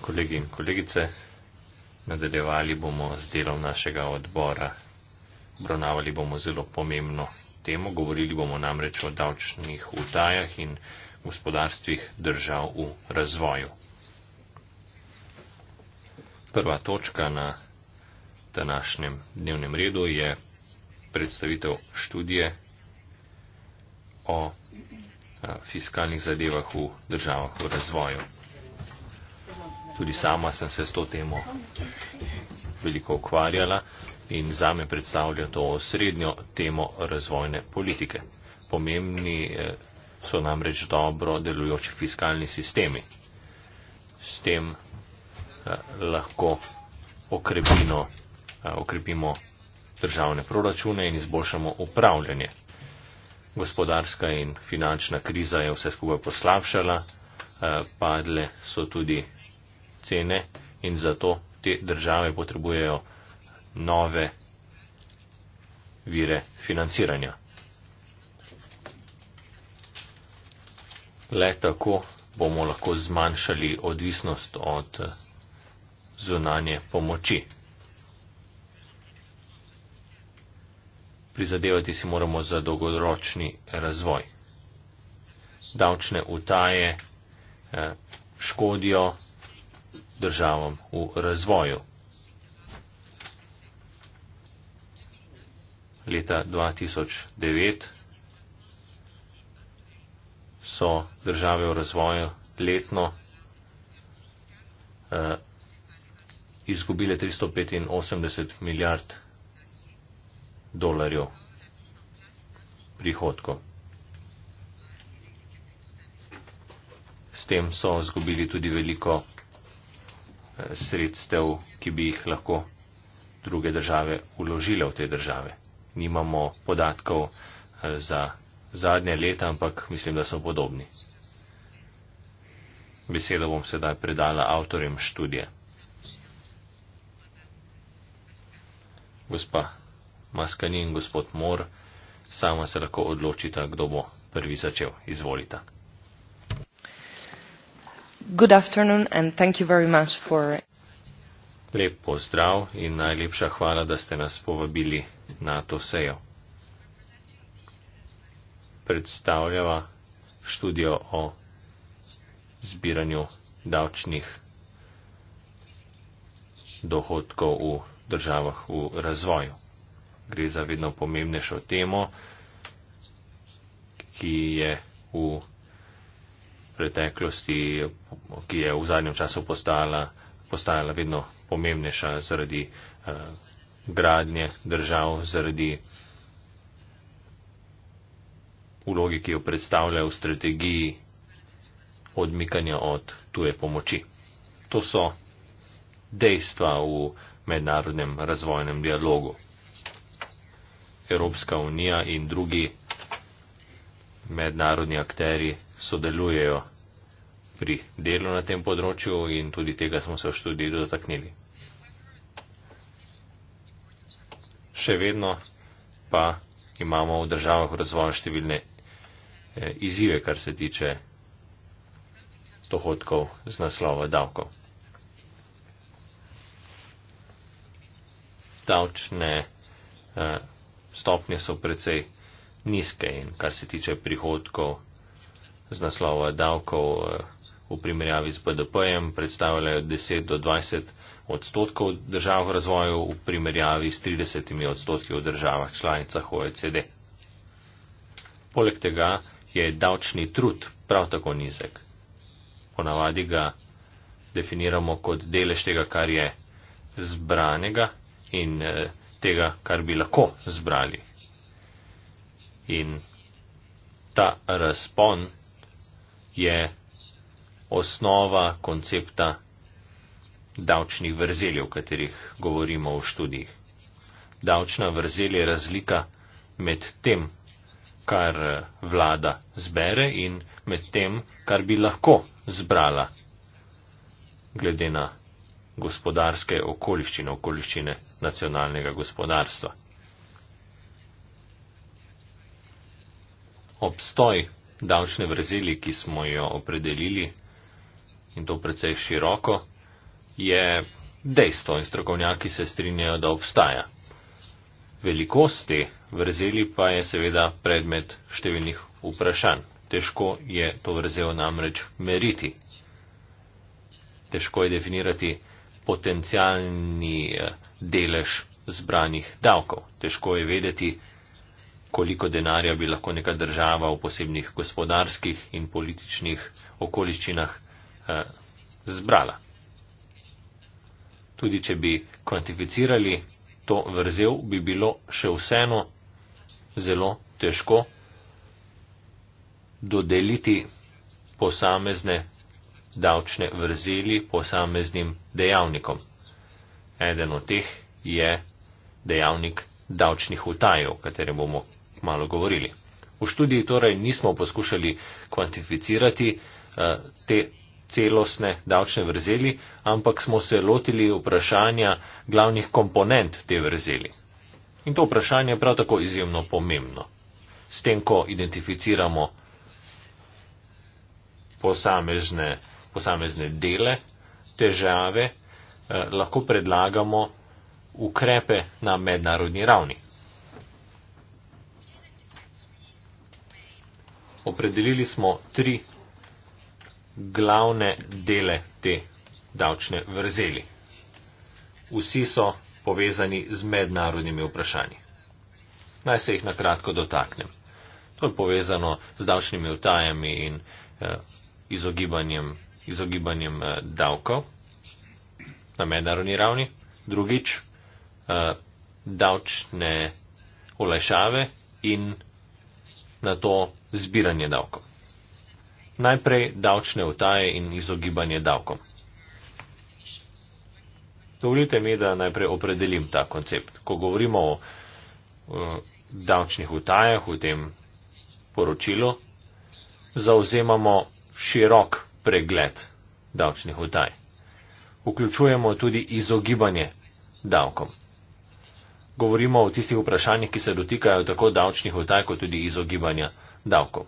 Kolegi in kolegice, nadaljevali bomo z delom našega odbora. Obravnavali bomo zelo pomembno temo, govorili bomo namreč o davčnih utajah in gospodarstvih držav v razvoju. Prva točka na današnjem dnevnem redu je predstavitev študije o Eh, fiskalnih zadevah v državah v razvoju. Tudi sama sem se s to temo veliko ukvarjala in zame predstavlja to srednjo temo razvojne politike. Pomembni eh, so namreč dobro delujoči fiskalni sistemi. S tem eh, lahko okrepimo državne proračune in izboljšamo upravljanje gospodarska in finančna kriza je vse skupaj poslavšala, eh, padle so tudi cene in zato te države potrebujejo nove vire financiranja. Le tako bomo lahko zmanjšali odvisnost od eh, zunanje pomoči. prizadevati si moramo za dolgoročni razvoj. Davčne utaje eh, škodijo državam v razvoju. Leta 2009 so države v razvoju letno eh, izgubile 385 milijard dolarjev prihodkov. S tem so izgubili tudi veliko eh, sredstev, ki bi jih lahko druge države uložile v te države. Nimamo podatkov eh, za zadnje leta, ampak mislim, da so podobni. Besedo bom sedaj predala avtorjem študije. Gospa Maskani in gospod Mor, sama se lahko odločita, kdo bo prvi začel. Izvolite. For... Lep pozdrav in najlepša hvala, da ste nas povabili na to sejo. Predstavljava študijo o zbiranju davčnih dohodkov v državah v razvoju gre za vedno pomembnejšo temo, ki je v preteklosti, ki je v zadnjem času postala, postala vedno pomembnejša zaradi uh, gradnje držav, zaradi vlogi, ki jo predstavlja v strategiji odmikanja od tuje pomoči. To so dejstva v mednarodnem razvojnem dialogu. Evropska unija in drugi mednarodni akteri sodelujejo pri delu na tem področju in tudi tega smo se v študiji dotaknili. Še vedno pa imamo v državah razvoja številne eh, izzive, kar se tiče dohodkov z naslova davkov. Davčne eh, stopnje so precej nizke in kar se tiče prihodkov z naslova davkov eh, v primerjavi z BDP-jem predstavljajo 10 do 20 odstotkov držav razvoju v primerjavi s 30 odstotki v državah članicah OECD. Poleg tega je davčni trud prav tako nizek. Ponavadi ga definiramo kot delež tega, kar je zbranega in eh, tega, kar bi lahko zbrali. In ta razpon je osnova koncepta davčnih vrzeljev, o katerih govorimo v študijih. Davčna vrzel je razlika med tem, kar vlada zbere in med tem, kar bi lahko zbrala, glede na gospodarske okoliščine, okoliščine nacionalnega gospodarstva. Obstoj davčne vrzeli, ki smo jo opredelili in to precej široko, je dejstvo in strokovnjaki se strinjajo, da obstaja. Velikost te vrzeli pa je seveda predmet številnih vprašanj. Težko je to vrzel namreč meriti. Težko je definirati potencijalni eh, delež zbranih davkov. Težko je vedeti, koliko denarja bi lahko neka država v posebnih gospodarskih in političnih okoliščinah eh, zbrala. Tudi če bi kvantificirali to vrzel, bi bilo še vseeno zelo težko dodeliti posamezne davčne vrzeli posameznim dejavnikom. Eden od teh je dejavnik davčnih utajev, o katerem bomo malo govorili. V študiji torej nismo poskušali kvantificirati eh, te celostne davčne vrzeli, ampak smo se lotili vprašanja glavnih komponent te vrzeli. In to vprašanje je prav tako izjemno pomembno. S tem, ko identificiramo posamezne posamezne dele, težave, eh, lahko predlagamo ukrepe na mednarodni ravni. Opredelili smo tri glavne dele te davčne vrzeli. Vsi so povezani z mednarodnimi vprašanji. Naj se jih na kratko dotaknem. To je povezano z davčnimi utajami in eh, izogibanjem izogibanjem eh, davkov na mednarodni ravni. Drugič, eh, davčne olajšave in na to zbiranje davkov. Najprej davčne utaje in izogibanje davkom. Dovolite mi, da najprej opredelim ta koncept. Ko govorimo o eh, davčnih utajah v tem poročilu, zauzemamo širok pregled davčnih utaj. Vključujemo tudi izogibanje davkom. Govorimo o tistih vprašanjih, ki se dotikajo tako davčnih utaj, kot tudi izogibanja davkov.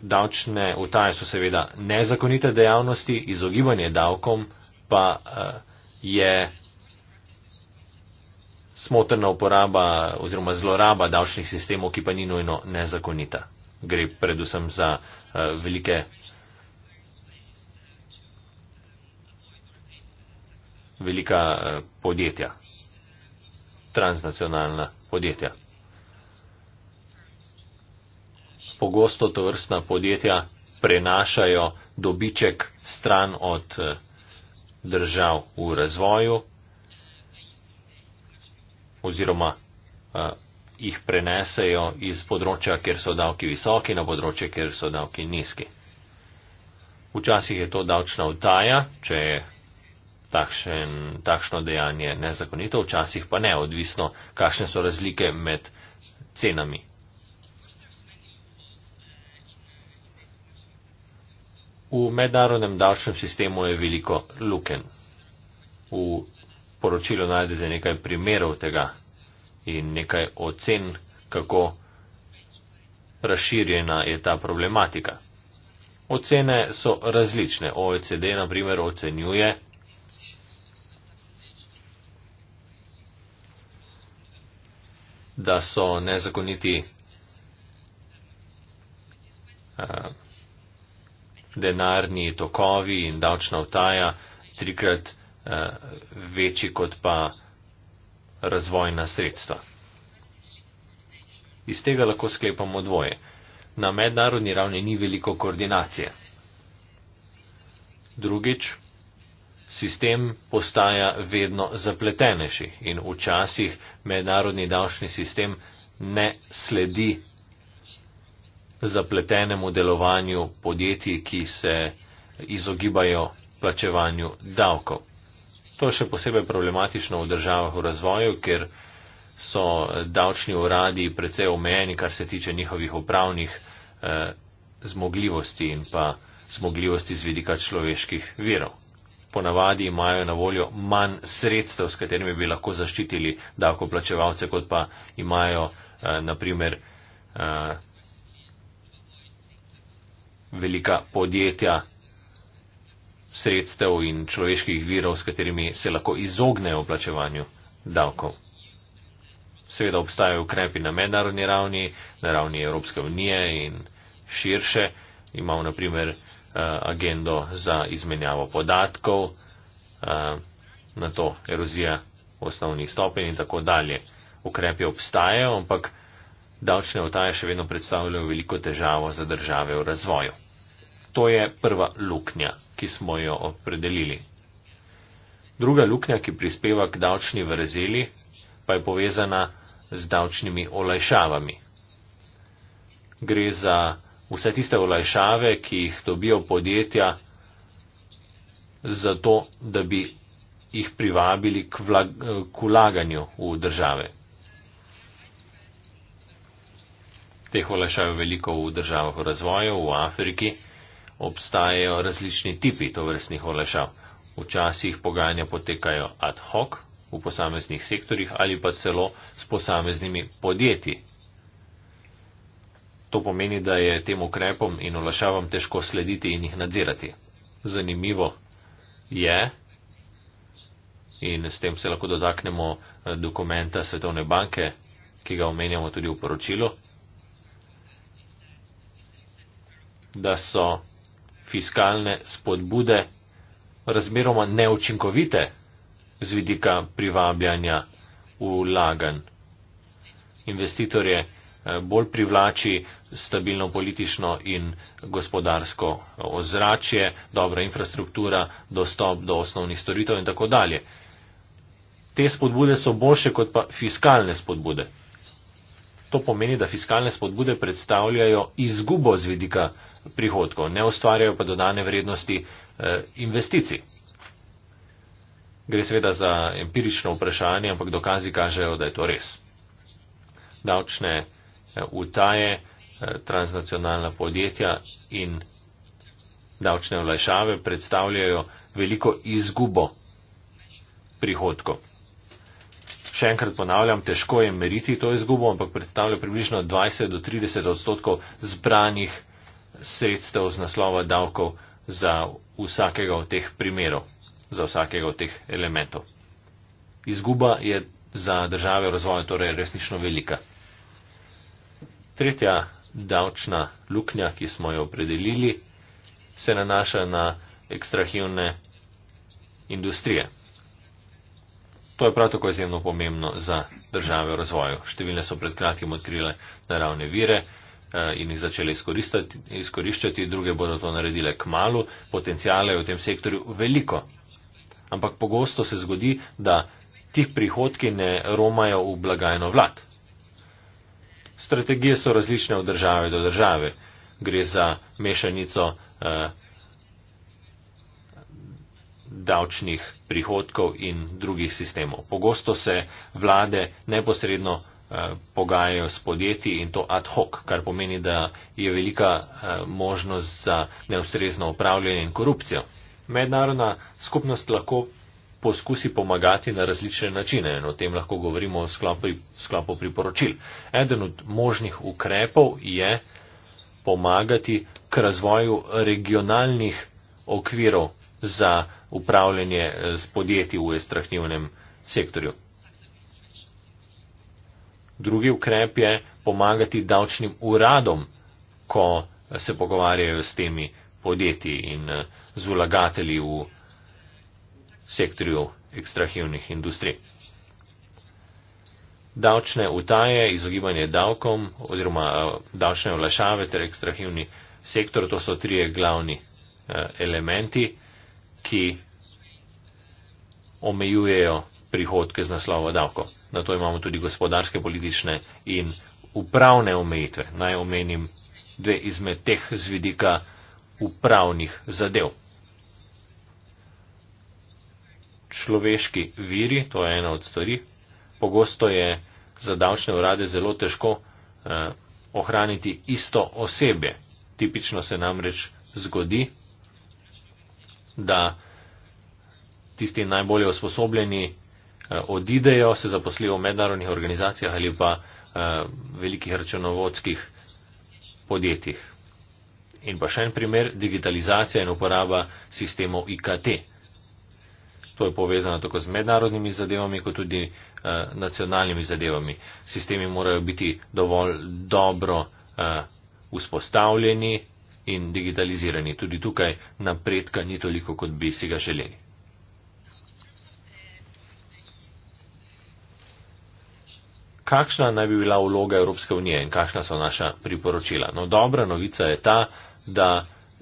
Davčne utaje so seveda nezakonite dejavnosti, izogibanje davkom pa eh, je smotrna uporaba oziroma zloraba davčnih sistemov, ki pa ni nujno nezakonita. Gre predvsem za eh, velike velika eh, podjetja, transnacionalna podjetja. Pogosto to vrstna podjetja prenašajo dobiček stran od eh, držav v razvoju oziroma eh, jih prenesejo iz področja, kjer so davki visoki, na področje, kjer so davki nizki. Včasih je to davčna utaja, če je takšen, takšno dejanje nezakonito, včasih pa ne, odvisno, kakšne so razlike med cenami. V mednarodnem davčnem sistemu je veliko luken. V poročilu najdete nekaj primerov tega in nekaj ocen, kako razširjena je ta problematika. Ocene so različne. OECD, na primer, ocenjuje, da so nezakoniti eh, denarni tokovi in davčna vtaja trikrat eh, večji kot pa razvojna sredstva. Iz tega lahko sklepamo dvoje. Na mednarodni ravni ni veliko koordinacije. Drugič, Sistem postaja vedno zapletenejši in včasih mednarodni davčni sistem ne sledi zapletenemu delovanju podjetij, ki se izogibajo plačevanju davkov. To je še posebej problematično v državah v razvoju, ker so davčni uradi precej omejeni, kar se tiče njihovih upravnih eh, zmogljivosti in pa zmogljivosti z vidika človeških virov ponavadi imajo na voljo manj sredstev, s katerimi bi lahko zaščitili davkoplačevalce, kot pa imajo eh, naprimer eh, velika podjetja sredstev in človeških virov, s katerimi se lahko izognejo plačevanju davkov. Seveda obstajajo ukrepi na mednarodni ravni, na ravni Evropske unije in širše. Imamo naprimer Eh, agendo za izmenjavo podatkov, eh, na to erozija osnovnih stopenj in tako dalje. Ukrepi obstajajo, ampak davčne otaje še vedno predstavljajo veliko težavo za države v razvoju. To je prva luknja, ki smo jo opredelili. Druga luknja, ki prispeva k davčni vrzeli, pa je povezana z davčnimi olajšavami. Gre za vse tiste olajšave, ki jih dobijo podjetja, zato da bi jih privabili k, vlag, k vlaganju v države. Teh olajšav je veliko v državah razvoja, v Afriki obstajajo različni tipi tovrstnih olajšav. Včasih pogajanja potekajo ad hoc v posameznih sektorjih ali pa celo s posameznimi podjetji To pomeni, da je tem ukrepom in olašavam težko slediti in jih nadzirati. Zanimivo je, in s tem se lahko dotaknemo eh, dokumenta Svetovne banke, ki ga omenjamo tudi v poročilu, da so fiskalne spodbude razmeroma neučinkovite z vidika privabljanja vlaganj. Investitorje eh, bolj privlači stabilno politično in gospodarsko ozračje, dobra infrastruktura, dostop do osnovnih storitev in tako dalje. Te spodbude so boljše kot pa fiskalne spodbude. To pomeni, da fiskalne spodbude predstavljajo izgubo z vidika prihodkov, ne ustvarjajo pa dodane vrednosti eh, investicij. Gre seveda za empirično vprašanje, ampak dokazi kažejo, da je to res. Davčne eh, utaje eh, Eh, transnacionalna podjetja in davčne olajšave predstavljajo veliko izgubo prihodkov. Še enkrat ponavljam, težko je meriti to izgubo, ampak predstavlja približno 20 do 30 odstotkov zbranih sredstev z naslova davkov za vsakega od teh primerov, za vsakega od teh elementov. Izguba je za države razvoja torej resnično velika. Tretja davčna luknja, ki smo jo opredelili, se nanaša na ekstrahivne industrije. To je prav tako izjemno pomembno za države v razvoju. Številne so pred kratkim odkrile naravne vire eh, in jih začele izkoriščati, druge bodo to naredile k malu, potencijale je v tem sektorju veliko. Ampak pogosto se zgodi, da tih prihodki ne romajo v blagajno vlad strategije so različne od države do države. Gre za mešanico eh, davčnih prihodkov in drugih sistemov. Pogosto se vlade neposredno eh, pogajajo s podjetji in to ad hoc, kar pomeni, da je velika eh, možnost za neustrezno upravljanje in korupcijo. Mednarodna skupnost lahko poskusi pomagati na različne načine in o tem lahko govorimo v sklopu, v sklopu priporočil. Eden od možnih ukrepov je pomagati k razvoju regionalnih okvirov za upravljanje eh, s podjetji v estrahnivnem sektorju. Drugi ukrep je pomagati davčnim uradom, ko se pogovarjajo s temi podjetji in eh, z vlagatelji v sektorju ekstrahivnih industrij. Davčne utaje, izogibanje davkom oziroma eh, davčne olašave ter ekstrahivni sektor, to so trije glavni eh, elementi, ki omejujejo prihodke z naslova davko. Na to imamo tudi gospodarske, politične in upravne omejitve. Naj omenim dve izmed teh z vidika upravnih zadev. človeški viri, to je ena od stvari. Pogosto je za davčne urade zelo težko eh, ohraniti isto osebje. Tipično se namreč zgodi, da tisti najbolje usposobljeni eh, odidejo, se zaposlijo v mednarodnih organizacijah ali pa eh, velikih računovodskih podjetjih. In pa še en primer, digitalizacija in uporaba sistemov IKT. To je povezano tako z mednarodnimi zadevami, kot tudi uh, nacionalnimi zadevami. Sistemi morajo biti dovolj dobro uh, vzpostavljeni in digitalizirani. Tudi tukaj napredka ni toliko, kot bi si ga želeli. Kakšna naj bi bila vloga Evropske unije in kakšna so naša priporočila? No, dobra novica je ta, da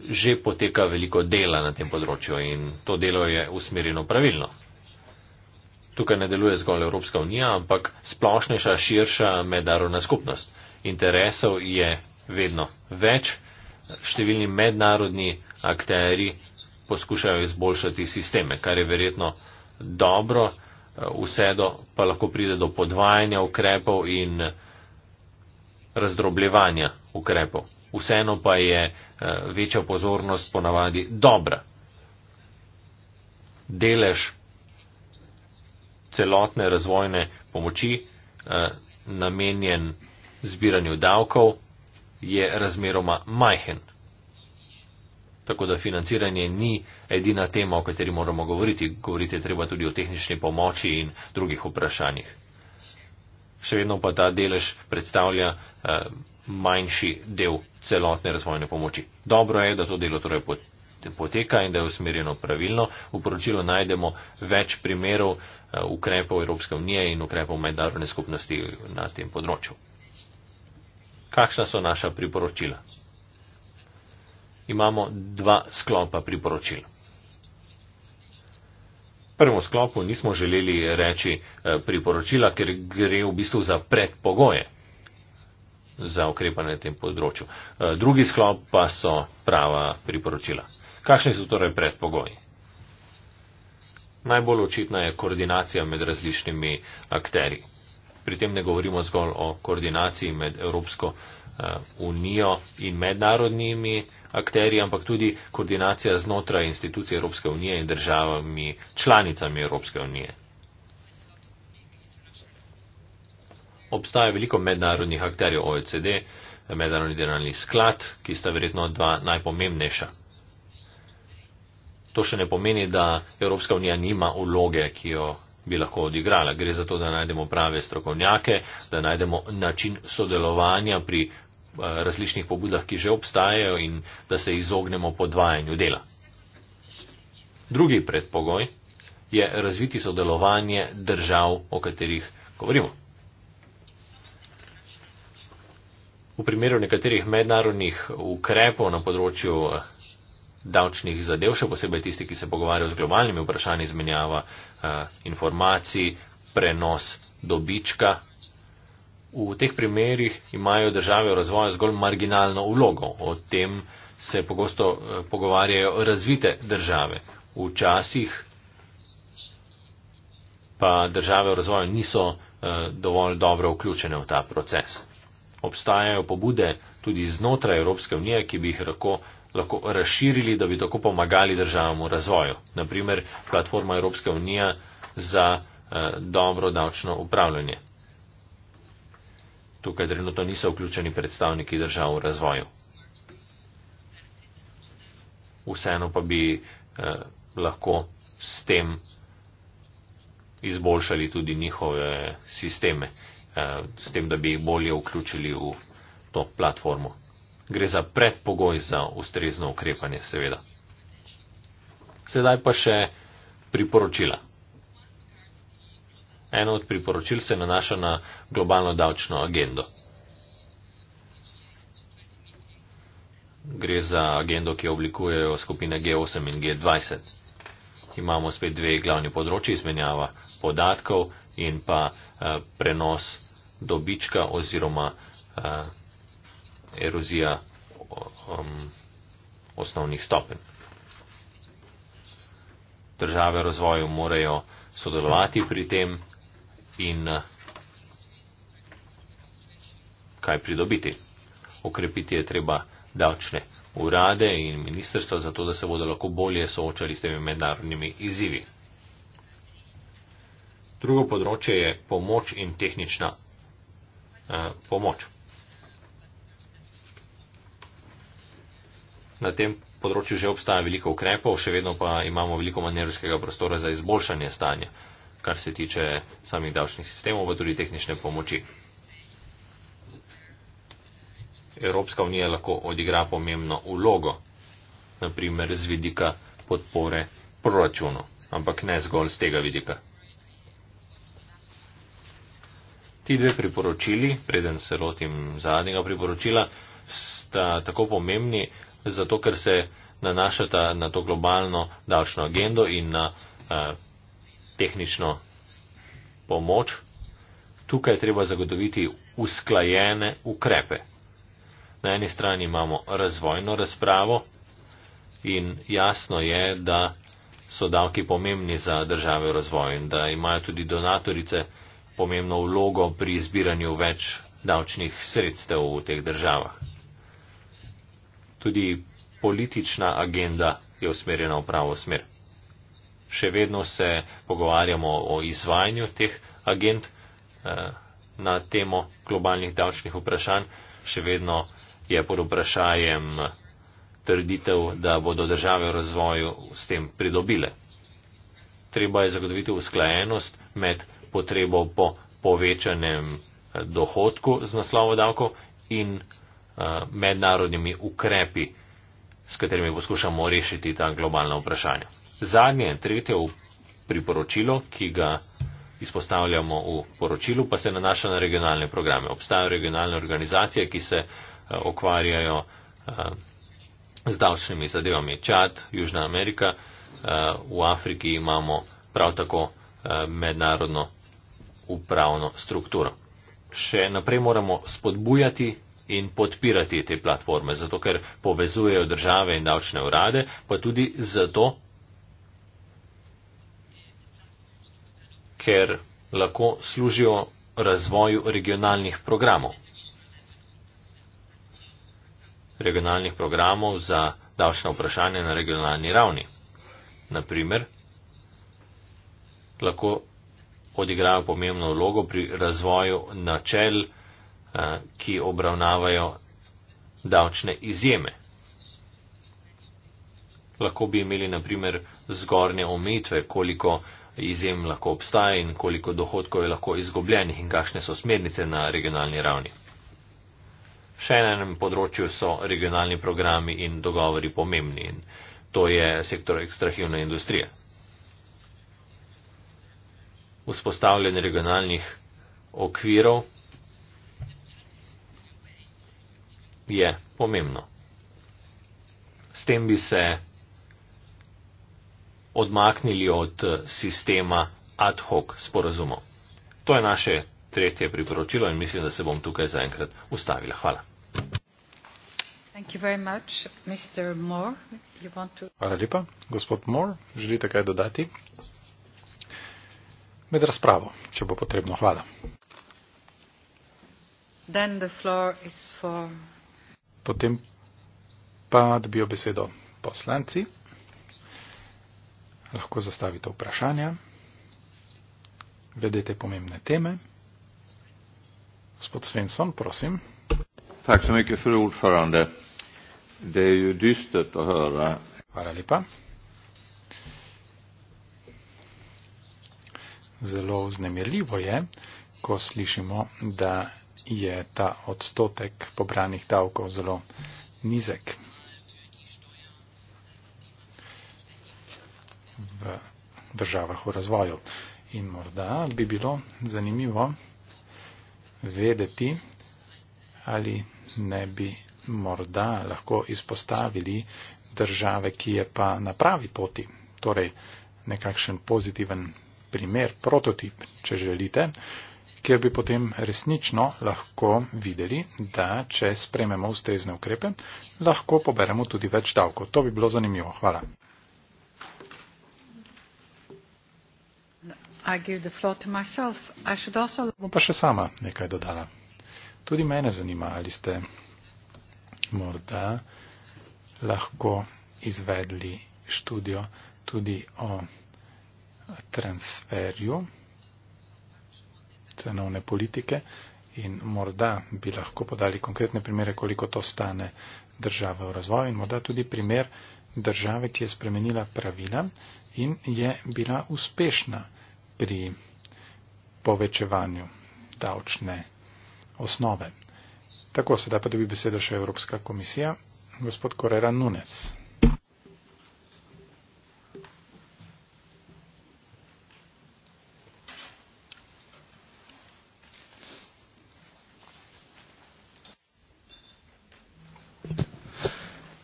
že poteka veliko dela na tem področju in to delo je usmerjeno pravilno. Tukaj ne deluje zgolj Evropska unija, ampak splošnejša, širša mednarodna skupnost. Interesov je vedno več, številni mednarodni akteri poskušajo izboljšati sisteme, kar je verjetno dobro, vse do pa lahko pride do podvajanja ukrepov in razdrobljevanja ukrepov vseeno pa je eh, večja pozornost ponavadi dobra. Delež celotne razvojne pomoči eh, namenjen zbiranju davkov je razmeroma majhen. Tako da financiranje ni edina tema, o kateri moramo govoriti. Govoriti je treba tudi o tehnični pomoči in drugih vprašanjih. Še vedno pa ta delež predstavlja eh, manjši del celotne razvojne pomoči. Dobro je, da to delo torej poteka in da je usmerjeno pravilno. V poročilu najdemo več primerov eh, ukrepov Evropske unije in ukrepov mednarodne skupnosti na tem področju. Kakšna so naša priporočila? Imamo dva sklopa priporočil. V prvem sklopu nismo želeli reči eh, priporočila, ker gre v bistvu za predpogoje za ukrepanje na tem področju. E, drugi sklop pa so prava priporočila. Kakšni so torej predpogoji? Najbolj očitna je koordinacija med različnimi akteri. Pri tem ne govorimo zgolj o koordinaciji med Evropsko e, unijo in mednarodnimi akteri, ampak tudi koordinacija znotraj institucij Evropske unije in državami članicami Evropske unije. obstaja veliko mednarodnih akterjev OECD, mednarodni delovni sklad, ki sta verjetno dva najpomembnejša. To še ne pomeni, da Evropska unija nima uloge, ki jo bi lahko odigrala. Gre za to, da najdemo prave strokovnjake, da najdemo način sodelovanja pri eh, različnih pobudah, ki že obstajajo in da se izognemo podvajanju dela. Drugi predpogoj je razviti sodelovanje držav, o katerih govorimo. v primeru nekaterih mednarodnih ukrepov na področju eh, davčnih zadev, še posebej tisti, ki se pogovarjajo z globalnimi vprašanji, izmenjava eh, informacij, prenos dobička. V teh primerih imajo države razvoja zgolj marginalno vlogo. O tem se pogosto eh, pogovarjajo razvite države. Včasih pa države v razvoju niso dovolj dobro vključene v ta proces obstajajo pobude tudi znotraj Evropske unije, ki bi jih lahko, lahko razširili, da bi tako pomagali državam v razvoju. Naprimer, platforma Evropske unije za eh, dobro davčno upravljanje. Tukaj trenutno niso vključeni predstavniki držav v razvoju. Vseeno pa bi eh, lahko s tem izboljšali tudi njihove sisteme s tem, da bi jih bolje vključili v to platformo. Gre za predpogoj za ustrezno ukrepanje, seveda. Sedaj pa še priporočila. Eno od priporočil se nanaša na globalno davčno agendo. Gre za agendo, ki jo oblikujejo skupine G8 in G20. Imamo spet dve glavni področji, izmenjava podatkov in pa Eh, prenos dobička oziroma eh, erozija um, osnovnih stopen. Države razvoju morajo sodelovati pri tem in eh, kaj pridobiti. Okrepiti je treba davčne urade in ministrstva, zato da se bodo lahko bolje soočali s temi mednarodnimi izzivi. Drugo področje je pomoč in tehnična uh, pomoč. Na tem področju že obstaja veliko ukrepov, še vedno pa imamo veliko manjerskega prostora za izboljšanje stanja, kar se tiče samih davčnih sistemov, pa tudi tehnične pomoči. Evropska unija lahko odigra pomembno ulogo, naprimer z vidika podpore proračunu, ampak ne zgolj z tega vidika. Ti dve priporočili, preden se lotim zadnjega priporočila, sta tako pomembni, zato ker se nanašata na to globalno davčno agendo in na eh, tehnično pomoč. Tukaj treba zagotoviti usklajene ukrepe. Na eni strani imamo razvojno razpravo in jasno je, da so davki pomembni za države v razvoju in da imajo tudi donatorice pomembno vlogo pri zbiranju več davčnih sredstev v teh državah. Tudi politična agenda je usmerjena v pravo smer. Še vedno se pogovarjamo o izvajanju teh agent eh, na temo globalnih davčnih vprašanj, še vedno je pod vprašanjem trditev, da bodo države v razvoju s tem pridobile. Treba je zagotoviti usklajenost med potrebo po povečanem eh, dohodku z naslovo davkov in eh, mednarodnimi ukrepi, s katerimi poskušamo rešiti ta globalna vprašanja. Zadnje, tretje priporočilo, ki ga izpostavljamo v poročilu, pa se nanaša na regionalne programe. Obstajajo regionalne organizacije, ki se okvarjajo eh, z davčnimi zadevami. Čad, Južna Amerika, v Afriki imamo prav tako mednarodno upravno strukturo. Še naprej moramo spodbujati in podpirati te platforme, zato ker povezujejo države in davčne urade, pa tudi zato, ker lahko služijo razvoju regionalnih programov. Regionalnih programov za davčna vprašanja na regionalni ravni. Naprimer, lahko odigrajo pomembno vlogo pri razvoju načel, eh, ki obravnavajo davčne izjeme. Lahko bi imeli naprimer zgornje omejitve, koliko izjem lahko obstaja in koliko dohodkov je lahko izgubljenih in kakšne so smernice na regionalni ravni. Še na enem področju so regionalni programi in dogovori pomembni in to je sektor ekstrahivne industrije vzpostavljanje regionalnih okvirov je pomembno. S tem bi se odmaknili od sistema ad hoc sporazumov. To je naše tretje priporočilo in mislim, da se bom tukaj zaenkrat ustavila. Hvala. Hvala lepa. Gospod Moore, želite kaj dodati? med razpravo, če bo potrebno. Hvala. Potem pa dobijo besedo poslanci. Lahko zastavite vprašanja, vedete pomembne teme. Gospod Svensson, prosim. Hvala lepa. zelo vznemirljivo je, ko slišimo, da je ta odstotek pobranih davkov zelo nizek. v državah v razvoju. In morda bi bilo zanimivo vedeti, ali ne bi morda lahko izpostavili države, ki je pa na pravi poti, torej nekakšen pozitiven primer, prototip, če želite, kjer bi potem resnično lahko videli, da če sprememo ustrezne ukrepe, lahko poberemo tudi več davkov. To bi bilo zanimivo. Hvala. Bom pa še sama nekaj dodala. Tudi mene zanima, ali ste morda lahko izvedli študijo tudi o transferju cenovne politike in morda bi lahko podali konkretne primere, koliko to stane države v razvoju in morda tudi primer države, ki je spremenila pravila in je bila uspešna pri povečevanju davčne osnove. Tako, sedaj pa dobi besedo še Evropska komisija, gospod Korera Nunes.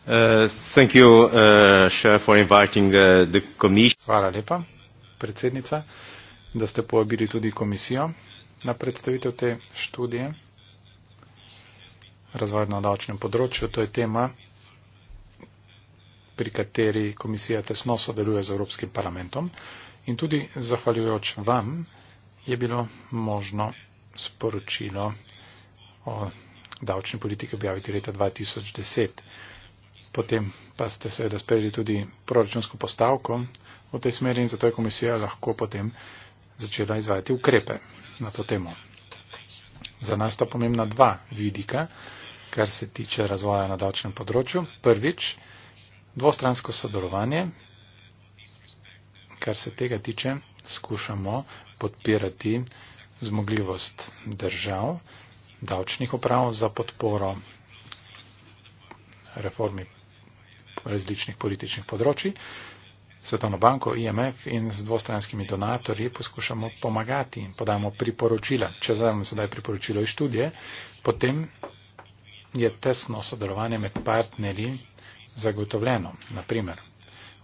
Uh, thank you, uh, for inviting, uh, the Hvala lepa, predsednica, da ste povabili tudi komisijo na predstavitev te študije razvoj na davčnem področju. To je tema, pri kateri komisija tesno sodeluje z Evropskim parlamentom. In tudi zahvaljujoč vam je bilo možno sporočilo o davčni politiki objaviti leta 2010 potem pa ste seveda sprejeli tudi proračunsko postavko v tej smeri in zato je komisija lahko potem začela izvajati ukrepe na to temo. Za nas sta pomembna dva vidika, kar se tiče razvoja na davčnem področju. Prvič, dvostransko sodelovanje, kar se tega tiče, skušamo podpirati zmogljivost držav, davčnih uprav za podporo reformi različnih političnih področji. Svetovno banko, IMF in z dvostranskimi donatorji poskušamo pomagati in podamo priporočila. Če zajemo sedaj priporočilo iz študije, potem je tesno sodelovanje med partnerji zagotovljeno. Naprimer,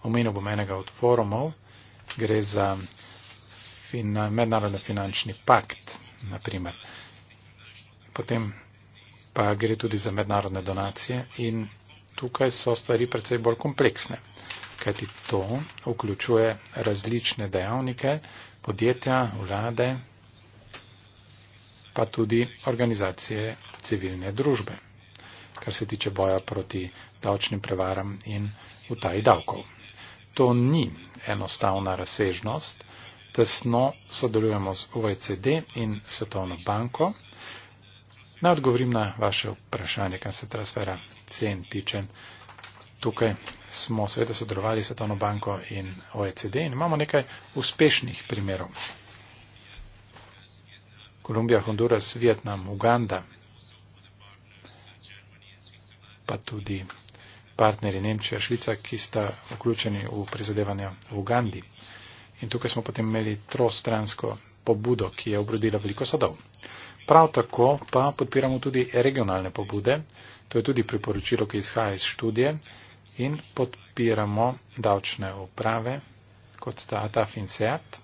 omenil bom enega od forumov, gre za fin mednarodni finančni pakt, naprimer. Potem pa gre tudi za mednarodne donacije in tukaj so stvari precej bolj kompleksne, kajti to vključuje različne dejavnike, podjetja, vlade, pa tudi organizacije civilne družbe, kar se tiče boja proti davčnim prevaram in utaji davkov. To ni enostavna razsežnost, tesno sodelujemo z OECD in Svetovno banko. Naj odgovorim na vaše vprašanje, kar se transfera cen tiče. Tukaj smo seveda sodelovali s Svetovno banko in OECD in imamo nekaj uspešnih primerov. Kolumbija, Honduras, Vietnam, Uganda, pa tudi partneri Nemčija, Švica, ki sta vključeni v prizadevanja v Ugandi. In tukaj smo potem imeli trostransko pobudo, ki je obrodila veliko sadov. Prav tako pa podpiramo tudi regionalne pobude. To je tudi priporočilo, ki izhaja iz študije in podpiramo davčne uprave, kot sta ATAF in SEAT,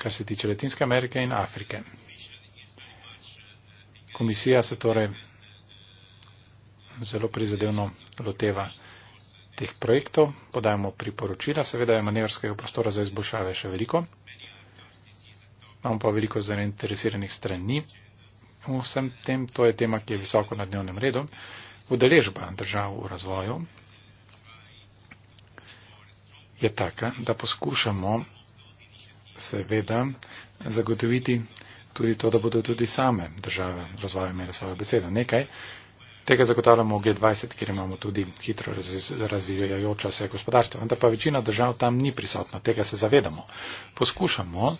kar se tiče Latinske Amerike in Afrike. Komisija se torej zelo prizadevno loteva teh projektov, podajamo priporočila, seveda je manevrskega prostora za izboljšave še veliko imamo pa veliko zainteresiranih strani v vsem tem, to je tema, ki je visoko na dnevnem redu, udeležba držav v razvoju je taka, da poskušamo seveda zagotoviti tudi to, da bodo tudi same države razvoje imele svojo besedo. Nekaj tega zagotavljamo v G20, kjer imamo tudi hitro razvijajoča se gospodarstva, vendar pa večina držav tam ni prisotna, tega se zavedamo. Poskušamo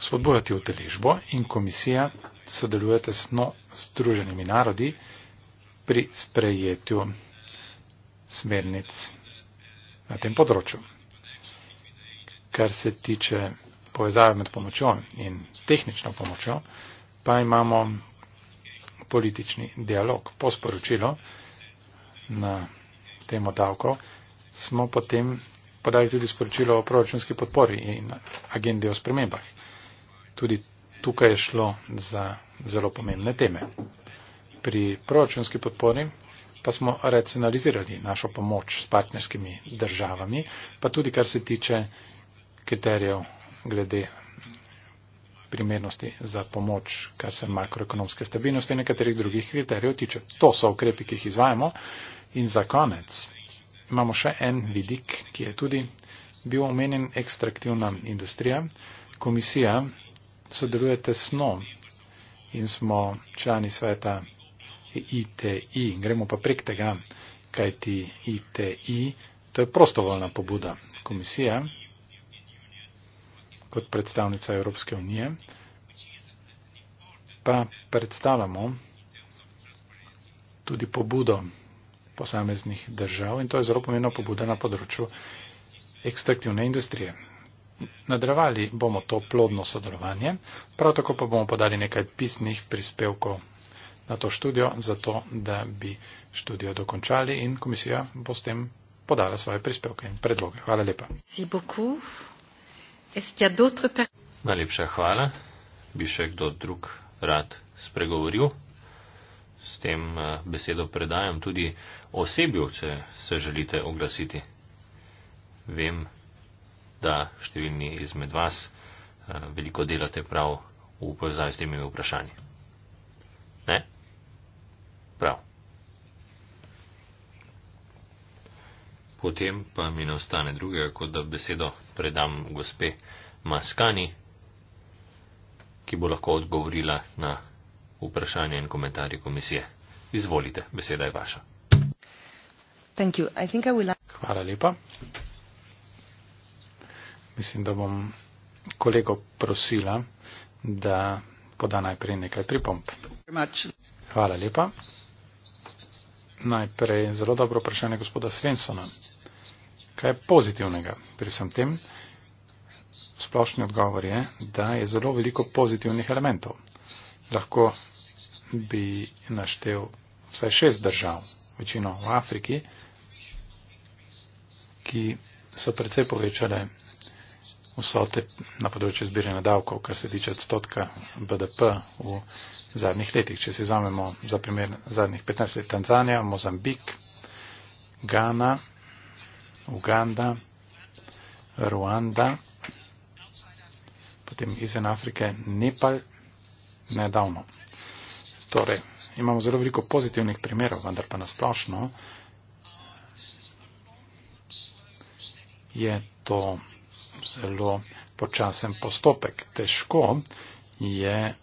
spodbojati v teležbo in komisija sodelujete s no združenimi narodi pri sprejetju smernic na tem področju. Kar se tiče povezave med pomočjo in tehnično pomočjo, pa imamo politični dialog. Po sporočilo na temo davkov smo potem podali tudi sporočilo o proračunski podpori in agendi o spremembah tudi tukaj je šlo za zelo pomembne teme. Pri proračunski podpori pa smo racionalizirali našo pomoč s partnerskimi državami, pa tudi kar se tiče kriterijev glede primernosti za pomoč, kar se makroekonomske stabilnosti in nekaterih drugih kriterijev tiče. To so ukrepi, ki jih izvajamo. In za konec imamo še en vidik, ki je tudi bil omenjen ekstraktivna industrija. Komisija sodelujete s NOM in smo člani sveta ITI. Gremo pa prek tega, kaj ti ITI, to je prostovoljna pobuda. Komisija kot predstavnica Evropske unije pa predstavljamo tudi pobudo posameznih držav in to je zelo pomembna pobuda na področju ekstraktivne industrije nadrevali bomo to plodno sodelovanje, prav tako pa bomo podali nekaj pisnih prispevkov na to študijo, zato da bi študijo dokončali in komisija bo s tem podala svoje prispevke in predloge. Hvala lepa. Najlepša hvala. Bi še kdo drug rad spregovoril? S tem eh, besedo predajam tudi osebju, če se želite oglasiti. Vem, da številni izmed vas eh, veliko delate prav v povezavi s temi vprašanji. Ne? Prav. Potem pa mi ne ostane drugega, kot da besedo predam gospe Maskani, ki bo lahko odgovorila na vprašanje in komentarje komisije. Izvolite, beseda je vaša. Hvala lepa mislim, da bom kolego prosila, da poda najprej nekaj pripomp. Hvala lepa. Najprej zelo dobro vprašanje gospoda Svensona. Kaj je pozitivnega pri vsem tem? Splošni odgovor je, da je zelo veliko pozitivnih elementov. Lahko bi naštel vsaj šest držav, večino v Afriki, ki so precej povečale vsote na področju zbiranja davkov, kar se tiče odstotka BDP v zadnjih letih. Če si vzamemo za primer zadnjih 15 let Tanzanija, Mozambik, Gana, Uganda, Ruanda, potem izven Afrike, Nepal, nedavno. Torej, imamo zelo veliko pozitivnih primerov, vendar pa nasplošno je to zelo počasen postopek. Težko je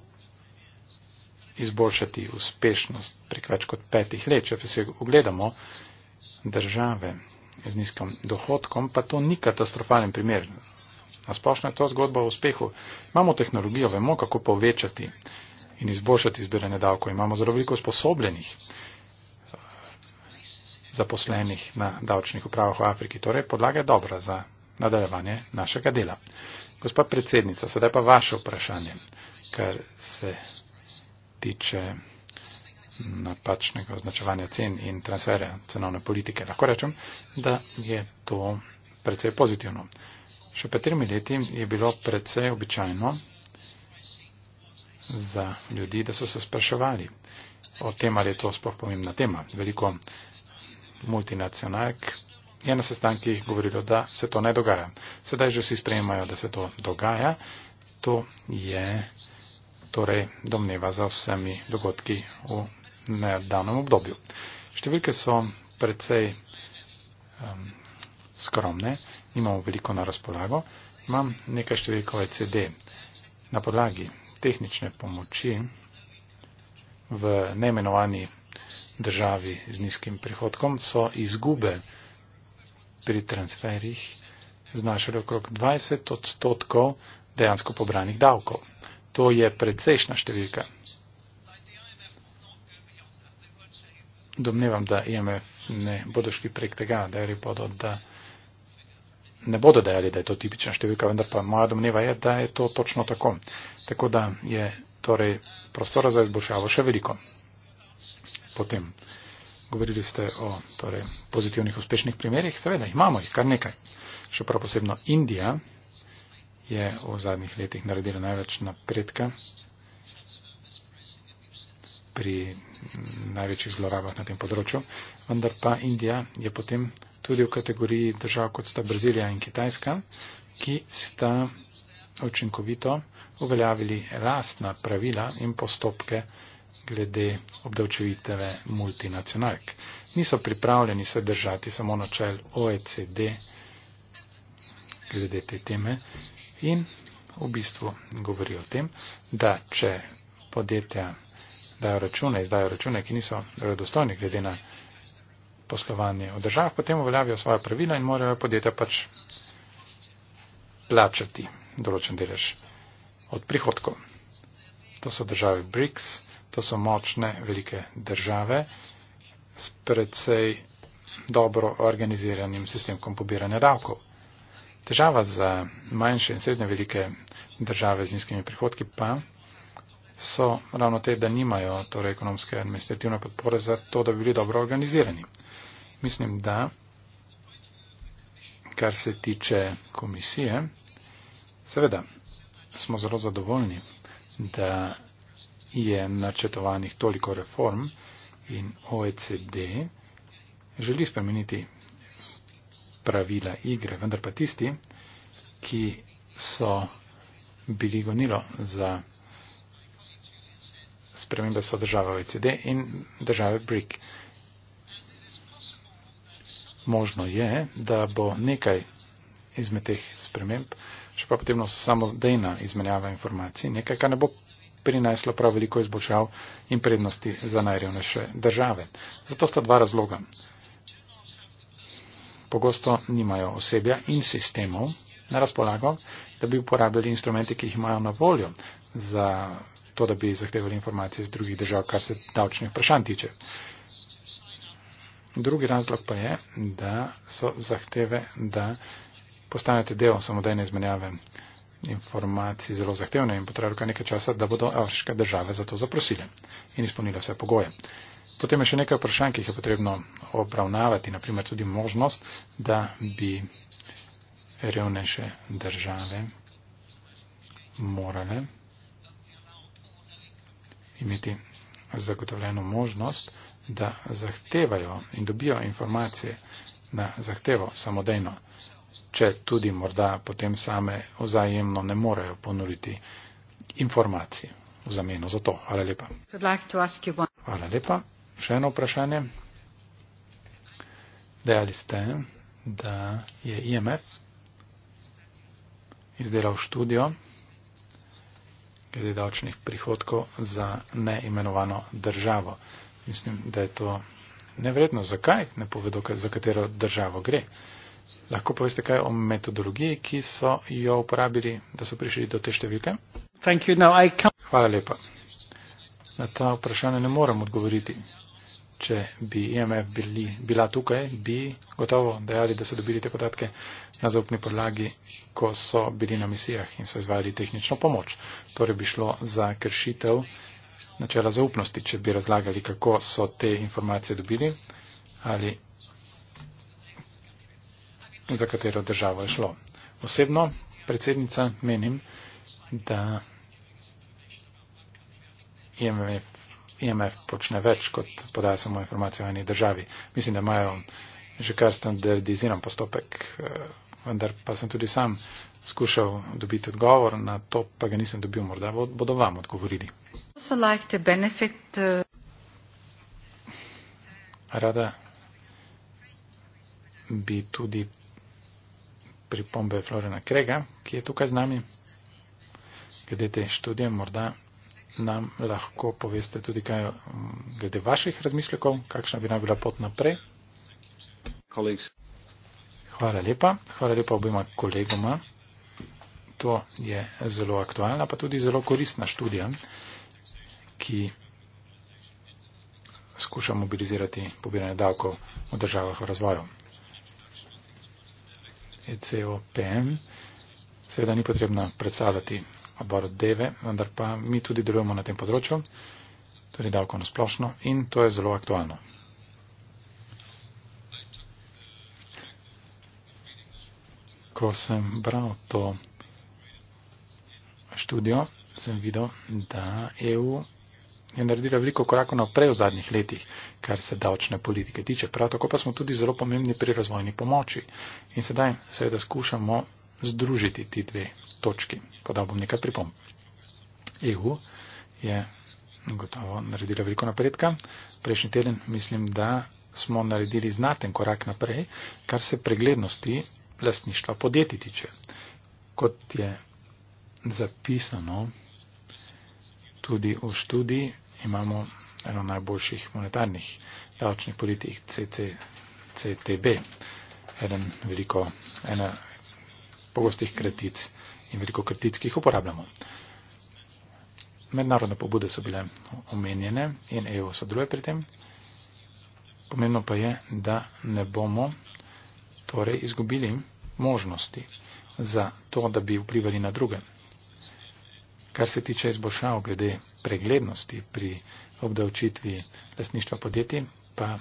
izboljšati uspešnost prek več kot petih let. Če pa se ogledamo države z nizkim dohodkom, pa to ni katastrofalen primer. Nasplošno je to zgodba o uspehu. Imamo tehnologijo, vemo, kako povečati in izboljšati zbiranje davkov. Imamo zelo veliko usposobljenih eh, zaposlenih na davčnih upravah v Afriki. Torej, podlaga je dobra za nadaljevanje našega dela. Gospa predsednica, sedaj pa vaše vprašanje, kar se tiče napačnega označevanja cen in transferja cenovne politike. Lahko rečem, da je to predvsej pozitivno. Še pred tremi leti je bilo predvsej običajno za ljudi, da so se spraševali o tem, ali je to sploh pomembna tema. Veliko multinacionalk je na sestankih govorilo, da se to ne dogaja. Sedaj že vsi sprejemajo, da se to dogaja. To je torej domneva za vsemi dogodki v nedavnem obdobju. Številke so precej um, skromne, imamo veliko na razpolago. Imam nekaj številkove CD na podlagi tehnične pomoči v neimenovani državi z nizkim prihodkom so izgube pri transferjih znašali okrog 20 odstotkov dejansko pobranih davkov. To je precejšna številka. Domnevam, da IMF ne bodo šli prek tega, da je bodo, da ne bodo dejali, da je to tipična številka, vendar pa moja domneva je, da je to točno tako. Tako da je torej prostora za izboljšavo še veliko. Potem govorili ste o torej, pozitivnih uspešnih primerih. Seveda, imamo jih kar nekaj. Še prav posebno Indija je v zadnjih letih naredila največ napredka pri največjih zlorabah na tem področju. Vendar pa Indija je potem tudi v kategoriji držav, kot sta Brazilija in Kitajska, ki sta učinkovito uveljavili rastna pravila in postopke glede obdavčevitve multinacionalk. Niso pripravljeni se držati samo načel OECD glede te teme in v bistvu govori o tem, da če podjetja dajo račune, izdajo račune, ki niso verodostojni glede na poslovanje v državah, potem uveljavijo svoja pravila in morajo podjetja pač plačati določen delež od prihodkov to so države BRICS, to so močne velike države s predvsej dobro organiziranim sistemkom pobiranja davkov. Težava za manjše in srednje velike države z nizkimi prihodki pa so ravno te, da nimajo torej ekonomske administrativne podpore za to, da bi bili dobro organizirani. Mislim, da kar se tiče komisije, seveda smo zelo zadovoljni da je načrtovanih toliko reform in OECD želi spremeniti pravila igre, vendar pa tisti, ki so bili gonilo za spremembe so države OECD in države BRIC. Možno je, da bo nekaj izmed teh sprememb eh, čeprav potrebno samodejna izmenjava informacij, nekaj, kar ne bo prineslo prav veliko izboljšav in prednosti za najrevnejše države. Zato sta dva razloga. Pogosto nimajo osebja in sistemov na razpolago, da bi uporabljali instrumente, ki jih imajo na voljo za to, da bi zahtevali informacije iz drugih držav, kar se davčnih vprašanj tiče. Drugi razlog pa je, da so zahteve, da postanete del samodejne izmenjave informacij zelo zahtevne in potrebno kar nekaj časa, da bodo afriške države za to zaprosile in izpolnile vse pogoje. Potem je še nekaj vprašanj, ki jih je potrebno obravnavati, naprimer tudi možnost, da bi revnejše države morale imeti zagotovljeno možnost, da zahtevajo in dobijo informacije na zahtevo samodejno če tudi morda potem same vzajemno ne morejo ponuditi informacij v zameno za to. Hvala lepa. Hvala lepa. Še eno vprašanje. Dejali ste, da je IMF izdelal študijo glede davčnih prihodkov za neimenovano državo. Mislim, da je to nevredno. Zakaj? Ne povedo, za katero državo gre. Lahko poveste kaj o metodologiji, ki so jo uporabili, da so prišli do te številke? Hvala lepa. Na ta vprašanje ne morem odgovoriti. Če bi IMF bili, bila tukaj, bi gotovo dejali, da so dobili te podatke na zaupni podlagi, ko so bili na misijah in so izvajali tehnično pomoč. Torej bi šlo za kršitev načela zaupnosti, če bi razlagali, kako so te informacije dobili ali za katero državo je šlo. Osebno, predsednica, menim, da IMF, IMF počne več, kot podaja samo informacijo o eni državi. Mislim, da imajo že kar standardiziran postopek, eh, vendar pa sem tudi sam skušal dobiti odgovor, na to pa ga nisem dobil. Morda bodo vam odgovorili. Eh, Rada bi tudi pripombe Florena Krega, ki je tukaj z nami. Glede te študije, morda nam lahko poveste tudi kaj mm, glede vaših razmislekov, kakšna bi naj bila pot naprej. Kolegs. Hvala lepa. Hvala lepa obima kolegoma. To je zelo aktualna, pa tudi zelo koristna študija, ki skuša mobilizirati pobiranje davkov v državah v razvoju. ECOPM, seveda ni potrebno predstavljati obor deve, vendar pa mi tudi delujemo na tem področju, tudi davko na splošno in to je zelo aktualno. Ko sem bral to študijo, sem videl, da EU je naredila veliko korakov naprej v zadnjih letih, kar se davčne politike tiče. Prav tako pa smo tudi zelo pomembni pri razvojni pomoči. In sedaj seveda skušamo združiti ti dve točki. Podal bom nekaj pripomb. EU je gotovo naredila veliko napredka. Prejšnji teden mislim, da smo naredili znaten korak naprej, kar se preglednosti lastništva podjetij tiče. Kot je zapisano tudi v študiji, imamo eno najboljših monetarnih davčnih politik, CC, CTB, eden veliko, ena pogostih kretic in veliko kretic, ki jih uporabljamo. Mednarodne pobude so bile omenjene in EU sodeluje pri tem. Pomembno pa je, da ne bomo torej izgubili možnosti za to, da bi vplivali na druge. Kar se tiče izboljšav glede preglednosti pri obdavčitvi lasništva podjetij, pa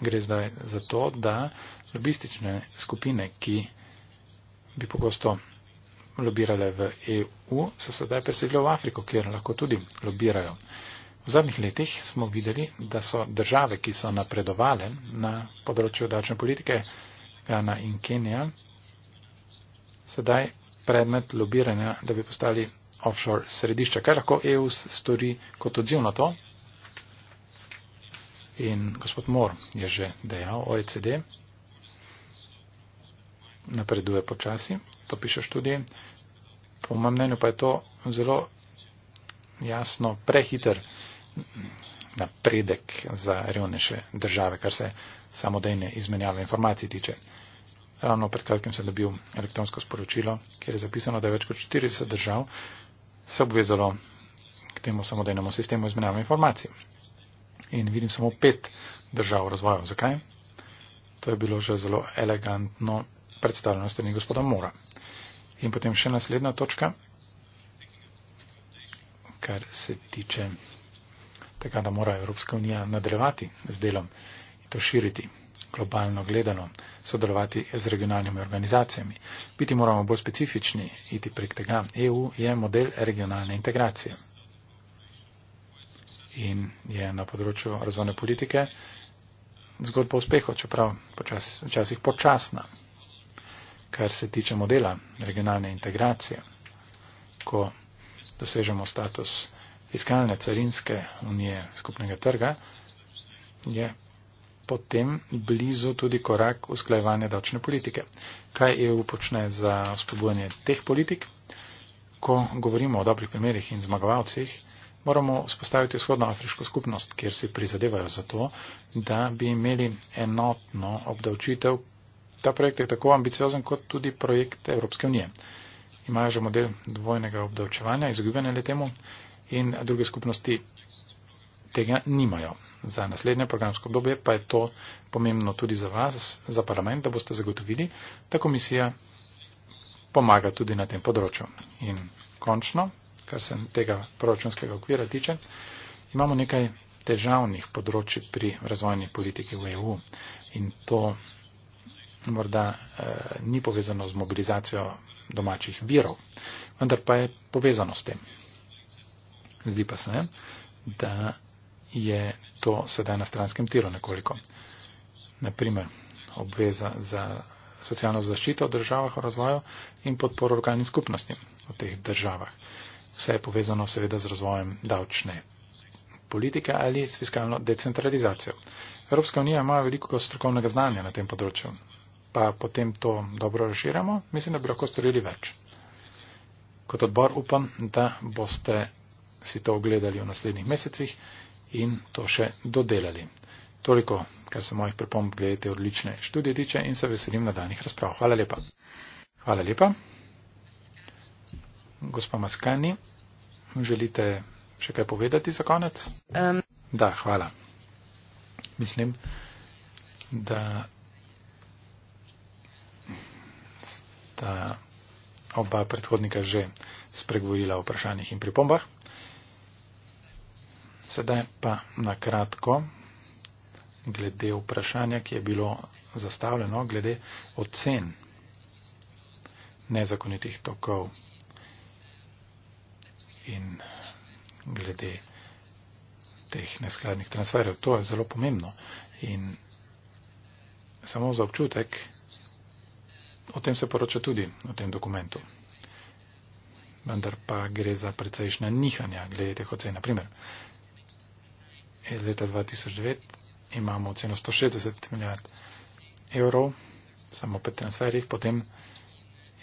gre zdaj za to, da lobistične skupine, ki bi pogosto lobirale v EU, so sedaj preselile v Afriko, kjer lahko tudi lobirajo. V zadnjih letih smo videli, da so države, ki so napredovale na področju davčne politike, Ghana in Kenija, sedaj predmet lobiranja, da bi postali offshore središča. Kaj lahko EU stori kot odziv na to? In gospod Mor je že dejal, OECD napreduje počasi, to pišeš tudi. Po mojem mnenju pa je to zelo jasno prehiter napredek za revnejše države, kar se samodejne izmenjave informacij tiče. Ravno pred kratkim sem dobil elektronsko sporočilo, kjer je zapisano, da je več kot 40 držav se obvezalo k temu samodejnemu sistemu izmenjave informacij. In vidim samo pet držav v razvoju. Zakaj? To je bilo že zelo elegantno predstavljeno strani gospoda Mora. In potem še naslednja točka, kar se tiče tega, da mora Evropska unija nadaljevati z delom in to širiti globalno gledano, sodelovati z regionalnimi organizacijami. Biti moramo bolj specifični, iti prek tega. EU je model regionalne integracije in je na področju razvojne politike zgodba uspehov, čeprav počas, včasih počasna. Kar se tiče modela regionalne integracije, ko dosežemo status fiskalne carinske unije skupnega trga, je potem blizu tudi korak usklajevanja davčne politike. Kaj EU počne za spodbujanje teh politik? Ko govorimo o dobrih primerih in zmagovalcih, moramo vzpostaviti vzhodnoafriško skupnost, kjer si prizadevajo za to, da bi imeli enotno obdavčitev. Ta projekt je tako ambiciozen kot tudi projekt Evropske unije. Imajo že model dvojnega obdavčevanja, izgubljene le temu in druge skupnosti tega nimajo. Za naslednje programsko obdobje pa je to pomembno tudi za vas, za parlament, da boste zagotovili, da komisija pomaga tudi na tem področju. In končno, kar se tega proračunskega okvira tiče, imamo nekaj težavnih področji pri razvojni politiki v EU in to morda eh, ni povezano z mobilizacijo domačih virov, vendar pa je povezano s tem. Zdi pa se, da je to sedaj na stranskem tiru nekoliko. Naprimer, obveza za socialno zaščito v državah v razvoju in podporo organim skupnostim v teh državah. Vse je povezano seveda z razvojem davčne politike ali s fiskalno decentralizacijo. Evropska unija ima veliko strokovnega znanja na tem področju, pa potem to dobro raširamo, mislim, da bi lahko storili več. Kot odbor upam, da boste si to ogledali v naslednjih mesecih in to še dodelali. Toliko, kar se mojih pripomb glede te odlične študije tiče in se veselim nadaljnih razprav. Hvala lepa. Hvala lepa. Gospa Maskani, želite še kaj povedati za konec? Um. Da, hvala. Mislim, da sta oba predhodnika že spregovorila o vprašanjih in pripombah. Sedaj pa na kratko glede vprašanja, ki je bilo zastavljeno, glede ocen nezakonitih tokov in glede teh neskladnih transferjev. To je zelo pomembno. In samo za občutek, o tem se poroča tudi v tem dokumentu. Vendar pa gre za precejšnja nihanja glede teh ocen. Naprimer, iz leta 2009 imamo oceno 160 milijard evrov, samo pri transferjih, potem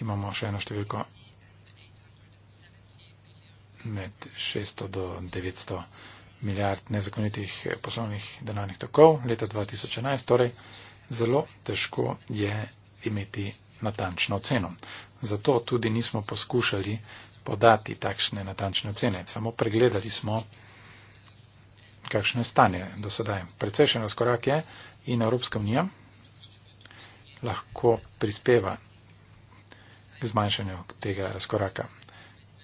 imamo še eno številko med 600 do 900 milijard nezakonitih poslovnih denarnih tokov leta 2011, torej zelo težko je imeti natančno oceno. Zato tudi nismo poskušali podati takšne natančne ocene, samo pregledali smo kakšno je stanje do sedaj. Precejšen razkorak je in Evropska unija lahko prispeva k zmanjšanju tega razkoraka.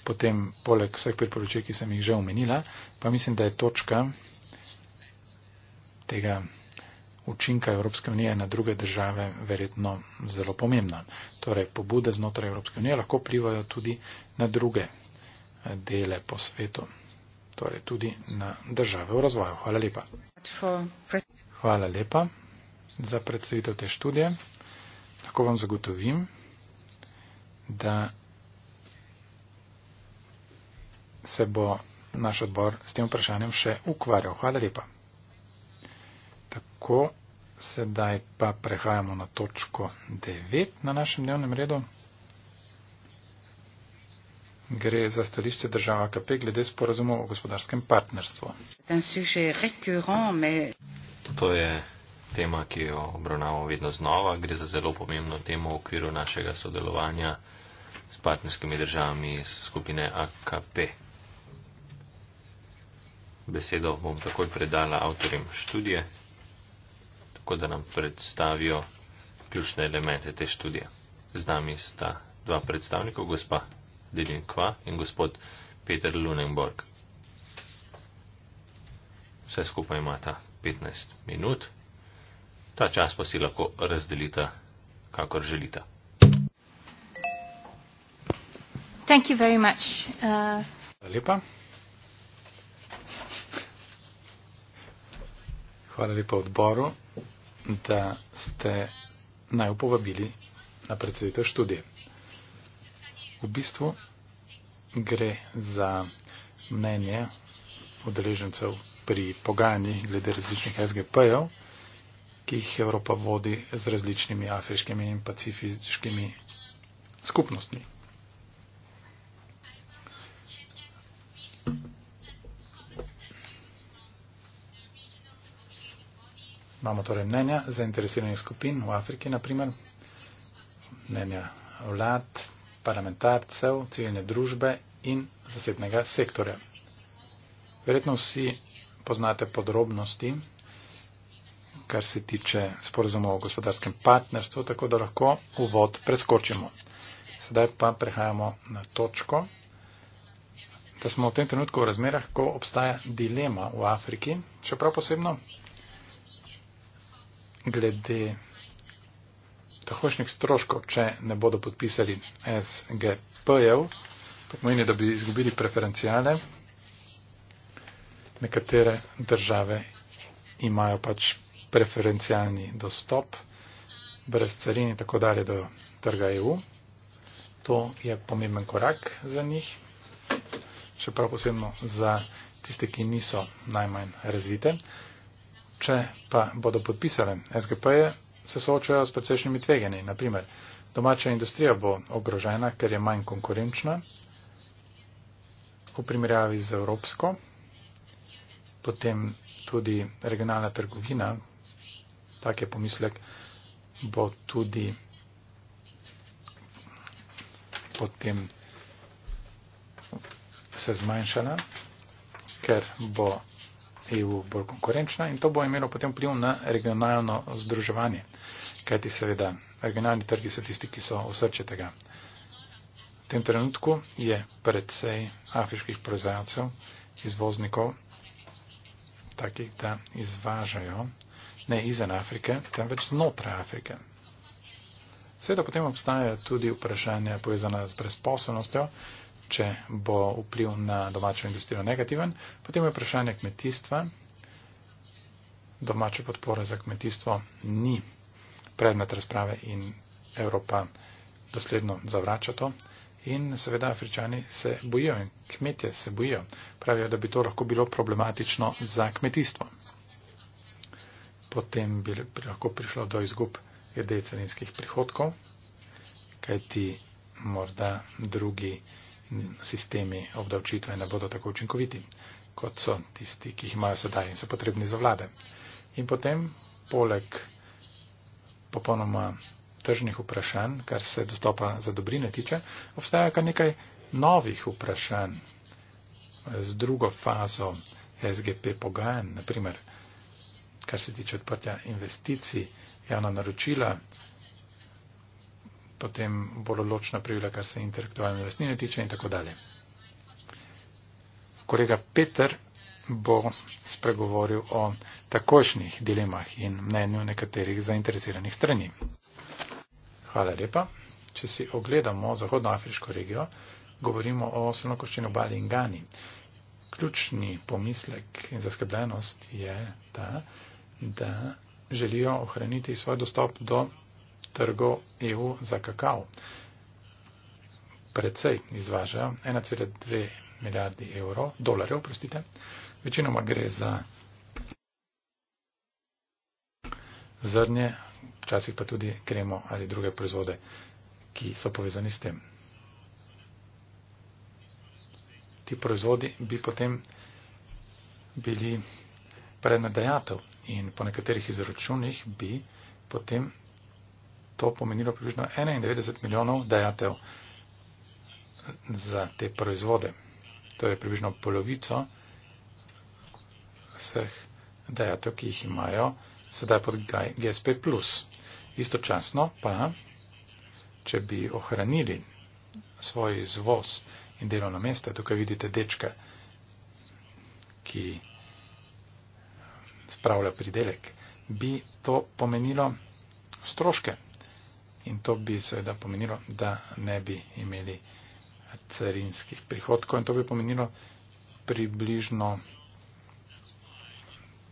Potem, poleg vseh priporočil, ki sem jih že omenila, pa mislim, da je točka tega učinka Evropske unije na druge države verjetno zelo pomembna. Torej, pobude znotraj Evropske unije lahko plivajo tudi na druge eh, dele po svetu torej tudi na države v razvoju. Hvala lepa. Hvala lepa za predstavitev te študije. Lahko vam zagotovim, da se bo naš odbor s tem vprašanjem še ukvarjal. Hvala lepa. Tako, sedaj pa prehajamo na točko 9 na našem dnevnem redu gre za stališče država KP glede sporazumov o gospodarskem partnerstvu. To je tema, ki jo obravnavamo vedno znova. Gre za zelo pomembno temo v okviru našega sodelovanja s partnerskimi državami skupine AKP. Besedo bom takoj predala avtorjem študije, tako da nam predstavijo ključne elemente te študije. Z nami sta dva predstavnika, gospa Dilin Kva in gospod Peter Lunenborg. Vse skupaj imata 15 minut. Ta čas pa si lahko razdelita, kakor želita. Thank you very much. Uh... Hvala lepa. Hvala lepa odboru, da ste naj upovabili na predsedito študije v bistvu gre za mnenje odeležencev pri pogajanjih glede različnih SGP-jev, ki jih Evropa vodi z različnimi afriškimi in pacifiškimi skupnostmi. Imamo torej mnenja zainteresiranih skupin v Afriki, naprimer mnenja vlad, parlamentarcev, civilne družbe in zasebnega sektorja. Verjetno vsi poznate podrobnosti, kar se tiče sporozumo o gospodarskem partnerstvu, tako da lahko uvod preskočimo. Sedaj pa prehajamo na točko, da smo v tem trenutku v razmerah, ko obstaja dilema v Afriki, čeprav posebno glede takošnjih stroškov, če ne bodo podpisali SGP-jev. To pomeni, da bi izgubili preferencijale. Nekatere države imajo pač preferencijalni dostop brez carin in tako dalje do trga EU. To je pomemben korak za njih, čeprav posebno za tiste, ki niso najmanj razvite. Če pa bodo podpisale SGP-je, se soočajo s precejšnjimi tveganji. Naprimer, domača industrija bo ogrožena, ker je manj konkurenčna v primerjavi z evropsko, potem tudi regionalna trgovina, tak je pomislek, bo tudi potem se zmanjšala, ker bo EU bolj konkurenčna in to bo imelo potem vpliv na regionalno združevanje. Kajti seveda, regionalni trgi so tisti, ki so osrče tega. V tem trenutku je predvsej afriških proizvajalcev, izvoznikov, takih, da izvažajo ne izven Afrike, temveč znotraj Afrike. Seveda potem obstajajo tudi vprašanja povezana z brezposobnostjo, če bo vpliv na domačo industrijo negativen. Potem je vprašanje kmetijstva. Domača podpora za kmetijstvo ni predmet razprave in Evropa dosledno zavrača to. In seveda Afričani se bojijo in kmetje se bojijo. Pravijo, da bi to lahko bilo problematično za kmetijstvo. Potem bi lahko prišlo do izgub glede carinskih prihodkov, kajti morda drugi sistemi obdavčitve ne bodo tako učinkoviti, kot so tisti, ki jih imajo sedaj in so potrebni za vlade. In potem, poleg popolnoma tržnih vprašanj, kar se dostopa za dobrine tiče, obstaja kar nekaj novih vprašanj z drugo fazo SGP pogajanj, naprimer, kar se tiče odprtja investicij, javna naročila, potem bolj ločna pravila, kar se intelektualne lastnine tiče in tako dalje. Kolega Peter bo spregovoril o takošnjih dilemah in mnenju nekaterih zainteresiranih strani. Hvala lepa. Če si ogledamo zahodnoafriško regijo, govorimo o slonokoščini obali in gani. Ključni pomislek in zaskrbljenost je ta, da želijo ohraniti svoj dostop do trgov EU za kakav. Precej izvaža 1,2 milijardi evrov, dolarjev, prostite. Večinoma gre za zrnje, včasih pa tudi kremo ali druge proizvode, ki so povezani s tem. Ti proizvodi bi potem bili predmet dejatev in po nekaterih izračunih bi potem to pomenilo približno 91 milijonov dajatev za te proizvode. To je približno polovico vseh dajatev, ki jih imajo sedaj pod GSP. Istočasno pa, če bi ohranili svoj izvoz in delovno mesto, tukaj vidite dečke, ki spravlja pridelek, bi to pomenilo stroške in to bi seveda pomenilo, da ne bi imeli carinskih prihodkov in to bi pomenilo približno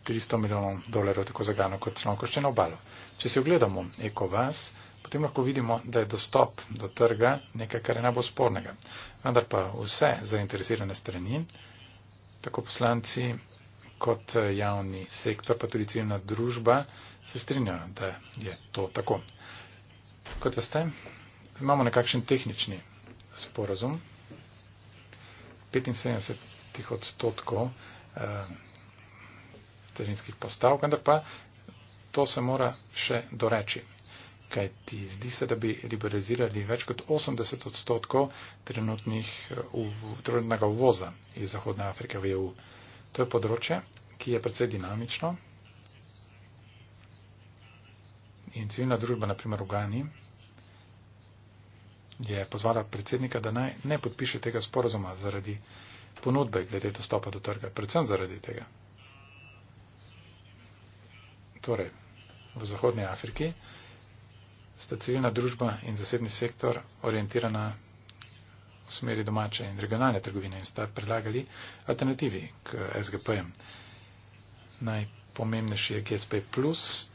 300 milijonov dolarjev tako za Gano kot Slonkoščeno obalo. Če si ogledamo EcoVas, potem lahko vidimo, da je dostop do trga nekaj, kar je najbolj spornega. Vendar pa vse zainteresirane strani, tako poslanci kot javni sektor, pa tudi civilna družba, se strinjajo, da je to tako. Kot veste, imamo nekakšen tehnični sporazum. 75 odstotkov eh, carinskih postav, vendar pa to se mora še doreči. Kaj ti zdi se, da bi liberalizirali več kot 80 odstotkov trenutnih eh, uv, trenutnega uvoza iz Zahodne Afrike v EU. To je področje, ki je precej dinamično. In civilna družba, naprimer v Gani, je pozvala predsednika, da naj ne podpiše tega sporozuma zaradi ponudbe glede dostopa do trga, predvsem zaradi tega. Torej, v Zahodnji Afriki sta civilna družba in zasebni sektor orientirana v smeri domače in regionalne trgovine in sta predlagali alternativi k SGP-jem. Najpomembnejši je GSP Plus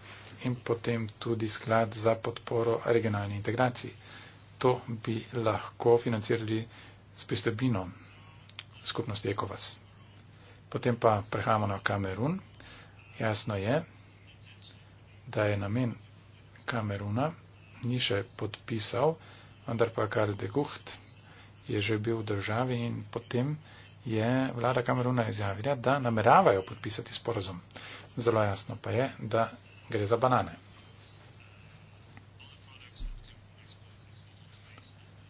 in potem tudi sklad za podporo regionalni integraciji to bi lahko financirali s pristojbino skupnosti Ekovas. Potem pa prehajamo na Kamerun. Jasno je, da je namen Kameruna ni še podpisal, vendar pa Karl de Gucht je že bil v državi in potem je vlada Kameruna izjavila, da nameravajo podpisati sporozum. Zelo jasno pa je, da gre za banane.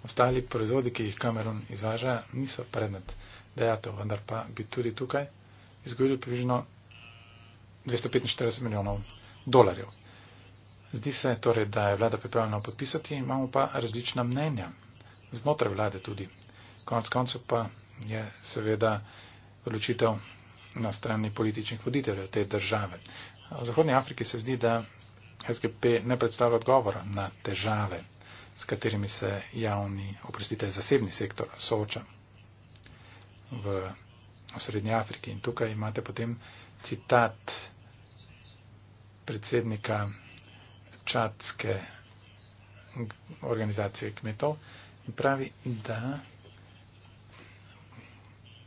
Ostali proizvodi, ki jih Cameron izvaža, niso predmet dejatov, vendar pa bi tudi tukaj izgubili približno 245 milijonov dolarjev. Zdi se torej, da je vlada pripravljena podpisati, imamo pa različna mnenja. Znotraj vlade tudi. Konec koncev pa je seveda odločitev na strani političnih voditeljev te države. V Zahodnji Afriki se zdi, da SGP ne predstavlja odgovora na težave s katerimi se javni, oprostite, zasebni sektor sooča v Srednji Afriki. In tukaj imate potem citat predsednika čatske organizacije kmetov in pravi, da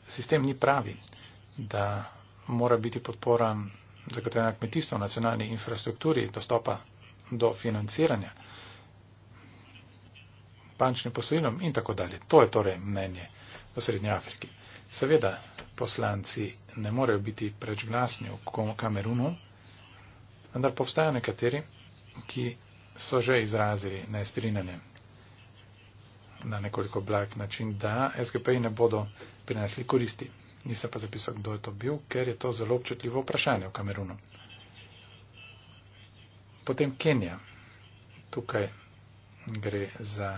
sistem ni pravi, da mora biti podpora zagotovljena kmetijstvo v nacionalni infrastrukturi dostopa do financiranja bančnim posojilom in tako dalje. To je torej mnenje o Srednji Afriki. Seveda poslanci ne morejo biti preč glasni v Kamerunu, vendar povstajajo nekateri, ki so že izrazili nestrinjanje na nekoliko blag način, da SGP-ji ne bodo prinesli koristi. Nisem pa zapisal, kdo je to bil, ker je to zelo občutljivo vprašanje v Kamerunu. Potem Kenija. Tukaj gre za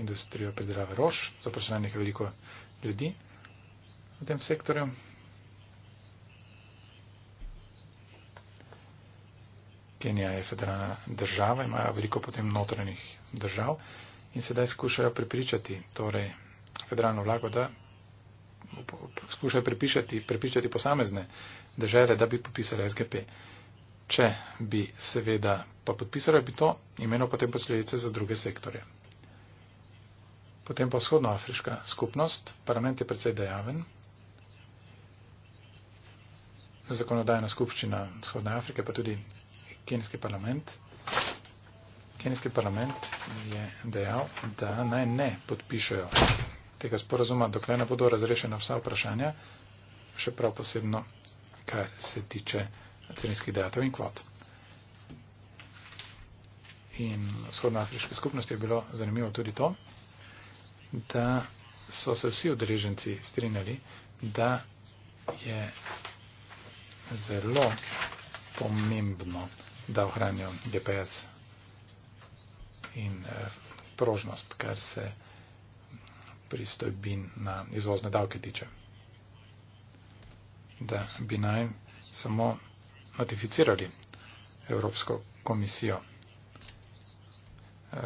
industrijo predelave rož, zaprašena nekaj veliko ljudi v tem sektorju. Kenija je federalna država, imajo veliko potem notranjih držav in sedaj skušajo pripričati torej, federalno vlago, da skušajo pripišati, pripričati posamezne države, da bi popisali SGP. Če bi seveda pa podpisali, bi to imelo potem posledice za druge sektore. Potem pa vzhodnoafriška skupnost, parlament je predvsej dejaven, zakonodajna skupščina vzhodne Afrike, pa tudi kenijski parlament. Kenijski parlament je dejal, da naj ne podpišajo tega sporazuma, dokler ne bodo razrešena vsa vprašanja, še prav posebno, kar se tiče carinskih dejatov in kvot. In vzhodnoafriške skupnosti je bilo zanimivo tudi to, da so se vsi odreženci strinjali, da je zelo pomembno, da ohranijo GPS in eh, prožnost, kar se pristojbin na izvozne davke tiče. Da bi naj samo notificirali Evropsko komisijo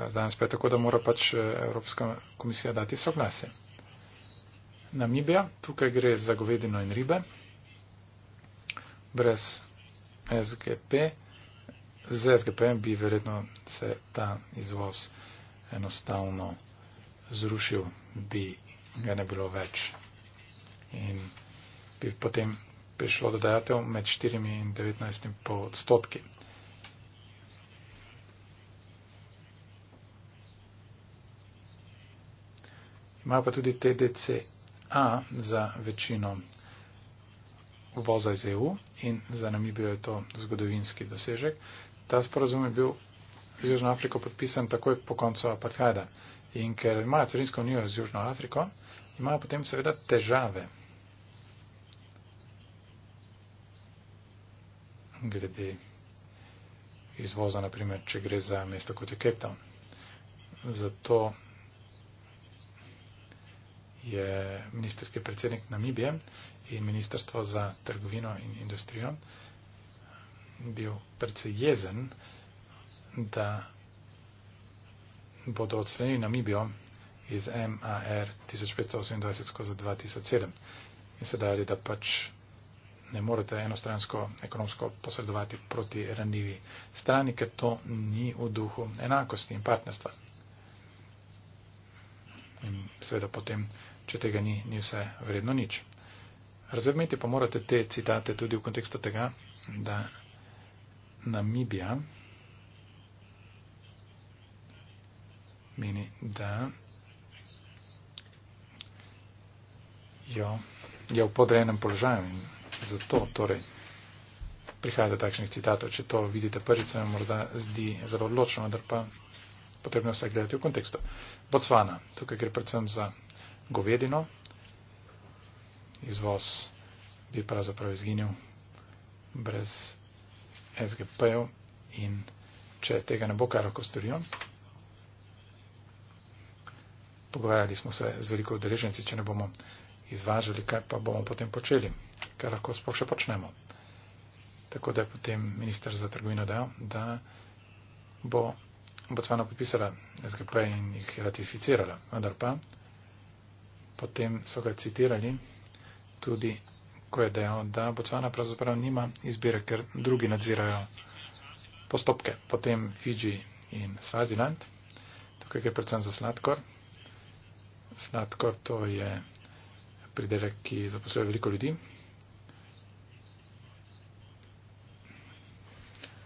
za nas pa je tako, da mora pač eh, Evropska komisija dati soglasje. Namibija, tukaj gre za govedino in ribe, brez SGP. Z SGP bi verjetno se ta izvoz enostavno zrušil, bi ga ne bilo več in bi potem prišlo do dajatev med 4 in 19,5 odstotki. Ima pa tudi TDCA za večino uvoza iz EU in za Namibijo je to zgodovinski dosežek. Ta sporazum je bil z Južno Afriko podpisan takoj po koncu apartheida in ker imajo carinsko unijo z Južno Afriko, imajo potem seveda težave. glede izvoza, naprimer, če gre za mesto kot je Cape Town. Zato je ministerski predsednik Namibije in ministerstvo za trgovino in industrijo bil predvsej jezen, da bodo odstranili Namibijo iz MAR 1528 skozi 2007. In se dali, da pač ne morete enostransko ekonomsko posredovati proti ranljivi strani, ker to ni v duhu enakosti in partnerstva. In seveda potem če tega ni, ni vse vredno nič. Razumeti pa morate te citate tudi v kontekstu tega, da Namibija meni, da jo je v podrejenem položaju in zato torej prihaja do takšnih citatov. Če to vidite prvič, se vam morda zdi zelo odločno, da pa potrebno vse gledati v kontekstu. Botswana, tukaj gre predvsem za govedino, izvoz bi pravzaprav izginil brez SGP-jev in če tega ne bo, kaj lahko storijo. Pogovarjali smo se z veliko udeleženci, če ne bomo izvažali, kaj pa bomo potem počeli, kaj lahko sploh še počnemo. Tako da je potem minister za trgovino dal, da bo Botswana podpisala SGP in jih ratificirala. Vendar pa potem so ga citirali, tudi ko je dejal, da Bocvana pravzaprav nima izbire, ker drugi nadzirajo postopke. Potem Fiji in Svaziland, tukaj je predvsem za sladkor. Sladkor to je pridelek, ki zaposluje veliko ljudi.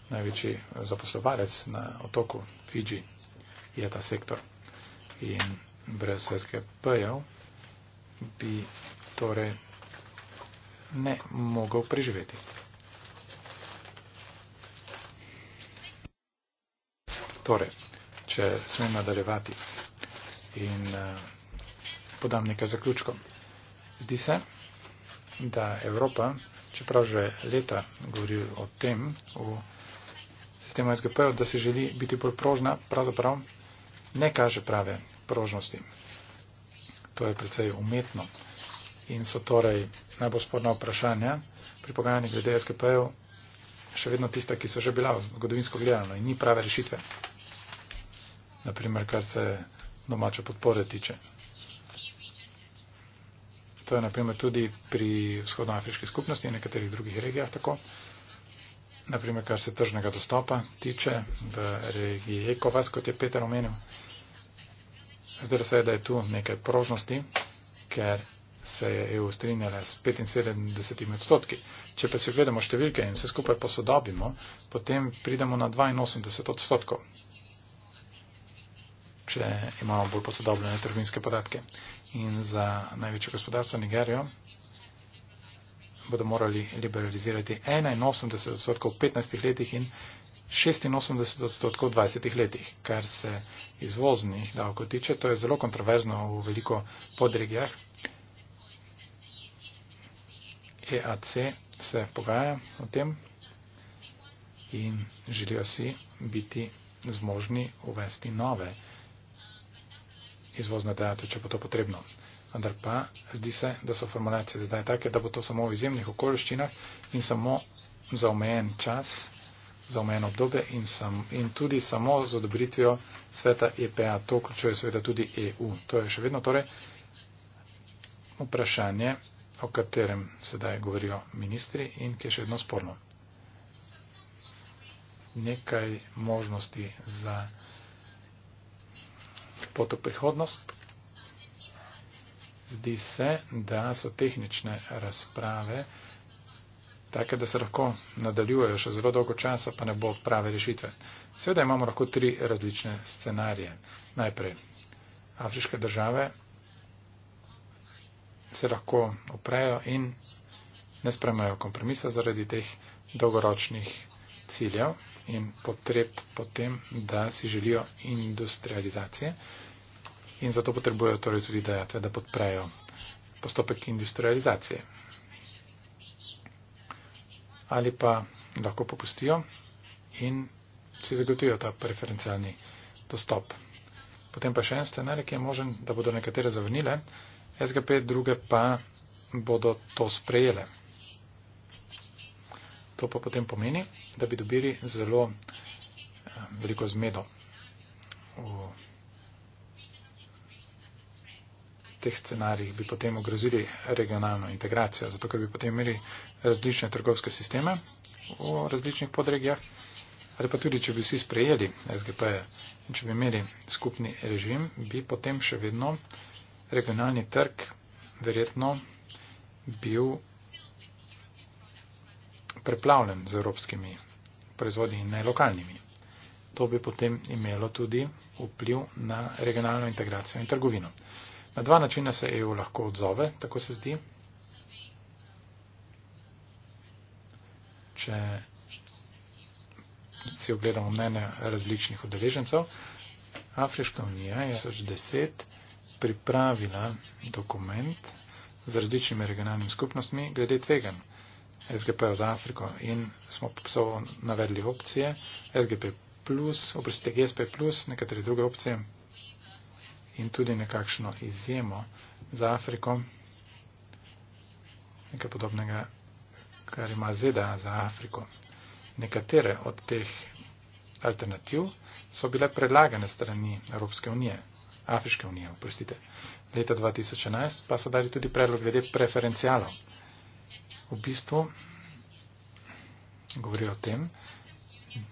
Največji zaposlovalec na otoku Fiji je ta sektor. In brez SGP-jev bi torej ne mogel preživeti. Torej, če smem nadaljevati in eh, podam nekaj zaključkov. Zdi se, da Evropa, čeprav že leta govori o tem v sistemu SGP, da si želi biti bolj prožna, pravzaprav ne kaže prave prožnosti to je precej umetno. In so torej najbolj sporna vprašanja pri pogajanjih glede SKP-jev še vedno tista, ki so že bila zgodovinsko gledano in ni prave rešitve. Naprimer, kar se domače podpore tiče. To je naprimer tudi pri vzhodnoafriški skupnosti in nekaterih drugih regijah tako. Naprimer, kar se tržnega dostopa tiče v regiji Ekovas, kot je Peter omenil. Zdaj se je, da je tu nekaj prožnosti, ker se je EU strinjala s 75 odstotki. Če pa si gledamo številke in vse skupaj posodobimo, potem pridemo na 82 odstotkov, če imamo bolj posodobljene trgovinske podatke. In za največje gospodarstvo Nigerijo bodo morali liberalizirati 81 odstotkov v 15 letih in 86 odstotkov v 20 letih, kar se izvoznih davkov tiče. To je zelo kontroverzno v veliko podregijah. EAC se pogaja o tem in želijo si biti zmožni uvesti nove izvozne dajate, če bo to potrebno. Vendar pa zdi se, da so formulacije zdaj take, da bo to samo v izjemnih okoliščinah in samo za omejen čas za omejeno obdobje in, sam, in tudi samo z odobritvijo sveta EPA. To vključuje seveda tudi EU. To je še vedno torej vprašanje, o katerem sedaj govorijo ministri in ki je še vedno sporno. Nekaj možnosti za poto prihodnost. Zdi se, da so tehnične razprave take, da se lahko nadaljujejo še zelo dolgo časa, pa ne bo prave rešitve. Seveda imamo lahko tri različne scenarije. Najprej, afriške države se lahko oprejo in ne spremajo kompromisa zaradi teh dolgoročnih ciljev in potreb potem, da si želijo industrializacije in zato potrebujejo torej tudi dajatve, da podprejo postopek industrializacije ali pa lahko popustijo in si zagotujo ta preferencialni dostop. Potem pa še en scenarij, ki je možen, da bodo nekatere zavrnile, SGP druge pa bodo to sprejele. To pa potem pomeni, da bi dobili zelo eh, veliko zmedo v teh scenarijih bi potem ogrozili regionalno integracijo, zato ker bi potem imeli različne trgovske sisteme v različnih podregijah, ali pa tudi, če bi vsi sprejeli SGP -je. in če bi imeli skupni režim, bi potem še vedno regionalni trg verjetno bil preplavljen z evropskimi proizvodi in ne lokalnimi. To bi potem imelo tudi vpliv na regionalno integracijo in trgovino. Na dva načina se EU lahko odzove, tako se zdi. Če si ogledamo mnenje različnih udeležencev, Afriška unija je 2010 pripravila dokument z različnimi regionalnimi skupnostmi glede tvegan SGP -ja za Afriko in smo navedli opcije SGP, oprostite GSP, nekatere druge opcije, in tudi nekakšno izjemo za Afriko, nekaj podobnega, kar ima ZDA za Afriko. Nekatere od teh alternativ so bile predlagane strani Evropske unije, Afriške unije, oprostite. Leta 2011 pa so dali tudi predlog glede preferencijalov. V bistvu govori o tem,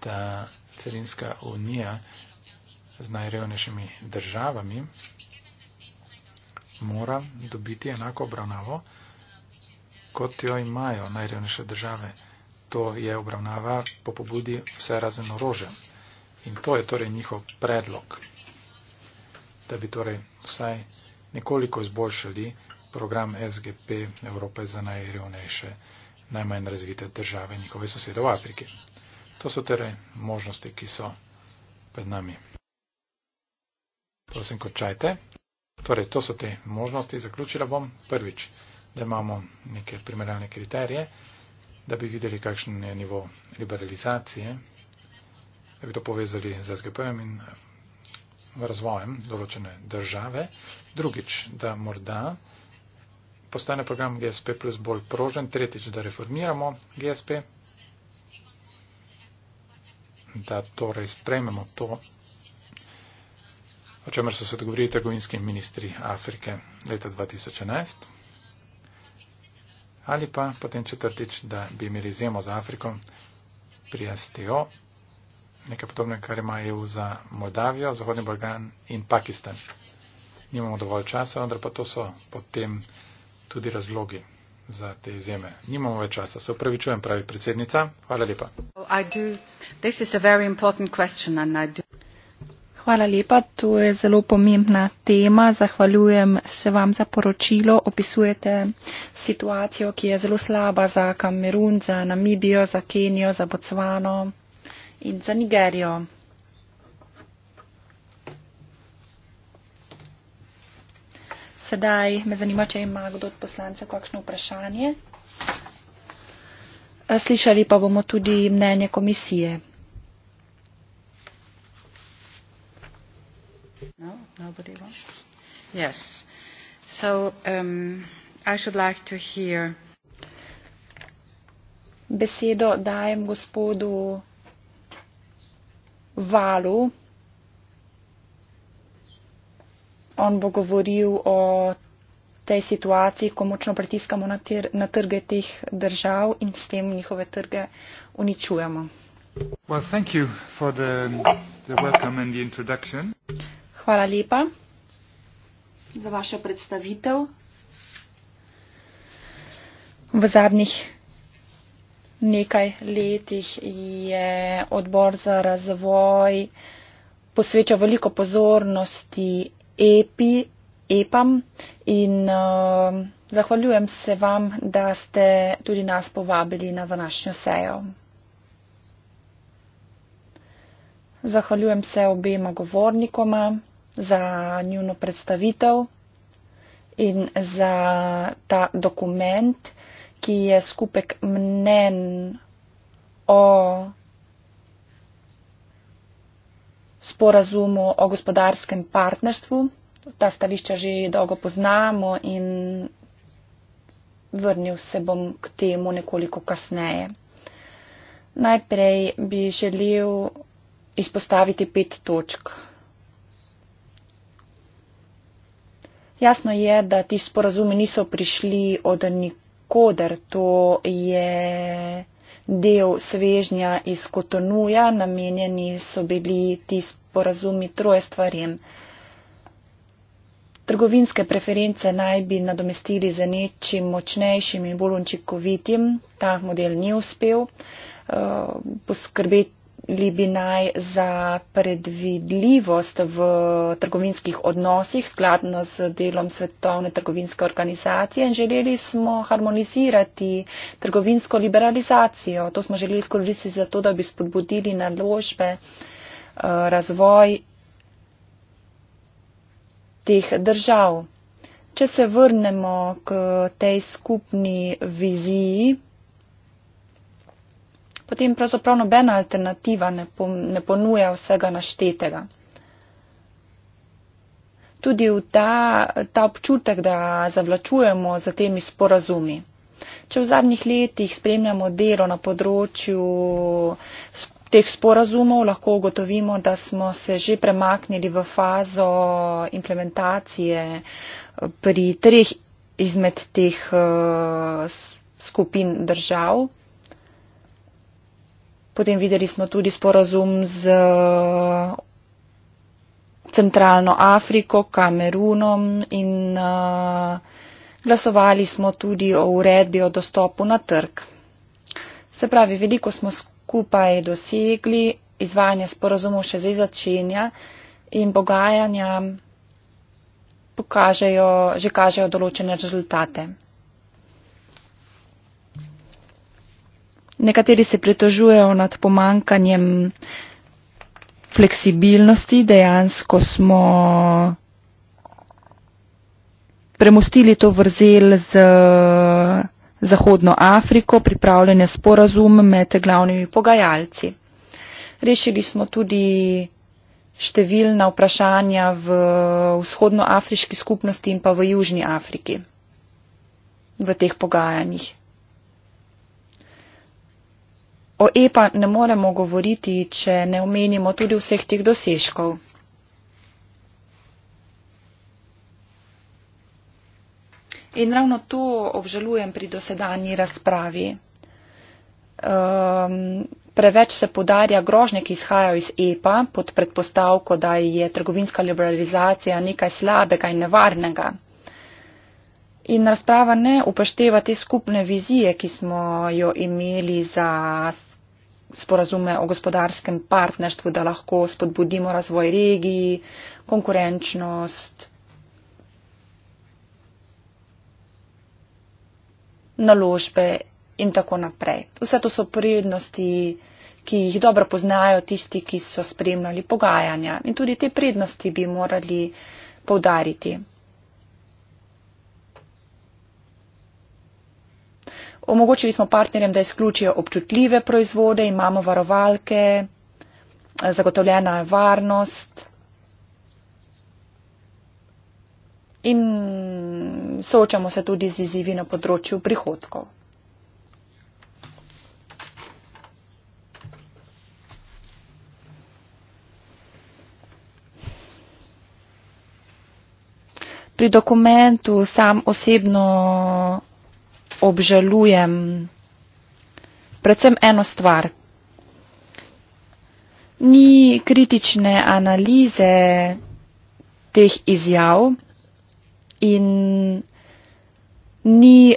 da celinska unija z najrevnejšimi državami, mora dobiti enako obravnavo, kot jo imajo najrevnejše države. To je obravnava po pobudi vse razen orožja. In to je torej njihov predlog, da bi torej vsaj nekoliko izboljšali program SGP Evrope za najrevnejše, najmanj razvite države njihove sosede v Afriki. To so torej možnosti, ki so pred nami prosim, končajte. Torej, to so te možnosti, zaključila bom. Prvič, da imamo neke primerjalne kriterije, da bi videli, kakšen je nivo liberalizacije, da bi to povezali z SGP-em in eh, razvojem določene države. Drugič, da morda postane program GSP plus bolj prožen. Tretjič, da reformiramo GSP, da torej sprememo to o čemer so se dogovorili trgovinski ministri Afrike leta 2011. Ali pa potem četrtič, da bi imeli izjemo za Afriko pri STO, nekaj podobnega, kar ima EU za Moldavijo, Zahodni Balkan in Pakistan. Nimamo dovolj časa, vendar pa to so potem tudi razlogi za te izjeme. Nimamo več časa. Se upravičujem, pravi predsednica. Hvala lepa. Hvala lepa, to je zelo pomembna tema. Zahvaljujem se vam za poročilo. Opisujete situacijo, ki je zelo slaba za Kamerun, za Namibijo, za Kenijo, za Botsvano in za Nigerijo. Sedaj me zanima, če ima kdo od poslancev kakšno vprašanje. Slišali pa bomo tudi mnenje komisije. No, nobody wants. Yes. So um, I should like to hear. Besedo dajem gospodu Valu. On bo govoril o tej situaciji, ko močno pritiskamo na, tr na trge teh držav in s tem njihove trge uničujemo. Well, Hvala lepa za vašo predstavitev. V zadnjih nekaj letih je odbor za razvoj posvečal veliko pozornosti EPI, EPAM in uh, zahvaljujem se vam, da ste tudi nas povabili na današnjo sejo. Zahvaljujem se obema govornikoma za njuno predstavitev in za ta dokument, ki je skupek mnen o sporazumu o gospodarskem partnerstvu. Ta stališča že dolgo poznamo in vrnil se bom k temu nekoliko kasneje. Najprej bi želel izpostaviti pet točk Jasno je, da ti sporazumi niso prišli od nikoder. To je del svežnja iz Kotonuja. Namenjeni so bili ti sporazumi troje stvarjem. Trgovinske preference naj bi nadomestili za nečim močnejšim in bolj učinkovitim. Ta model ni uspel. Eh, poskrbeti Ali bi naj za predvidljivost v trgovinskih odnosih skladno z delom Svetovne trgovinske organizacije in želeli smo harmonizirati trgovinsko liberalizacijo. To smo želeli izkoristiti zato, da bi spodbudili naložbe, eh, razvoj teh držav. Če se vrnemo k tej skupni viziji, potem pravzaprav nobena alternativa ne, po, ne ponuja vsega naštetega. Tudi v ta, ta občutek, da zavlačujemo za temi sporazumi. Če v zadnjih letih spremljamo delo na področju teh sporazumov, lahko ugotovimo, da smo se že premaknili v fazo implementacije eh, pri treh izmed teh uh, skupin držav. Potem videli smo tudi sporazum z eh, Centralno Afriko, Kamerunom in eh, glasovali smo tudi o uredbi o dostopu na trg. Se pravi, veliko smo skupaj dosegli, izvajanje sporazumov še zdaj začenja in pogajanja pokažejo, že kažejo določene rezultate. Nekateri se pritožujejo nad pomankanjem fleksibilnosti, dejansko smo premustili to vrzel z Zahodno Afriko, pripravljen je sporazum med glavnimi pogajalci. Rešili smo tudi številna vprašanja v vzhodnoafriški skupnosti in pa v Južni Afriki v teh pogajanjih. O EPA ne moremo govoriti, če ne omenimo tudi vseh teh dosežkov. In ravno to obžalujem pri dosedanji razpravi. Um, preveč se podarja grožnje, ki izhajajo iz EPA pod predpostavko, da je trgovinska liberalizacija nekaj slabega in nevarnega. In razprava ne upošteva te skupne vizije, ki smo jo imeli za sporazume o gospodarskem partnerstvu, da lahko spodbudimo razvoj regiji, konkurenčnost, naložbe in tako naprej. Vse to so prednosti, ki jih dobro poznajo tisti, ki so spremljali pogajanja. In tudi te prednosti bi morali poudariti. omogočili smo partnerjem, da izključijo občutljive proizvode, imamo varovalke, zagotovljena je varnost. In soočamo se tudi z izzivi na področju prihodkov. Pri dokumentu sam osebno obžalujem predvsem eno stvar. Ni kritične analize teh izjav in ni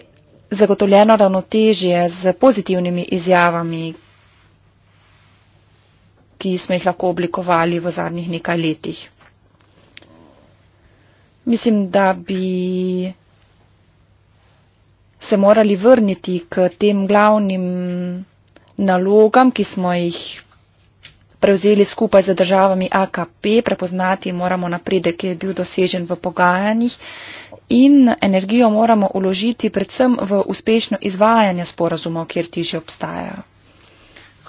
zagotovljeno ravnotežje z pozitivnimi izjavami, ki smo jih lahko oblikovali v zadnjih nekaj letih. Mislim, da bi se morali vrniti k tem glavnim nalogam, ki smo jih prevzeli skupaj z državami AKP, prepoznati moramo napredek, ki je bil dosežen v pogajanjih in energijo moramo uložiti predvsem v uspešno izvajanje sporazumov, kjer ti že obstajajo.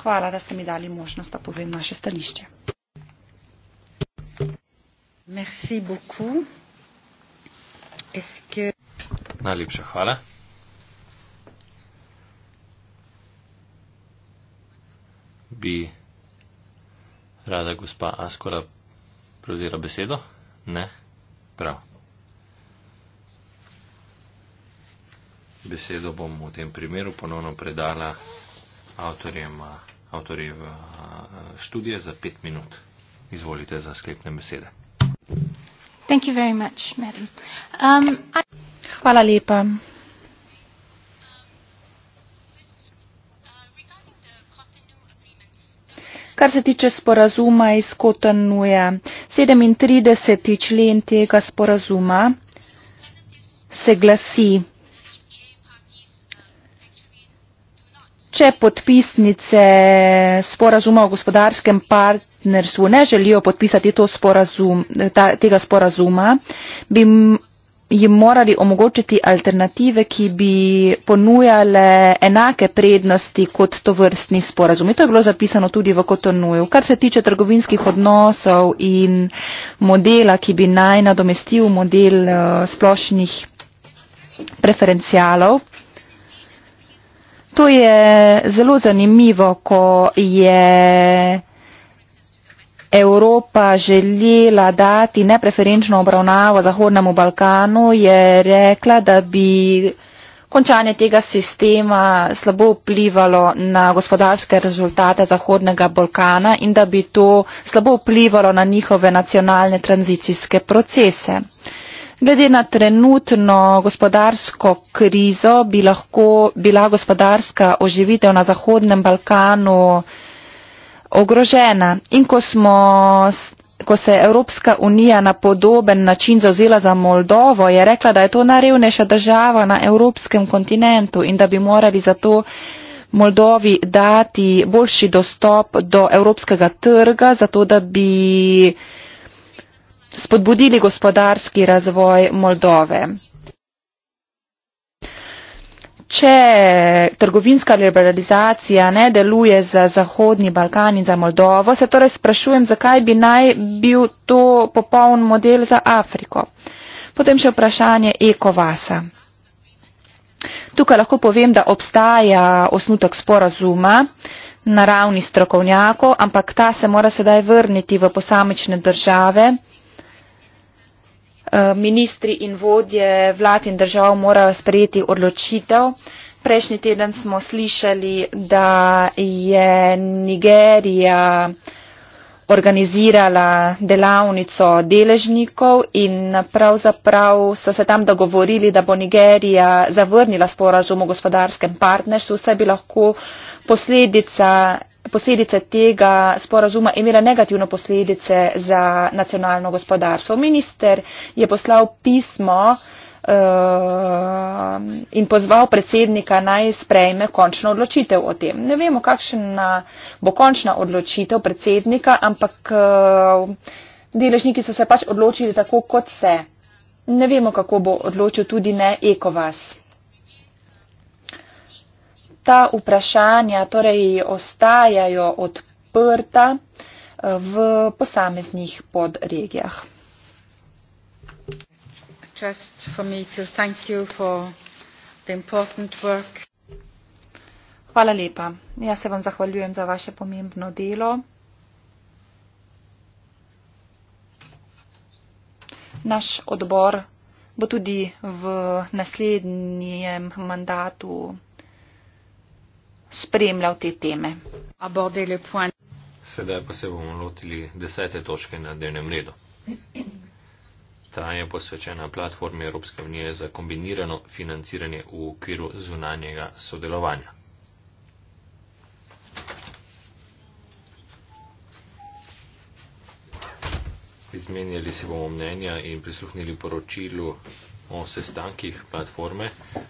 Hvala, da ste mi dali možnost, da povem naše stališče. Merci beaucoup. Est-ce que... Najlepša hvala. bi rada gospa Askola prevzela besedo? Ne? Prav. Besedo bom v tem primeru ponovno predala avtorjem, avtorjem eh, študije za pet minut. Izvolite za sklepne besede. Thank you very much, madam. Um, I... Hvala lepa. Kar se tiče sporazuma iz Kotanuja, 37. člen tega sporazuma se glasi, če podpisnice sporazuma o gospodarskem partnerstvu ne želijo podpisati to sporazum, ta, tega sporazuma, bi jim morali omogočiti alternative, ki bi ponujale enake prednosti kot to vrstni sporazum. In to je bilo zapisano tudi v Kotonuju. Kar se tiče trgovinskih odnosov in modela, ki bi naj nadomestil model eh, splošnih preferencialov, to je zelo zanimivo, ko je. Evropa želela dati nepreferenčno obravnavo Zahodnemu Balkanu, je rekla, da bi končanje tega sistema slabo vplivalo na gospodarske rezultate Zahodnega Balkana in da bi to slabo vplivalo na njihove nacionalne tranzicijske procese. Glede na trenutno gospodarsko krizo bi lahko bila gospodarska oživitev na Zahodnem Balkanu ogrožena in ko smo ko se je Evropska unija na podoben način zauzela za Moldovo, je rekla, da je to najrevnejša država na evropskem kontinentu in da bi morali zato Moldovi dati boljši dostop do evropskega trga, zato da bi spodbudili gospodarski razvoj Moldove če trgovinska liberalizacija ne deluje za Zahodni Balkan in za Moldovo, se torej sprašujem, zakaj bi naj bil to popoln model za Afriko. Potem še vprašanje ekovasa. Tukaj lahko povem, da obstaja osnutek sporazuma na ravni strokovnjakov, ampak ta se mora sedaj vrniti v posamične države. Eh, ministri in vodje vlad in držav morajo sprejeti odločitev. Prejšnji teden smo slišali, da je Nigerija organizirala delavnico deležnikov in pravzaprav so se tam dogovorili, da bo Nigerija zavrnila sporazum o gospodarskem partnerstvu. Vse bi lahko posledica posledice tega sporazuma imele negativno posledice za nacionalno gospodarstvo. Minister je poslal pismo eh, in pozval predsednika naj sprejme končno odločitev o tem. Ne vemo, kakšna bo končna odločitev predsednika, ampak eh, deležniki so se pač odločili tako, kot se. Ne vemo, kako bo odločil tudi ne Ekovas ta vprašanja torej ostajajo odprta eh, v posameznih podregijah. Hvala lepa. Ja se vam zahvaljujem za vaše pomembno delo. Naš odbor bo tudi v naslednjem mandatu spremljal te teme. Sedaj pa se bomo lotili desete točke na dnevnem redu. Ta je posvečena platformi Evropske unije za kombinirano financiranje v okviru zunanjega sodelovanja. Izmenjali si bomo mnenja in prisluhnili poročilu o sestankih platforme.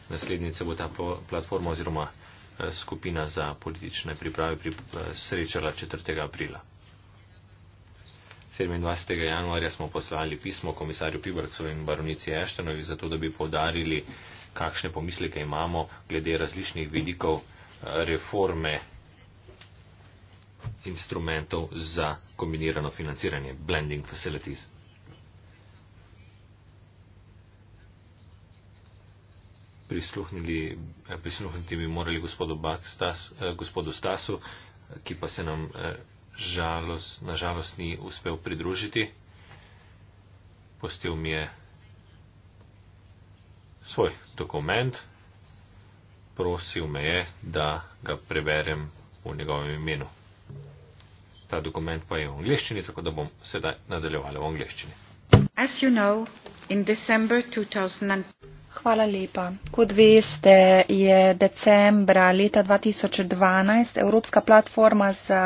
Naslednjica bo ta platforma oziroma skupina za politične priprave pri, eh, srečala 4. aprila. 27. januarja smo poslali pismo komisarju Pibrcu in baronici Eštenovi, zato da bi podarili, kakšne pomisleke imamo glede različnih vidikov eh, reforme instrumentov za kombinirano financiranje, blending facilities. prisluhnili, eh, prisluhniti bi morali gospodu, Bak, Stas, eh, gospodu Stasu, ki pa se nam eh, žalost, na žalost ni uspel pridružiti. Postil mi je svoj dokument, prosil me je, da ga preberem v njegovem imenu. Ta dokument pa je v angliščini, tako da bom sedaj nadaljevala v angliščini. As you know, in December 2000. Hvala lepa. Kot veste, je decembra leta 2012 Evropska platforma za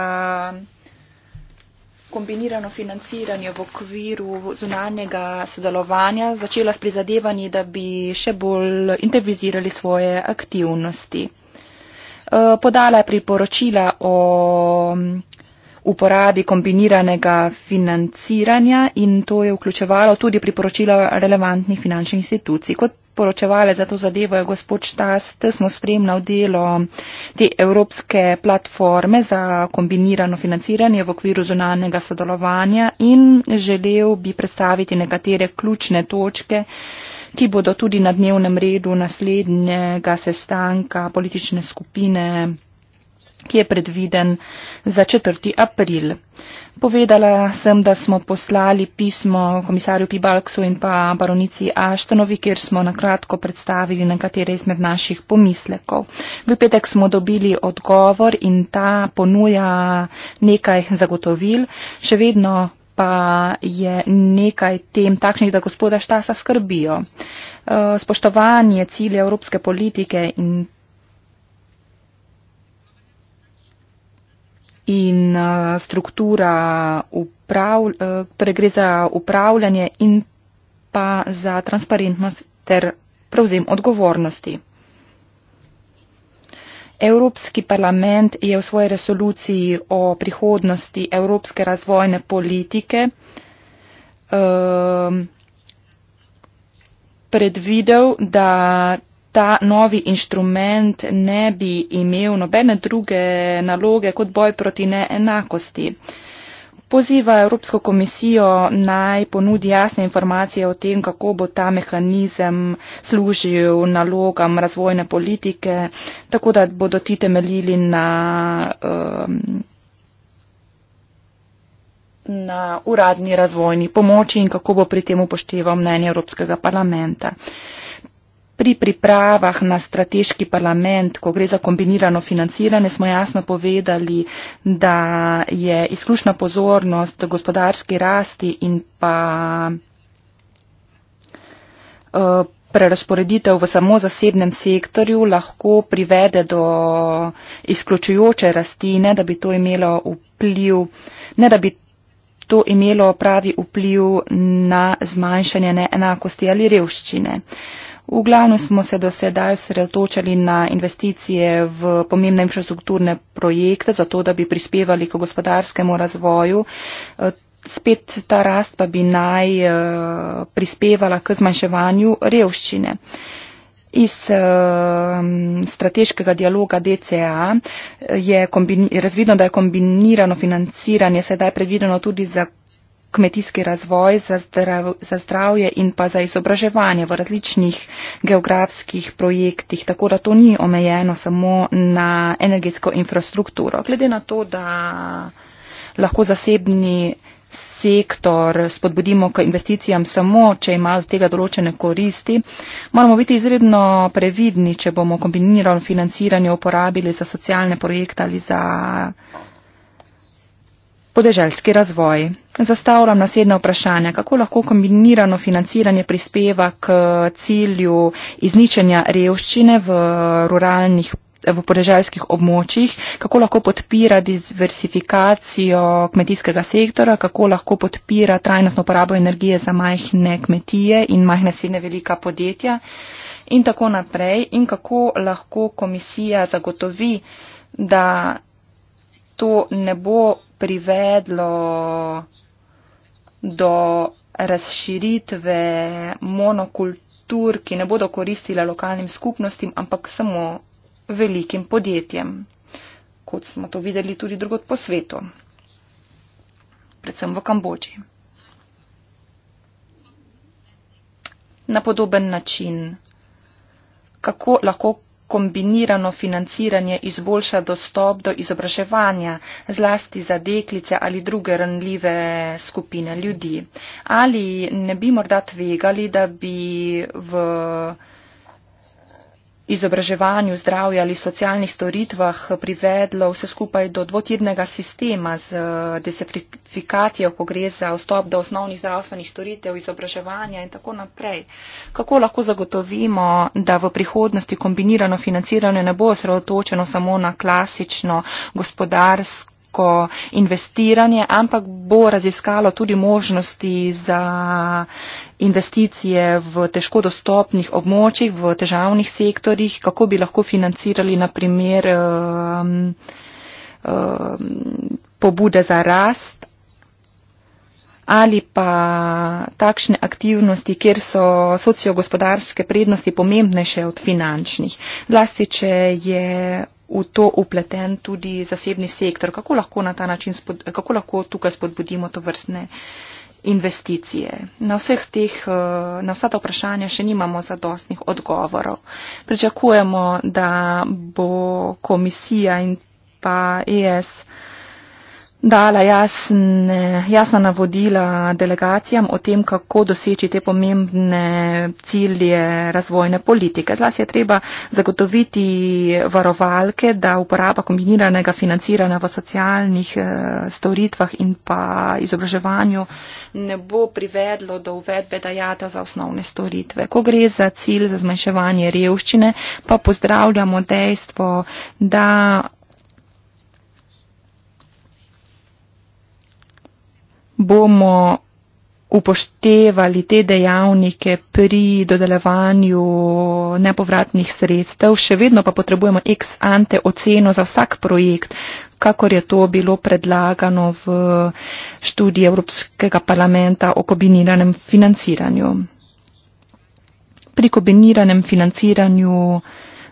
kombinirano financiranje v okviru zunanjega sodelovanja začela s prizadevanji, da bi še bolj intervizirali svoje aktivnosti. Eh, podala je priporočila o uporabi kombiniranega financiranja in to je vključevalo tudi priporočila relevantnih finančnih institucij. Kot poročevale za to zadevo je gospod Štas tesno spremljal delo te evropske platforme za kombinirano financiranje v okviru zunanjega sodelovanja in želel bi predstaviti nekatere ključne točke ki bodo tudi na dnevnem redu naslednjega sestanka politične skupine ki je predviden za 4. april. Povedala sem, da smo poslali pismo komisarju Pibalksu in pa baronici Aštenovi, kjer smo nakratko predstavili nekatere izmed naših pomislekov. V petek smo dobili odgovor in ta ponuja nekaj zagotovil. Še vedno pa je nekaj tem takšnih, da gospoda Štasa skrbijo. Eh, spoštovanje cilja evropske politike in in uh, struktura, uprav, uh, torej gre za upravljanje in pa za transparentnost ter prevzem odgovornosti. Evropski parlament je v svoji resoluciji o prihodnosti evropske razvojne politike um, predvidel, da ta novi inštrument ne bi imel nobene druge naloge kot boj proti neenakosti. Poziva Evropsko komisijo naj ponudi jasne informacije o tem, kako bo ta mehanizem služil nalogam razvojne politike, tako da bodo ti temeljili na, um, na uradni razvojni pomoči in kako bo pri tem upošteval mnenje Evropskega parlamenta. Uh, Pri pripravah na strateški parlament, ko gre za kombinirano financiranje, smo jasno povedali, da je izključna pozornost gospodarski rasti in pa eh, prerasporeditev v samo zasebnem sektorju lahko privede do izključujoče rasti, ne da bi to imelo vpliv, ne da bi to imelo pravi vpliv na zmanjšanje neenakosti ali revščine. Uh, V glavnem smo se do sedaj sredotočali na investicije v pomembne infrastrukturne projekte, zato da bi prispevali k gospodarskemu razvoju. Eh, spet ta rast pa bi naj eh, prispevala k zmanjševanju revščine. Iz ehm, strateškega dialoga DCA eh, je razvidno, da je kombinirano financiranje sedaj predvideno tudi za kmetijski razvoj, za, zdrav, za zdravje in pa za izobraževanje v različnih geografskih projektih, tako da to ni omejeno samo na energetsko infrastrukturo. Glede na to, da lahko zasebni sektor spodbudimo k investicijam samo, če ima od tega določene koristi. Moramo biti izredno previdni, če bomo kombinirano financiranje uporabili za socialne projekte ali za podeželski razvoj. Zastavljam naslednje vprašanje, kako lahko kombinirano financiranje prispeva k cilju izničenja revščine v ruralnih v podeželskih območjih, kako lahko podpira diversifikacijo kmetijskega sektora, kako lahko podpira trajnostno porabo energije za majhne kmetije in majhne srednje velika podjetja in tako naprej in kako lahko komisija zagotovi, da to ne bo privedlo do razširitve monokultur, ki ne bodo koristile lokalnim skupnostim, ampak samo velikim podjetjem, kot smo to videli tudi drugot po svetu, predvsem v Kambodži. Na podoben način, kako lahko kombinirano financiranje izboljša dostop do izobraževanja, zlasti za deklice ali druge ranljive skupine ljudi. Ali ne bi morda tvegali, da bi v izobraževanju, zdravju ali socialnih storitvah privedlo vse skupaj do dvotirnega sistema z eh, desertifikacijo, ko gre za vstop do osnovnih zdravstvenih storitev, izobraževanja in tako naprej. Kako lahko zagotovimo, da v prihodnosti kombinirano financiranje ne bo osredotočeno samo na klasično gospodarsko neko investiranje, ampak bo raziskalo tudi možnosti za investicije v težko dostopnih območjih, v težavnih sektorjih, kako bi lahko financirali naprimer um, um, pobude za rast ali pa takšne aktivnosti, kjer so sociogospodarske prednosti pomembnejše od finančnih. Zlasti, če je v to upleten tudi zasebni sektor. Kako lahko, na spod, kako lahko tukaj spodbudimo to vrstne investicije? Na, vseh teh, eh, na vsa ta vprašanja še nimamo zadostnih odgovorov. Pričakujemo, da bo komisija in pa ES dala jasne, jasna navodila delegacijam o tem, kako doseči te pomembne cilje razvojne politike. Zlasti je treba zagotoviti varovalke, da uporaba kombiniranega financiranja v socialnih eh, storitvah in pa izobraževanju ne bo privedlo do uvedbe dajata za osnovne storitve. Ko gre za cilj za zmanjševanje revščine, pa pozdravljamo dejstvo, da bomo upoštevali te dejavnike pri dodelevanju nepovratnih sredstev, še vedno pa potrebujemo ex ante oceno za vsak projekt, kakor je to bilo predlagano v študiji Evropskega parlamenta o kombiniranem financiranju. Pri kombiniranem financiranju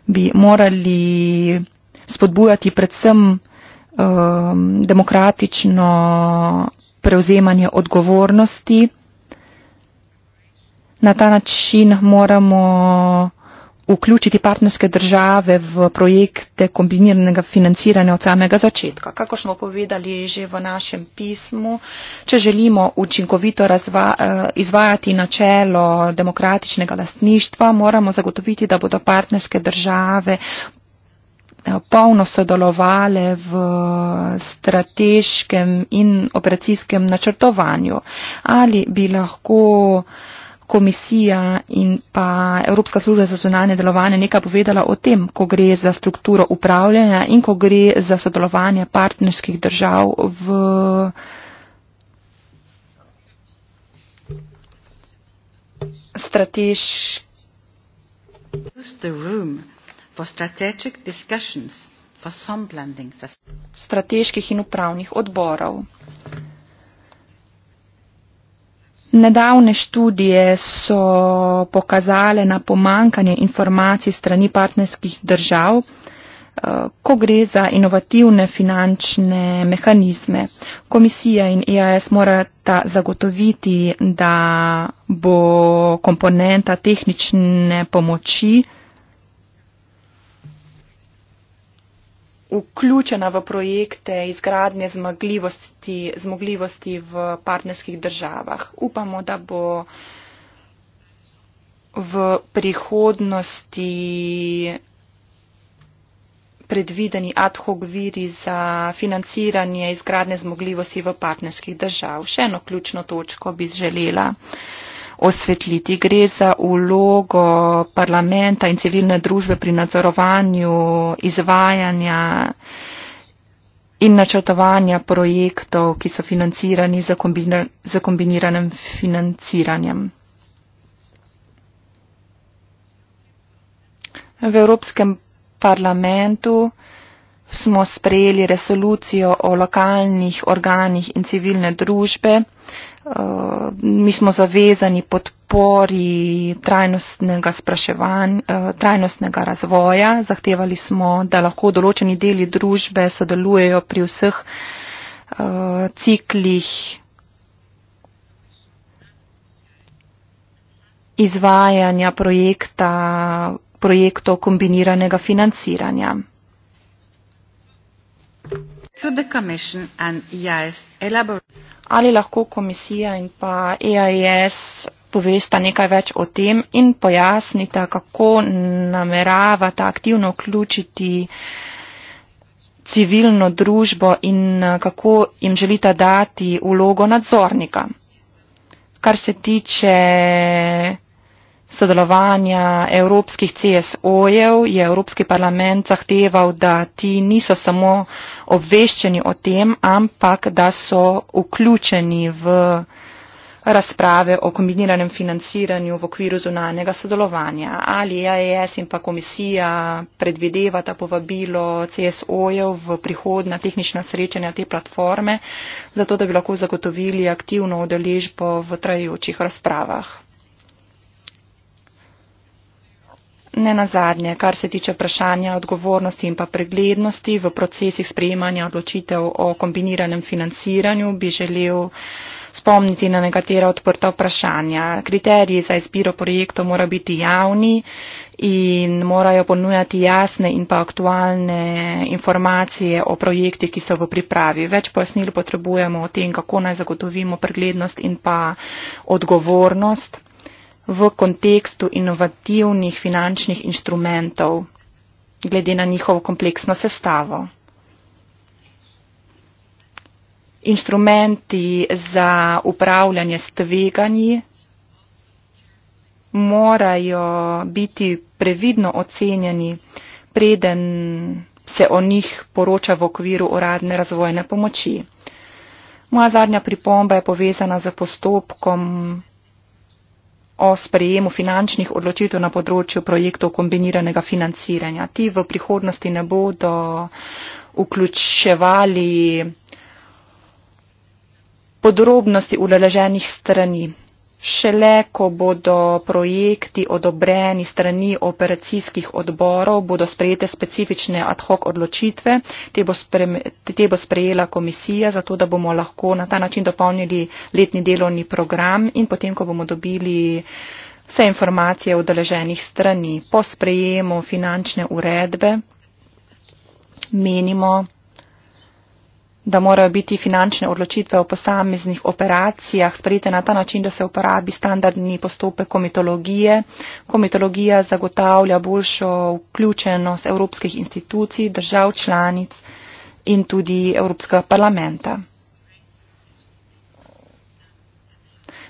bi morali spodbujati predvsem um, demokratično prevzemanje odgovornosti. Na ta način moramo vključiti partnerske države v projekte kombiniranega financiranja od samega začetka. Kako smo povedali že v našem pismu, če želimo učinkovito razva, eh, izvajati načelo demokratičnega lastništva, moramo zagotoviti, da bodo partnerske države polno sodelovali v strateškem in operacijskem načrtovanju. Ali bi lahko komisija in pa Evropska služba za zunanje delovanje nekaj povedala o tem, ko gre za strukturo upravljanja in ko gre za sodelovanje partnerskih držav v. Strateški strateških in upravnih odborov. Nedavne študije so pokazale na pomankanje informacij strani partnerskih držav, eh, ko gre za inovativne finančne mehanizme. Komisija in EAS morata zagotoviti, da bo komponenta tehnične pomoči vključena v projekte izgradnje zmogljivosti, zmogljivosti v partnerskih državah. Upamo, da bo v prihodnosti predvideni ad hoc viri za financiranje izgradnje zmogljivosti v partnerskih držav. Še eno ključno točko bi želela. Uh, osvetliti. Gre za ulogo parlamenta in civilne družbe pri nadzorovanju izvajanja in načrtovanja projektov, ki so financirani za, kombina, za kombiniranem financiranjem. V Evropskem parlamentu smo sprejeli resolucijo o lokalnih organih in civilne družbe, mi smo zavezani podpori trajnostnega, eh, trajnostnega razvoja. Zahtevali smo, da lahko določeni deli družbe sodelujejo pri vseh eh, ciklih izvajanja projekta, projektov kombiniranega financiranja. Through the Commission and EIS elaborate ali lahko komisija in pa EAS povesta nekaj več o tem in pojasnita, kako nameravata aktivno vključiti civilno družbo in eh, kako jim želita dati vlogo nadzornika. Kar se tiče sodelovanja evropskih CSO-jev je Evropski parlament zahteval, da ti niso samo obveščeni o tem, ampak da so vključeni v razprave o kombiniranem financiranju v okviru zunanega sodelovanja. Ali IAS e in pa komisija predvidevata povabilo CSO-jev v prihodna tehnična srečanja te platforme, zato da bi lahko zagotovili aktivno udeležbo v trajajočih razpravah. ne nazadnje, kar se tiče vprašanja odgovornosti in pa preglednosti v procesih sprejemanja odločitev o kombiniranem financiranju, bi želel spomniti na nekatera odprta vprašanja. Kriteriji za izbiro projektov morajo biti javni in morajo ponujati jasne in pa aktualne informacije o projektih, ki so v pripravi. Več pojasnil potrebujemo o tem, kako naj zagotovimo preglednost in pa odgovornost v kontekstu inovativnih finančnih inštrumentov, glede na njihovo kompleksno sestavo. Inštrumenti za upravljanje s tveganji morajo biti previdno ocenjeni, preden se o njih poroča v okviru uradne razvojne pomoči. Moja zadnja pripomba je povezana z postopkom o sprejemu finančnih odločitev na področju projektov kombiniranega financiranja. Ti v prihodnosti ne bodo vključevali podrobnosti uleleženih strani. Šele, ko bodo projekti odobreni strani operacijskih odborov, bodo sprejete specifične ad hoc odločitve. Te bo, spre, te bo sprejela komisija, zato da bomo lahko na ta način dopolnili letni delovni program in potem, ko bomo dobili vse informacije odeleženih strani, po sprejemu finančne uredbe menimo, da morajo biti finančne odločitve o posameznih operacijah sprejete na ta način, da se uporabi standardni postopek komitologije. Komitologija zagotavlja boljšo vključenost evropskih institucij, držav članic in tudi Evropskega parlamenta.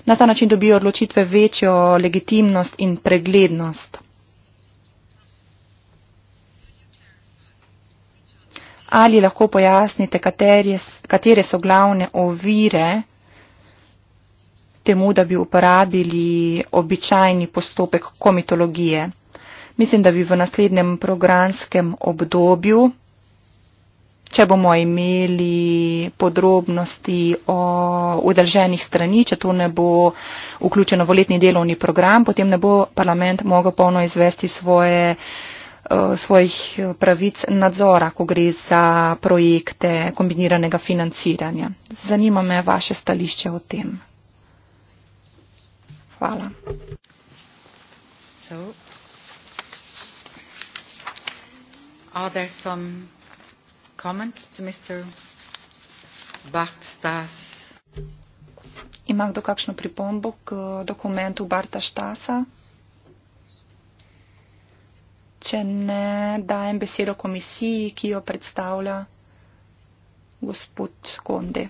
Na ta način dobijo odločitve večjo legitimnost in preglednost. Ali lahko pojasnite, katere, katere so glavne ovire temu, da bi uporabili običajni postopek komitologije? Mislim, da bi v naslednjem programskem obdobju, če bomo imeli podrobnosti o udeleženih strani, če to ne bo vključeno v letni delovni program, potem ne bo parlament mogel polno izvesti svoje. Uh, Eh, svojih eh, pravic nadzora, ko gre za projekte kombiniranega financiranja. Zanima me vaše stališče o tem. Hvala. So, are there some comments to Mr. Bachstas? Ima kdo kakšno pripombo k dokumentu Barta Štasa? Če ne, dajem besedo komisiji, ki jo predstavlja gospod Konde.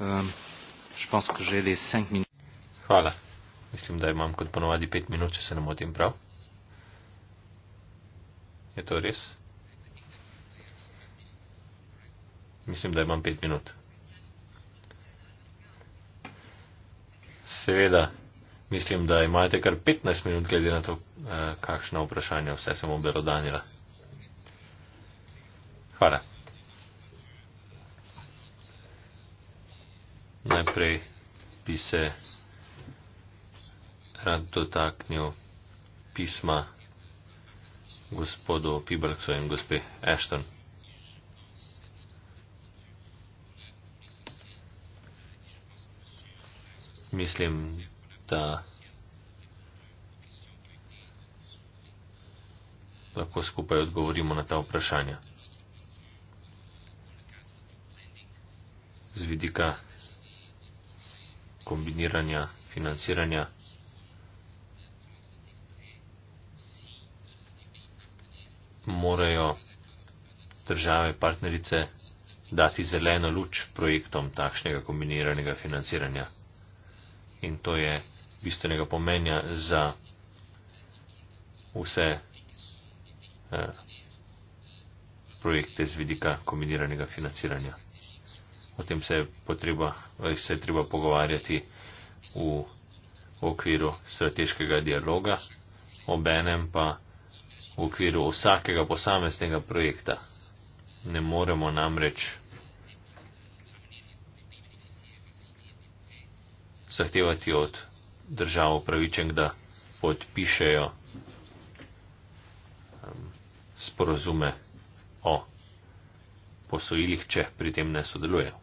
Um, Hvala. Mislim, da imam kot ponovadi pet minut, če se ne motim prav. Je to res? Mislim, da imam pet minut. Seveda, Mislim, da imate kar 15 minut, glede na to, eh, kakšno vprašanje vse sem obelodanila. Hvala. Najprej bi se rad dotaknil pisma gospodu Pibrksu in gospe Ashton. Mislim, da lahko skupaj odgovorimo na ta vprašanja. Z vidika kombiniranja financiranja morajo države partnerice dati zeleno luč projektom takšnega kombiniranega financiranja. In to je bistvenega pomenja za vse eh, projekte z vidika kombiniranega financiranja. O tem se je, potreba, se je treba pogovarjati v okviru strateškega dialoga, obenem pa v okviru vsakega posameznega projekta. Ne moremo namreč zahtevati od držav upravičen, da podpišejo sporozume o posojilih, če pri tem ne sodelujejo.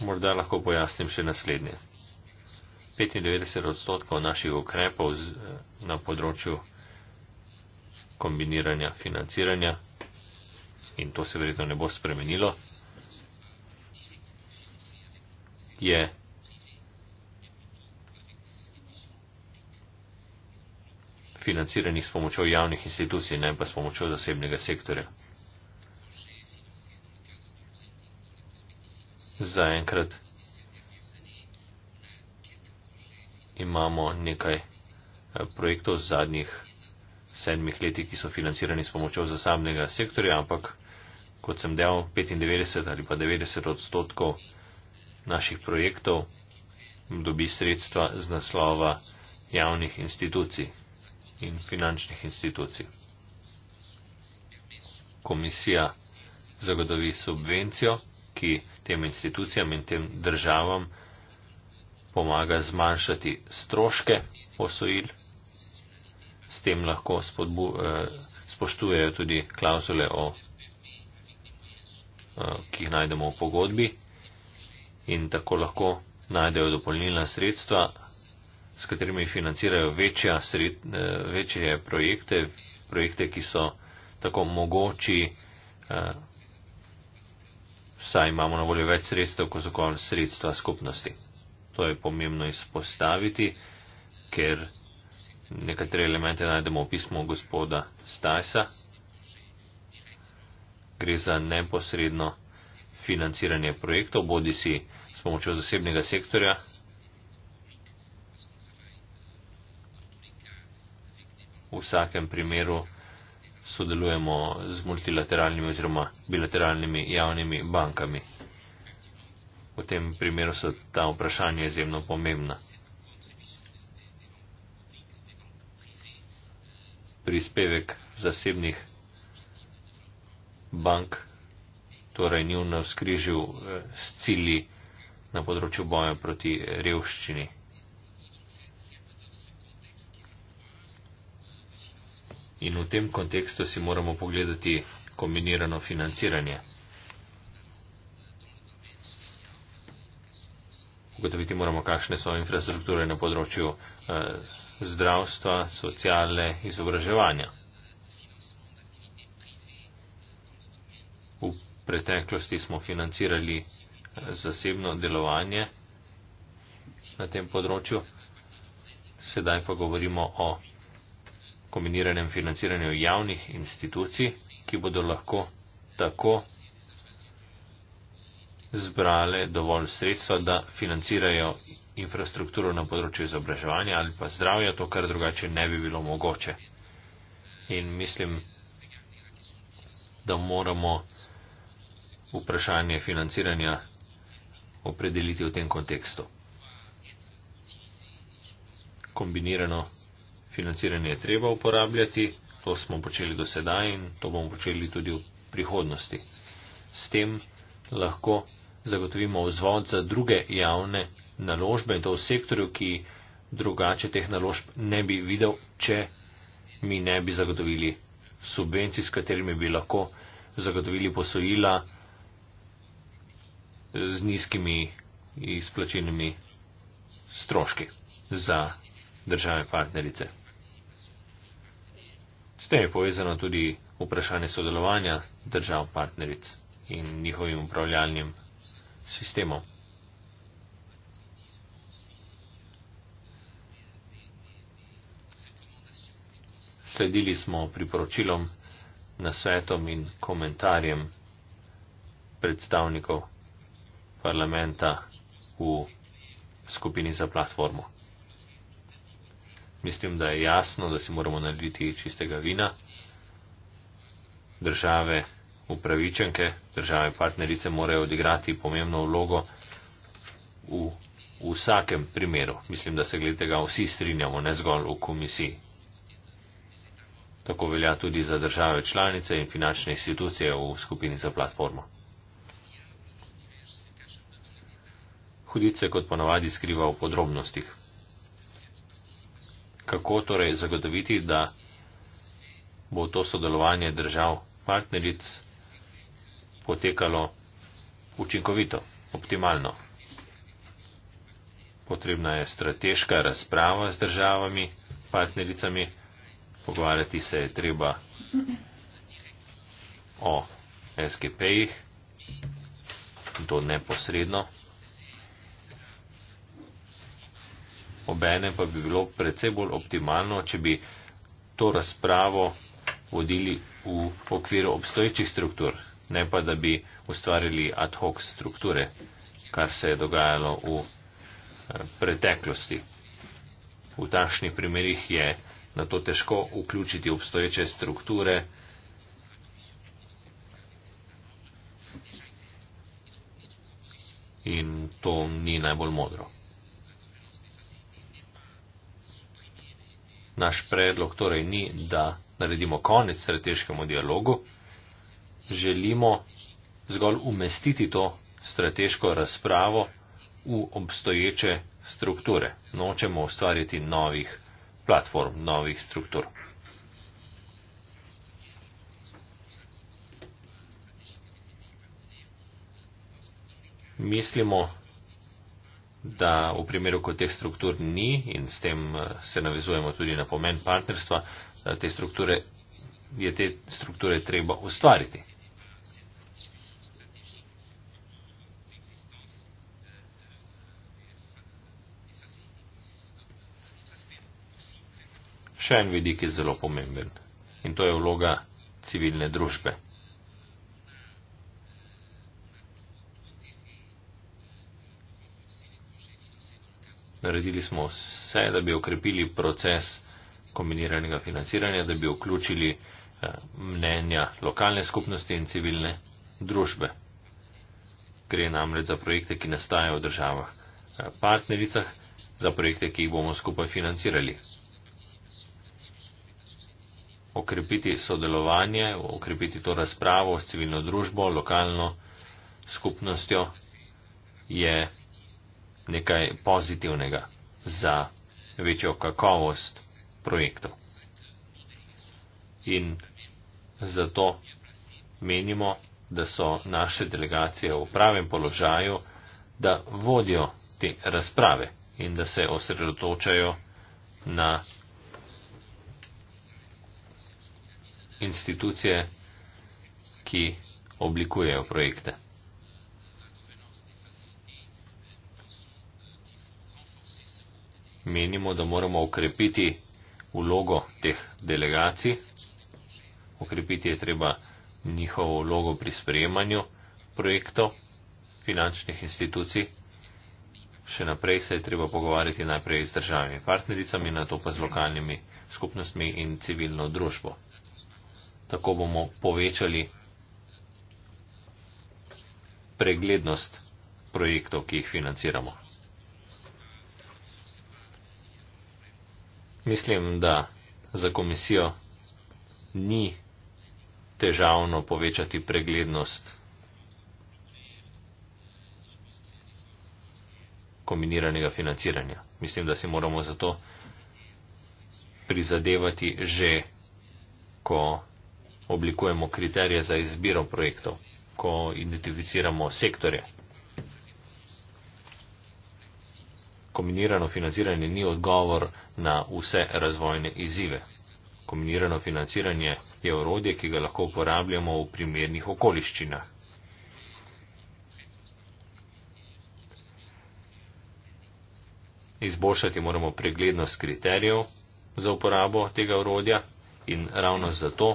Morda lahko pojasnim še naslednje. 95 odstotkov naših ukrepov eh, na področju kombiniranja financiranja, in to se verjetno ne bo spremenilo, je financiranih s pomočjo javnih institucij, ne pa s pomočjo zasebnega sektorja. Zaenkrat imamo nekaj eh, projektov z zadnjih sedmih leti, ki so financirani s pomočjo zasebnega sektorja, ampak kot sem dejal, 95 ali pa 90 odstotkov naših projektov dobi sredstva z naslova javnih institucij in finančnih institucij. Komisija zagotovi subvencijo, ki tem institucijam in tem državam pomaga zmanjšati stroške posojil. S tem lahko spodbu, eh, spoštujejo tudi klauzule, eh, ki jih najdemo v pogodbi in tako lahko najdejo dopolnilna sredstva, s katerimi financirajo večja sred, eh, večje projekte, projekte, ki so tako mogoči, eh, saj imamo na voljo več sredstev, ko so konec sredstva skupnosti. To je pomembno izpostaviti, ker nekatere elemente najdemo v pismu gospoda Stajsa. Gre za neposredno financiranje projektov, bodi si s pomočjo zasebnega sektorja. V vsakem primeru sodelujemo z multilateralnimi oziroma bilateralnimi javnimi bankami. V tem primeru so ta vprašanja izjemno pomembna. Prispevek zasebnih bank torej ni v navskrižju eh, s cilji na področju boja proti revščini. In v tem kontekstu si moramo pogledati kombinirano financiranje. Ugotoviti moramo, kakšne so infrastrukture na področju eh, zdravstva, socialne, izobraževanja. V preteklosti smo financirali zasebno delovanje na tem področju. Sedaj pa govorimo o kombiniranem financiranju javnih institucij, ki bodo lahko tako zbrale dovolj sredstva, da financirajo infrastrukturo na področju izobraževanja ali pa zdravja, to kar drugače ne bi bilo mogoče. In mislim, da moramo vprašanje financiranja opredeliti v tem kontekstu. Kombinirano financiranje je treba uporabljati, to smo počeli do sedaj in to bomo počeli tudi v prihodnosti. S tem lahko zagotovimo vzvod za druge javne naložbe in to v sektorju, ki drugače teh naložb ne bi videl, če mi ne bi zagotovili subvencij, s katerimi bi lahko zagotovili posojila z nizkimi izplačenimi stroški za države partnerice. S tem je povezano tudi vprašanje sodelovanja držav partneric in njihovim upravljalnim sistemom. Sledili smo priporočilom, nasvetom in komentarjem predstavnikov parlamenta v skupini za platformo. Mislim, da je jasno, da si moramo narediti čistega vina. Države upravičenke, države partnerice morajo odigrati pomembno vlogo v vsakem primeru. Mislim, da se glede tega vsi strinjamo, ne zgolj v komisiji. Tako velja tudi za države članice in finančne institucije v skupini za platformo. Hudič se kot ponavadi skriva v podrobnostih. Kako torej zagotoviti, da bo to sodelovanje držav partneric potekalo učinkovito, optimalno? Potrebna je strateška razprava z državami, partnericami, pogovarjati se je treba o SKP-jih, to neposredno. obene pa bi bilo predvsej bolj optimalno, če bi to razpravo vodili v okviru obstoječih struktur, ne pa da bi ustvarili ad hoc strukture, kar se je dogajalo v eh, preteklosti. V takšnih primerih je na to težko vključiti obstoječe strukture. In to ni najbolj modro. Naš predlog torej ni, da naredimo konec strateškemu dialogu, želimo zgolj umestiti to strateško razpravo v obstoječe strukture. Nočemo ustvariti novih platform, novih struktur. Mislimo, da v primeru, ko teh struktur ni in s tem eh, se navezujemo tudi na pomen partnerstva, da eh, te strukture, je te strukture treba ustvariti. Še en vidik je zelo pomemben in to je vloga civilne družbe. Naredili smo vse, da bi okrepili proces kombiniranega financiranja, da bi vključili eh, mnenja lokalne skupnosti in civilne družbe. Gre namreč za projekte, ki nastajajo v državah eh, partnericah, za projekte, ki jih bomo skupaj financirali. Okrepiti sodelovanje, okrepiti to razpravo s civilno družbo, lokalno skupnostjo je nekaj pozitivnega za večjo kakovost projektov. In zato menimo, da so naše delegacije v pravem položaju, da vodijo te razprave in da se osredotočajo na institucije, ki oblikujejo projekte. menimo, da moramo okrepiti vlogo teh delegacij, okrepiti je treba njihovo vlogo pri sprejemanju projektov finančnih institucij. Še naprej se je treba pogovarjati najprej z državami partnericami, na to pa z lokalnimi skupnostmi in civilno družbo. Tako bomo povečali preglednost projektov, ki jih financiramo. Mislim, da za komisijo ni težavno povečati preglednost kombiniranega financiranja. Mislim, da si moramo za to prizadevati že, ko oblikujemo kriterije za izbiro projektov, ko identificiramo sektorje. kombinirano financiranje ni odgovor na vse razvojne izzive. Kombinirano financiranje je orodje, ki ga lahko uporabljamo v primernih okoliščinah. Izboljšati moramo preglednost kriterijev za uporabo tega orodja in ravno zato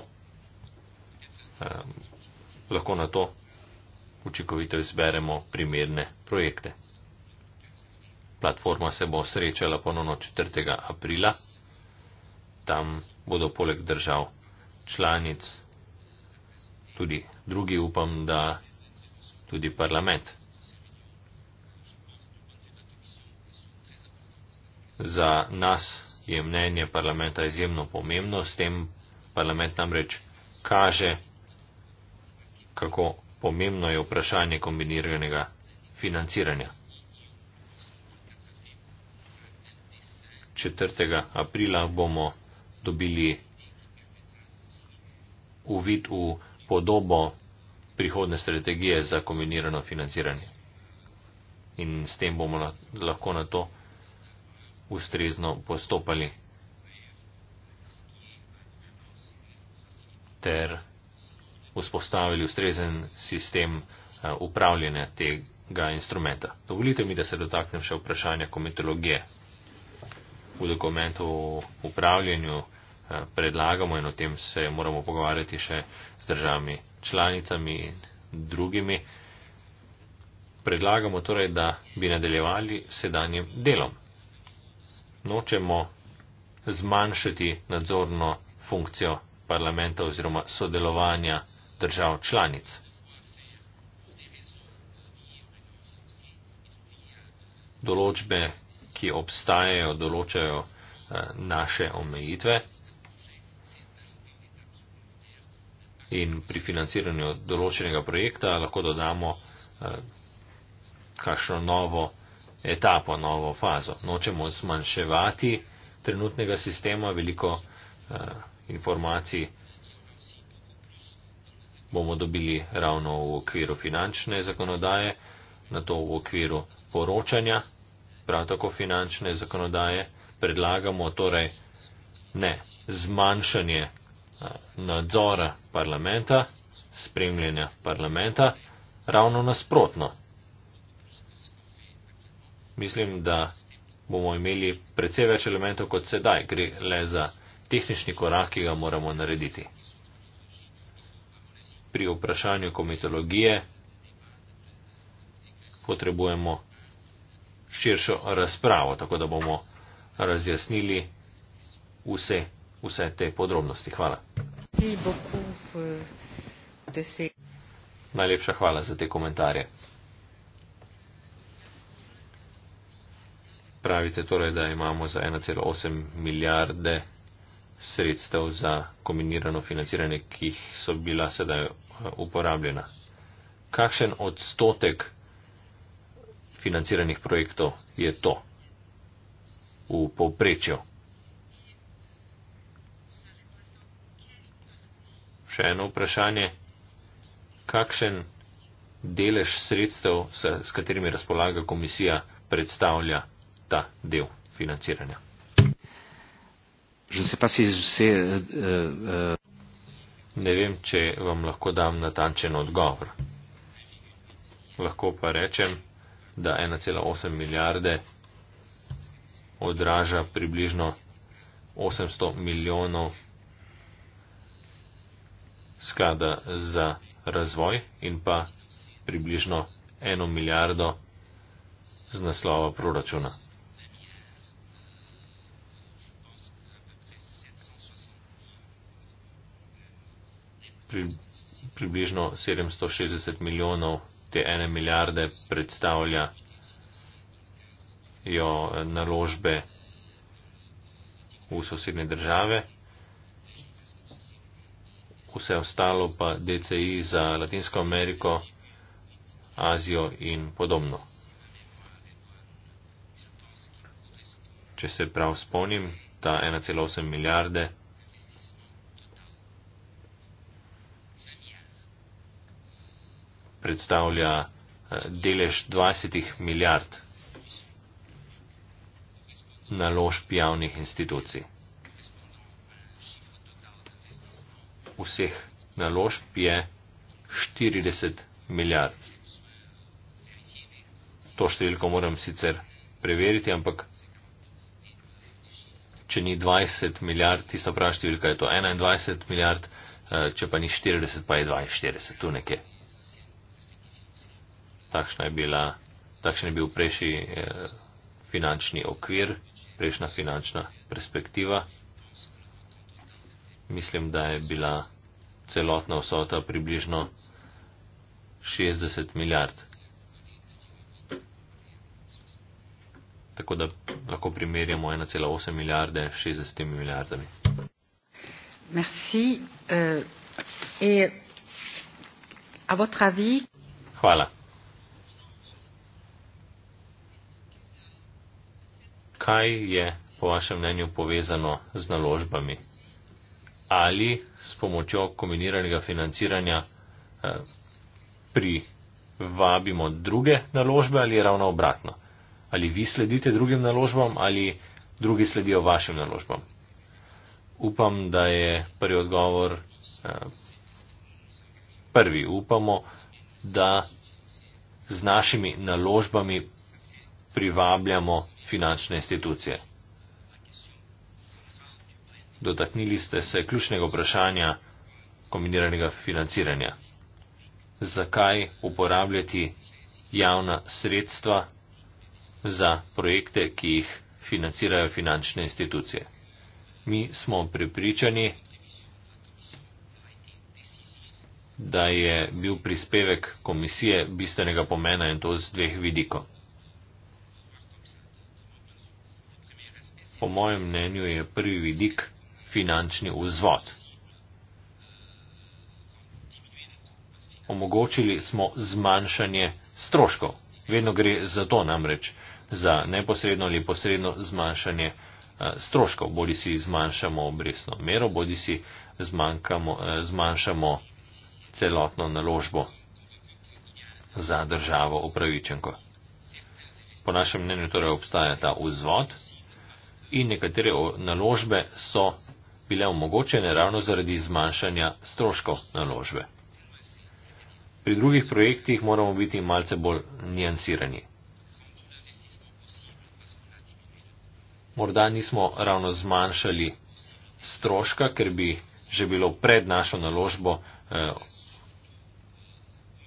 eh, lahko na to učinkovito izberemo primerne projekte. Platforma se bo srečala ponovno 4. aprila. Tam bodo poleg držav članic tudi drugi, upam, da tudi parlament. Za nas je mnenje parlamenta izjemno pomembno, s tem parlament namreč kaže, kako pomembno je vprašanje kombiniranega financiranja. 4. aprila bomo dobili uvid v podobo prihodne strategije za kombinirano financiranje. In s tem bomo lahko na to ustrezno postopali ter vzpostavili ustrezen sistem eh, upravljanja tega instrumenta. Dovolite mi, da se dotaknem še vprašanja komitologije v dokumentu o upravljanju eh, predlagamo in o tem se moramo pogovarjati še z državami članicami in drugimi. Predlagamo torej, da bi nadaljevali sedanjem delom. Nočemo zmanjšati nadzorno funkcijo parlamenta oziroma sodelovanja držav članic. Določbe ki obstajajo, določajo eh, naše omejitve in pri financiranju določenega projekta lahko dodamo eh, kakšno novo etapo, novo fazo. Nočemo zmanjševati trenutnega sistema, veliko eh, informacij bomo dobili ravno v okviru finančne zakonodaje, na to v okviru poročanja prav tako finančne zakonodaje, predlagamo torej ne zmanjšanje nadzora parlamenta, spremljanja parlamenta, ravno nasprotno. Mislim, da bomo imeli precej več elementov kot sedaj, gre le za tehnični korak, ki ga moramo narediti. Pri vprašanju komitologije potrebujemo širšo razpravo, tako da bomo razjasnili vse, vse te podrobnosti. Hvala. Najlepša hvala za te komentarje. Pravite torej, da imamo za 1,8 milijarde sredstev za kombinirano financiranje, ki so bila sedaj eh, uporabljena. Kakšen odstotek financiranih projektov je to. V povprečju. Še eno vprašanje. Kakšen delež sredstev, s katerimi razpolaga komisija, predstavlja ta del financiranja? Euh, euh, euh, ne vem, če vam lahko dam natančen odgovor. Lahko pa rečem, da 1,8 milijarde odraža približno 800 milijonov sklada za razvoj in pa približno eno milijardo z naslova proračuna. Pri, približno 760 milijonov te ene milijarde predstavlja jo naložbe v sosedne države. Vse ostalo pa DCI za Latinsko Ameriko, Azijo in podobno. Če se prav spomnim, ta 1,8 milijarde. predstavlja eh, delež 20 milijard naložb javnih institucij. Vseh naložb je 40 milijard. To številko moram sicer preveriti, ampak če ni 20 milijard, tista prava številka je to 21 milijard, eh, če pa ni 40, pa je 42, tu nekje takšna je bila, takšen je bil prejšnji eh, finančni okvir, prejšnja finančna perspektiva. Mislim, da je bila celotna vsota približno 60 milijard. Tako da lahko primerjamo 1,8 milijarde s 60 milijardami. Merci. Uh, et à votre avis. Voilà. kaj je po vašem mnenju povezano z naložbami? Ali s pomočjo kombiniranega financiranja eh, privabimo druge naložbe ali ravno obratno? Ali vi sledite drugim naložbam ali drugi sledijo vašim naložbam? Upam, da je prvi odgovor eh, prvi. Upamo, da z našimi naložbami privabljamo finančne institucije. Dotaknili ste se ključnega vprašanja kombiniranega financiranja. Zakaj uporabljati javna sredstva za projekte, ki jih financirajo finančne institucije? Mi smo pripričani, da je bil prispevek komisije bistvenega pomena in to z dveh vidikov. po mojem mnenju, je prvi vidik finančni vzvod. Omogočili smo zmanjšanje stroškov. Vedno gre za to namreč, za neposredno ali posredno zmanjšanje eh, stroškov. Bodi si zmanjšamo obresno mero, bodi si eh, zmanjšamo celotno naložbo za državo upravičenko. Po našem mnenju torej obstaja ta vzvod in nekatere naložbe so bile omogočene ravno zaradi zmanjšanja stroškov naložbe. Pri drugih projektih moramo biti malce bolj njansirani. Morda nismo ravno zmanjšali stroška, ker bi že bilo pred našo naložbo eh,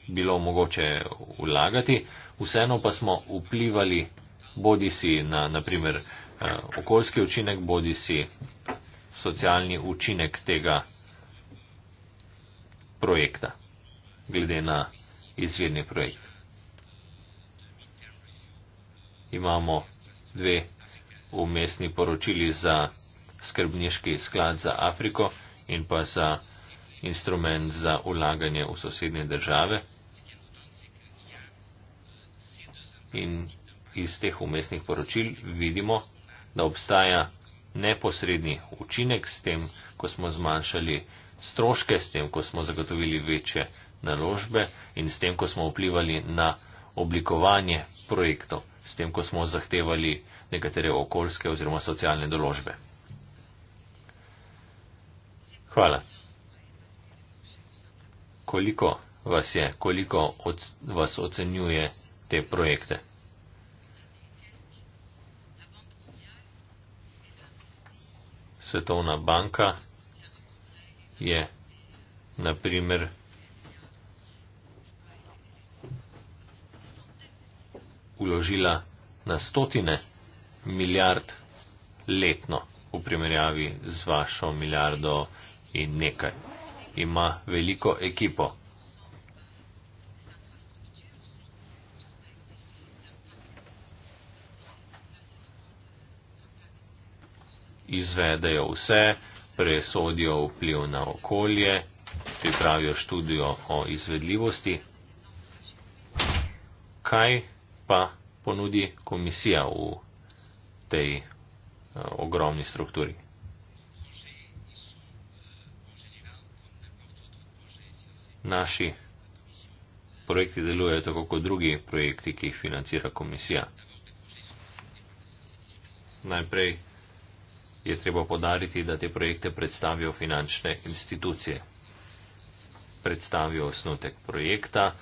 bilo mogoče vlagati, vseeno pa smo vplivali bodi si na naprimer eh, Eh, okoljski učinek, bodi si socialni učinek tega projekta, glede na izvirni projekt. Imamo dve umestni poročili za skrbniški sklad za Afriko in pa za instrument za ulaganje v sosednje države. In iz teh umestnih poročil vidimo, da obstaja neposredni učinek s tem, ko smo zmanjšali stroške, s tem, ko smo zagotovili večje naložbe in s tem, ko smo vplivali na oblikovanje projektov, s tem, ko smo zahtevali nekatere okoljske oziroma socialne doložbe. Hvala. Koliko vas je, koliko od, vas ocenjuje te projekte? Svetovna banka je naprimer uložila na stotine milijard letno v primerjavi z vašo milijardo in nekaj. Ima veliko ekipo. izvedejo vse, presodijo vpliv na okolje, pripravijo študijo o izvedljivosti. Kaj pa ponudi komisija v tej eh, ogromni strukturi? Naši projekti delujejo tako kot drugi projekti, ki jih financira komisija. Najprej je treba podariti, da te projekte predstavijo finančne institucije. Predstavijo osnutek projekta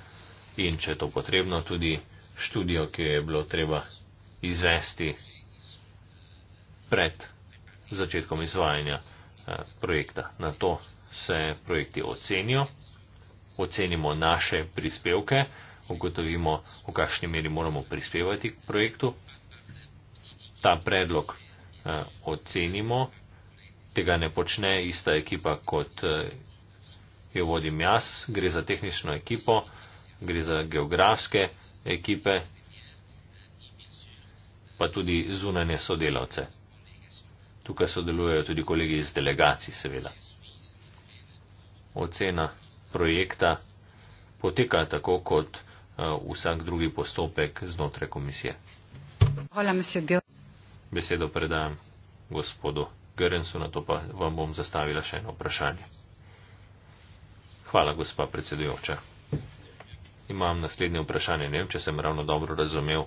in, če je to potrebno, tudi študijo, ki jo je bilo treba izvesti pred začetkom izvajanja eh, projekta. Na to se projekti ocenijo, ocenimo naše prispevke, ugotovimo, v kakšni meri moramo prispevati k projektu. Ta predlog Eh, ocenimo. Tega ne počne ista ekipa, kot eh, jo vodim jaz. Gre za tehnično ekipo, gre za geografske ekipe, pa tudi zunanje sodelavce. Tukaj sodelujejo tudi kolegi iz delegacij, seveda. Ocena projekta poteka tako, kot eh, vsak drugi postopek znotraj komisije. Hvala, besedo predajam gospodu Grensu, na to pa vam bom zastavila še eno vprašanje. Hvala, gospa predsedujoča. Imam naslednje vprašanje, ne vem, če sem ravno dobro razumel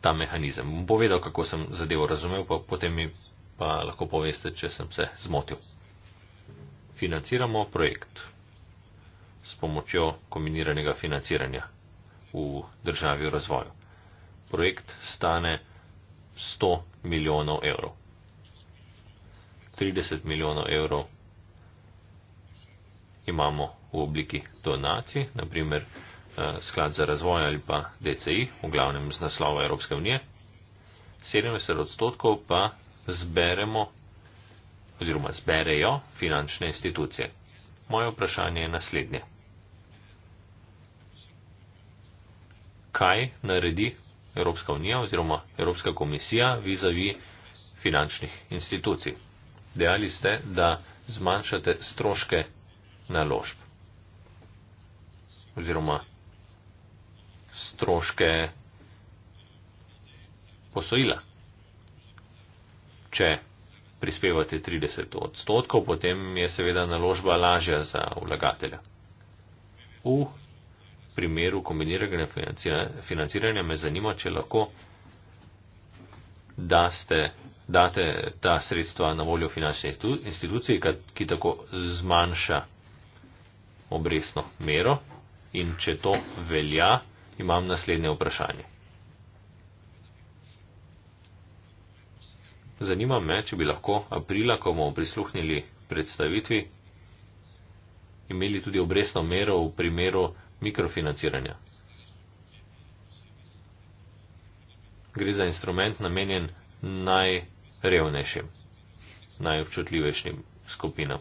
ta mehanizem. Bom povedal, kako sem zadevo razumel, pa potem mi pa lahko poveste, če sem se zmotil. Financiramo projekt s pomočjo kombiniranega financiranja v državi v razvoju projekt stane 100 milijonov evrov. 30 milijonov evrov imamo v obliki donacij, naprimer eh, sklad za razvoj ali pa DCI, v glavnem z naslova Evropske unije. 70 odstotkov pa zberemo oziroma zberejo finančne institucije. Moje vprašanje je naslednje. Kaj naredi Evropska unija oziroma Evropska komisija vizavi finančnih institucij. Dejali ste, da zmanjšate stroške naložb oziroma stroške posojila. Če prispevate 30 odstotkov, potem je seveda naložba lažja za vlagatelja. V primeru kombiniranega financiranja me zanima, če lahko daste, date ta sredstva na voljo finančne institucije, ki tako zmanjša obresno mero in če to velja, imam naslednje vprašanje. Zanima me, če bi lahko aprila, ko bomo prisluhnili predstavitvi, imeli tudi obresno mero v primeru mikrofinanciranja. Gre za instrument namenjen najrevnejšim, najobčutljivejšim skupinam.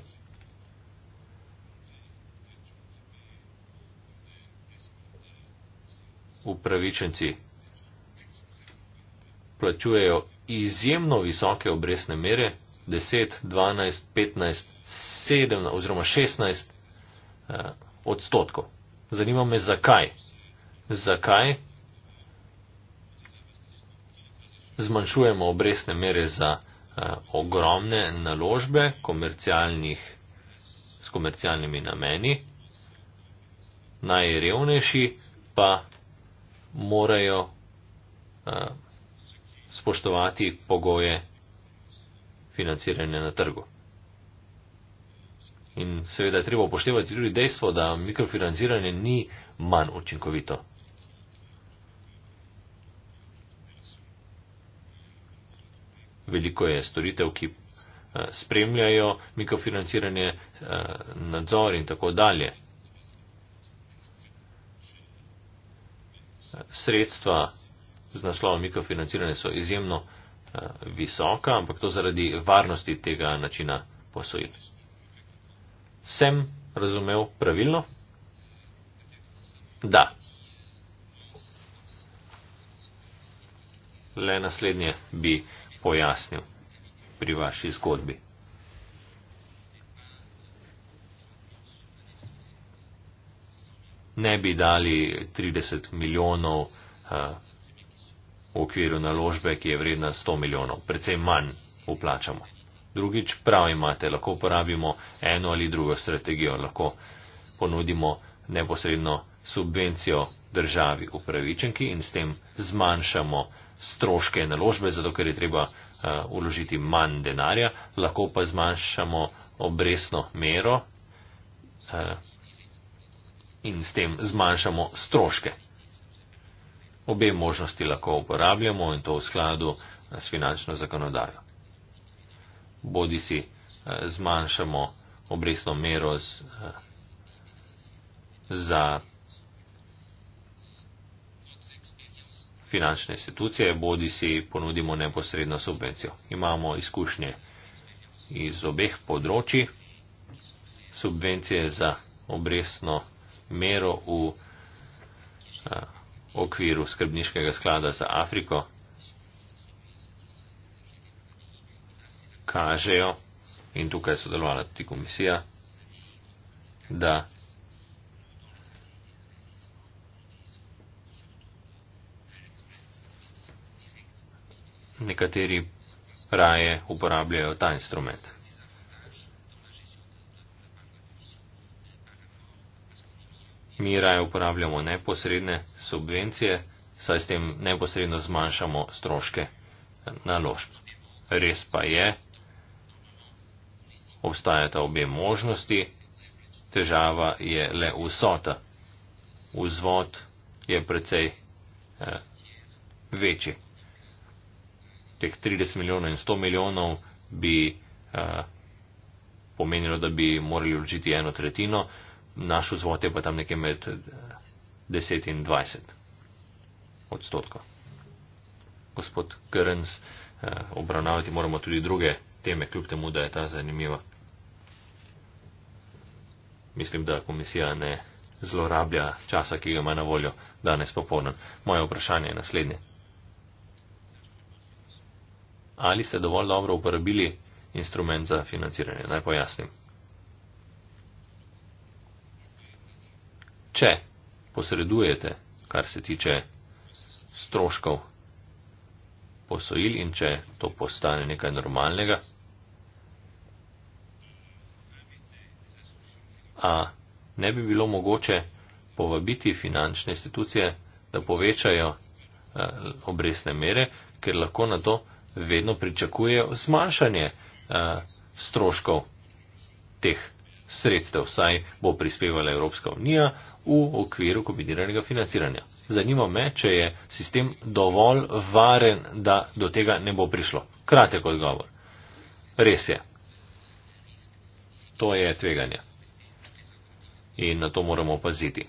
Upravičenci plačujejo izjemno visoke obresne mere, 10, 12, 15, 17 oziroma 16 eh, odstotkov. Zanima me, zakaj. Zakaj zmanjšujemo obrestne mere za uh, ogromne naložbe s komercialnimi nameni, najrevnejši pa morajo uh, spoštovati pogoje financiranja na trgu. In seveda je treba upoštevati tudi dejstvo, da mikrofinanciranje ni manj učinkovito. Veliko je storitev, ki eh, spremljajo mikrofinanciranje, eh, nadzor in tako dalje. Sredstva z naslova mikrofinanciranja so izjemno eh, visoka, ampak to zaradi varnosti tega načina posojitev sem razumel pravilno? Da. Le naslednje bi pojasnil pri vaši zgodbi. Ne bi dali 30 milijonov uh, v okviru naložbe, ki je vredna 100 milijonov, predvsem manj uplačamo drugič prav imate, lahko uporabimo eno ali drugo strategijo, lahko ponudimo neposredno subvencijo državi upravičenki in s tem zmanjšamo stroške naložbe, zato ker je treba uh, eh, uložiti manj denarja, lahko pa zmanjšamo obresno mero uh, in s tem zmanjšamo stroške. Obe možnosti lahko uporabljamo in to v skladu eh, s finančno zakonodajo bodi si eh, zmanjšamo obresno mero z, eh, za finančne institucije, bodi si ponudimo neposredno subvencijo. Imamo izkušnje iz obeh področji. Subvencije za obresno mero v eh, okviru skrbniškega sklada za Afriko kažejo, in tukaj je sodelovala tudi komisija, da nekateri raje uporabljajo ta instrument. Mi raje uporabljamo neposredne subvencije, saj s tem neposredno zmanjšamo stroške naložb. Res pa je, obstajata obe možnosti, težava je le vsota. Vzvod je precej eh, večji. Teh 30 milijonov in 100 milijonov bi eh, pomenilo, da bi morali vložiti eno tretjino, naš vzvod je pa tam nekje med 10 eh, in 20 odstotkov. Gospod Krns, eh, obravnavati moramo tudi druge teme, kljub temu, da je ta zanimiva mislim, da komisija ne zlorablja časa, ki ga ima na voljo danes popoln. Moje vprašanje je naslednje. Ali ste dovolj dobro uporabili instrument za financiranje? Naj pojasnim. Če posredujete, kar se tiče stroškov posojil in če to postane nekaj normalnega, A ne bi bilo mogoče povabiti finančne institucije, da povečajo uh, eh, obresne mere, ker lahko na to vedno pričakujejo zmanjšanje uh, stroškov teh sredstev, vsaj bo prispevala Evropska unija v okviru kombiniranega financiranja. Zanima me, če je sistem dovolj varen, da do tega ne bo prišlo. Kratek odgovor. Res je. To je tveganje in na to moramo paziti.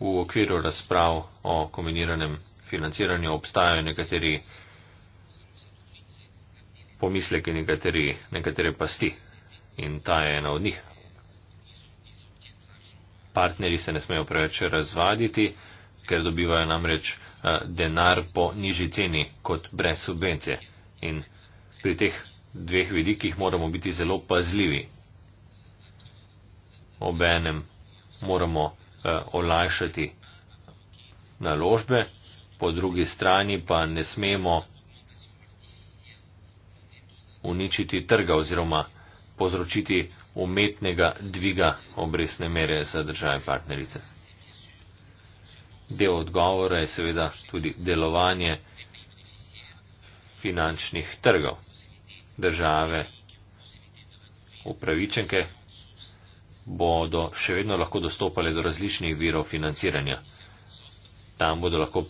V okviru razprav o kombiniranem financiranju obstajajo nekateri pomisleki, nekateri, nekatere pasti in ta je ena od njih. Partneri se ne smejo preveč razvaditi, ker dobivajo namreč eh, denar po nižji ceni kot brez subvencije. In pri teh dveh vidikih moramo biti zelo pazljivi. Obenem moramo eh, olajšati naložbe, po drugi strani pa ne smemo uničiti trga oziroma povzročiti umetnega dviga obresne mere za države partnerice. Del odgovora je seveda tudi delovanje finančnih trgov države upravičenke bodo še vedno lahko dostopali do različnih virov financiranja. Tam bodo lahko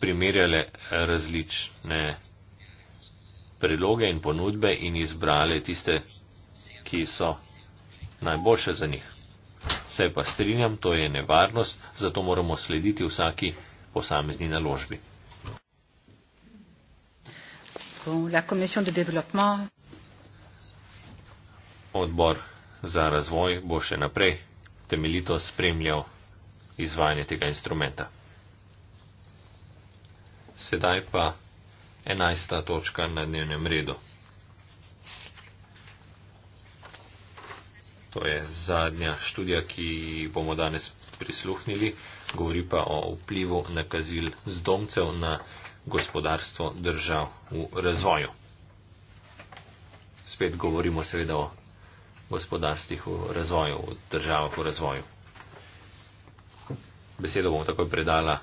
primerjale različne predloge in ponudbe in izbrale tiste, ki so najboljše za njih. Se pa strinjam, to je nevarnost, zato moramo slediti vsaki posamezni naložbi. Con la Commission de Développement. Odbor za razvoj bo še naprej temeljito spremljal izvajanje tega instrumenta. Sedaj pa enajsta točka na dnevnem redu. To je zadnja študija, ki bomo danes prisluhnili, govori pa o vplivu nakazil zdomcev na gospodarstvo držav v razvoju. Spet govorimo seveda o gospodarstvih v razvoju, o državah v razvoju. Besedo bom takoj predala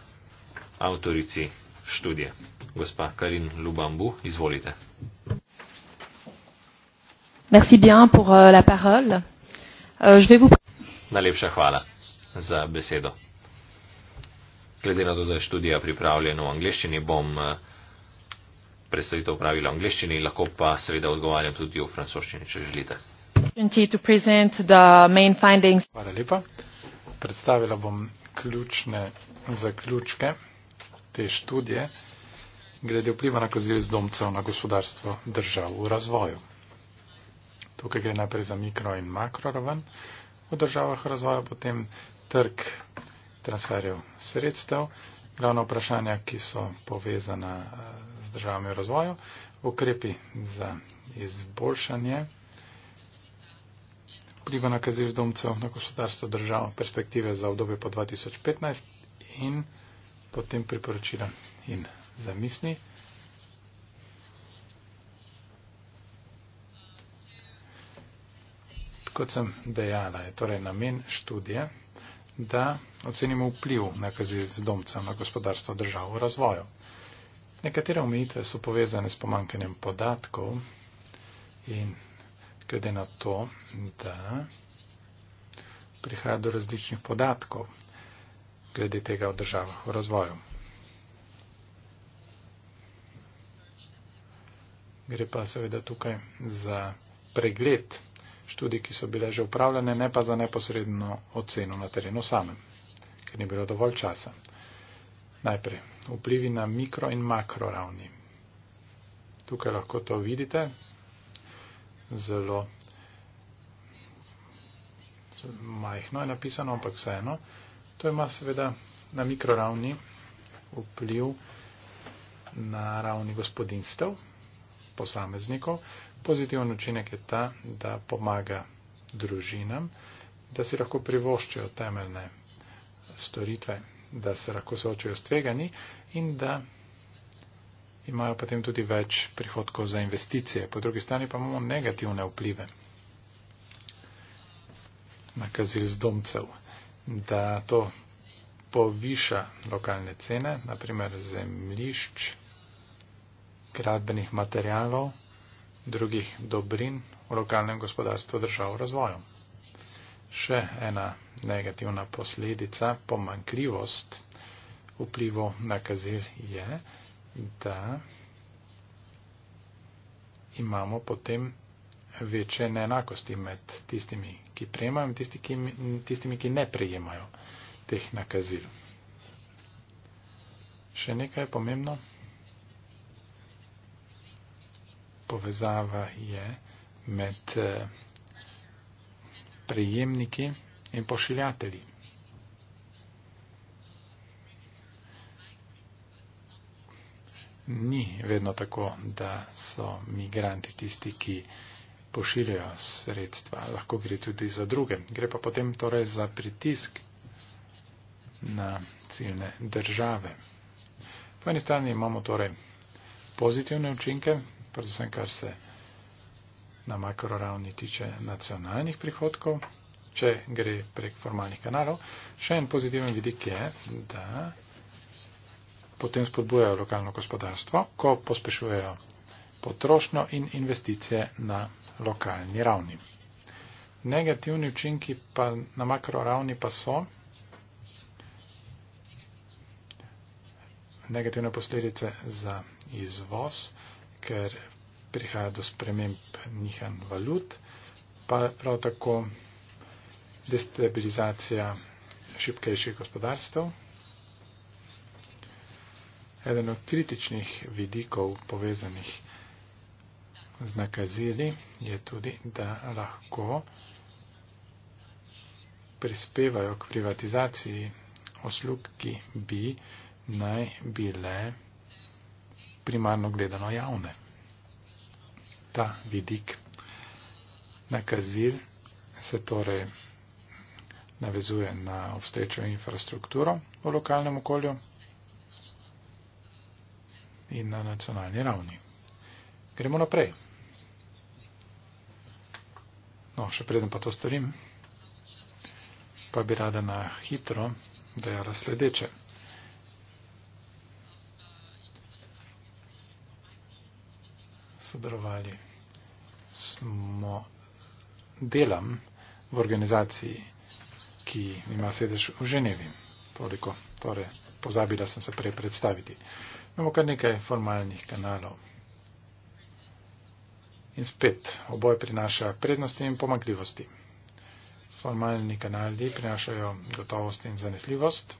avtorici študije, gospa Karin Lubambu. Izvolite. Euh, euh, Najlepša hvala za besedo glede na to, da je študija pripravljena v angleščini, bom eh, predstavitev pravila v angleščini, lahko pa seveda odgovarjam tudi v francoščini, če želite. Hvala lepa. Predstavila bom ključne zaključke te študije glede vpliva na kazil z domcev na gospodarstvo držav v razvoju. Tukaj gre najprej za mikro in makro raven v državah razvoja, potem trg transferjev sredstev, glavno vprašanja, ki so povezana eh, z državami v razvoju, ukrepi za izboljšanje vpliva na kaziv zdomcev na gospodarstvo držav, perspektive za obdobje po 2015 in potem priporočila in zamisli. Kot sem dejala, je torej namen študije da ocenimo vpliv nakazil z domcem na gospodarstvo držav v razvoju. Nekatere omejitve so povezane s pomankanjem podatkov in glede na to, da prihaja do različnih podatkov glede tega v državah v razvoju. Gre pa seveda tukaj za pregled študij, ki so bile že upravljene, ne pa za neposredno oceno na terenu samem, ker ni bilo dovolj časa. Najprej vplivi na mikro in makro ravni. Tukaj lahko to vidite. Zelo, zelo majhno je napisano, ampak vseeno. To ima seveda na mikro ravni vpliv na ravni gospodinstev, posameznikov, Pozitiven učinek je ta, da pomaga družinam, da si lahko privoščijo temeljne storitve, da se lahko soočajo s tvegani in da imajo potem tudi več prihodkov za investicije. Po drugi strani pa imamo negativne vplive nakazil zdomcev, da to poviša lokalne cene, naprimer zemlišč, gradbenih materialov drugih dobrin v lokalnem gospodarstvu držav razvojom. Še ena negativna posledica, pomankljivost vplivov nakazil je, da imamo potem večje neenakosti med tistimi, ki prejemajo in tisti, ki, tistimi, ki ne prejemajo teh nakazil. Še nekaj je pomembno. povezava je med eh, prijemniki in pošiljatelji. Ni vedno tako, da so migranti tisti, ki pošiljajo sredstva. Lahko gre tudi za druge. Gre pa potem torej za pritisk na ciljne države. Po eni strani imamo torej pozitivne učinke predvsem kar se na makroravni tiče nacionalnih prihodkov, če gre prek formalnih kanalov. Še en pozitiven vidik je, da potem spodbujajo lokalno gospodarstvo, ko pospešujejo potrošnjo in investicije na lokalni ravni. Negativni učinki pa na makroravni pa so negativne posledice za izvoz ker prihaja do sprememb njihan valut, pa prav tako destabilizacija šipkejših gospodarstv. Eden od kritičnih vidikov povezanih z nakazili je tudi, da lahko prispevajo k privatizaciji oslug, ki bi naj bile primarno gledano javne. Ta vidik nakazil se torej navezuje na obstoječo infrastrukturo v lokalnem okolju in na nacionalni ravni. Gremo naprej. No, še preden pa to storim, pa bi rada na hitro dejala sledeče. sodelovali, smo delam v organizaciji, ki ima sedež v Ženevi. Toliko, torej, pozabila sem se prej predstaviti. Imamo kar nekaj formalnih kanalov. In spet, oboje prinaša prednosti in pomagljivosti. Formalni kanali prinašajo gotovost in zanesljivost.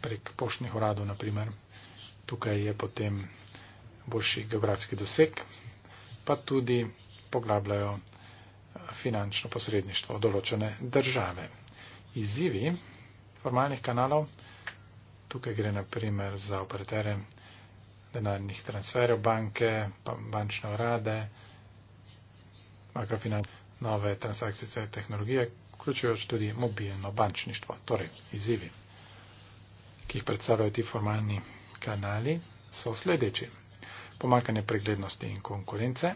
Prek poštnih uradov, naprimer, tukaj je potem boljši geografski doseg, pa tudi poglabljajo finančno posredništvo določene države. Izzivi formalnih kanalov, tukaj gre naprimer za operatere denarnih transferov, banke, bančne urade, makrofinančne nove transakcijske tehnologije, vključujoč tudi mobilno bančništvo. Torej, izzivi, ki jih predstavljajo ti formalni kanali, so sledeči pomankanje preglednosti in konkurence.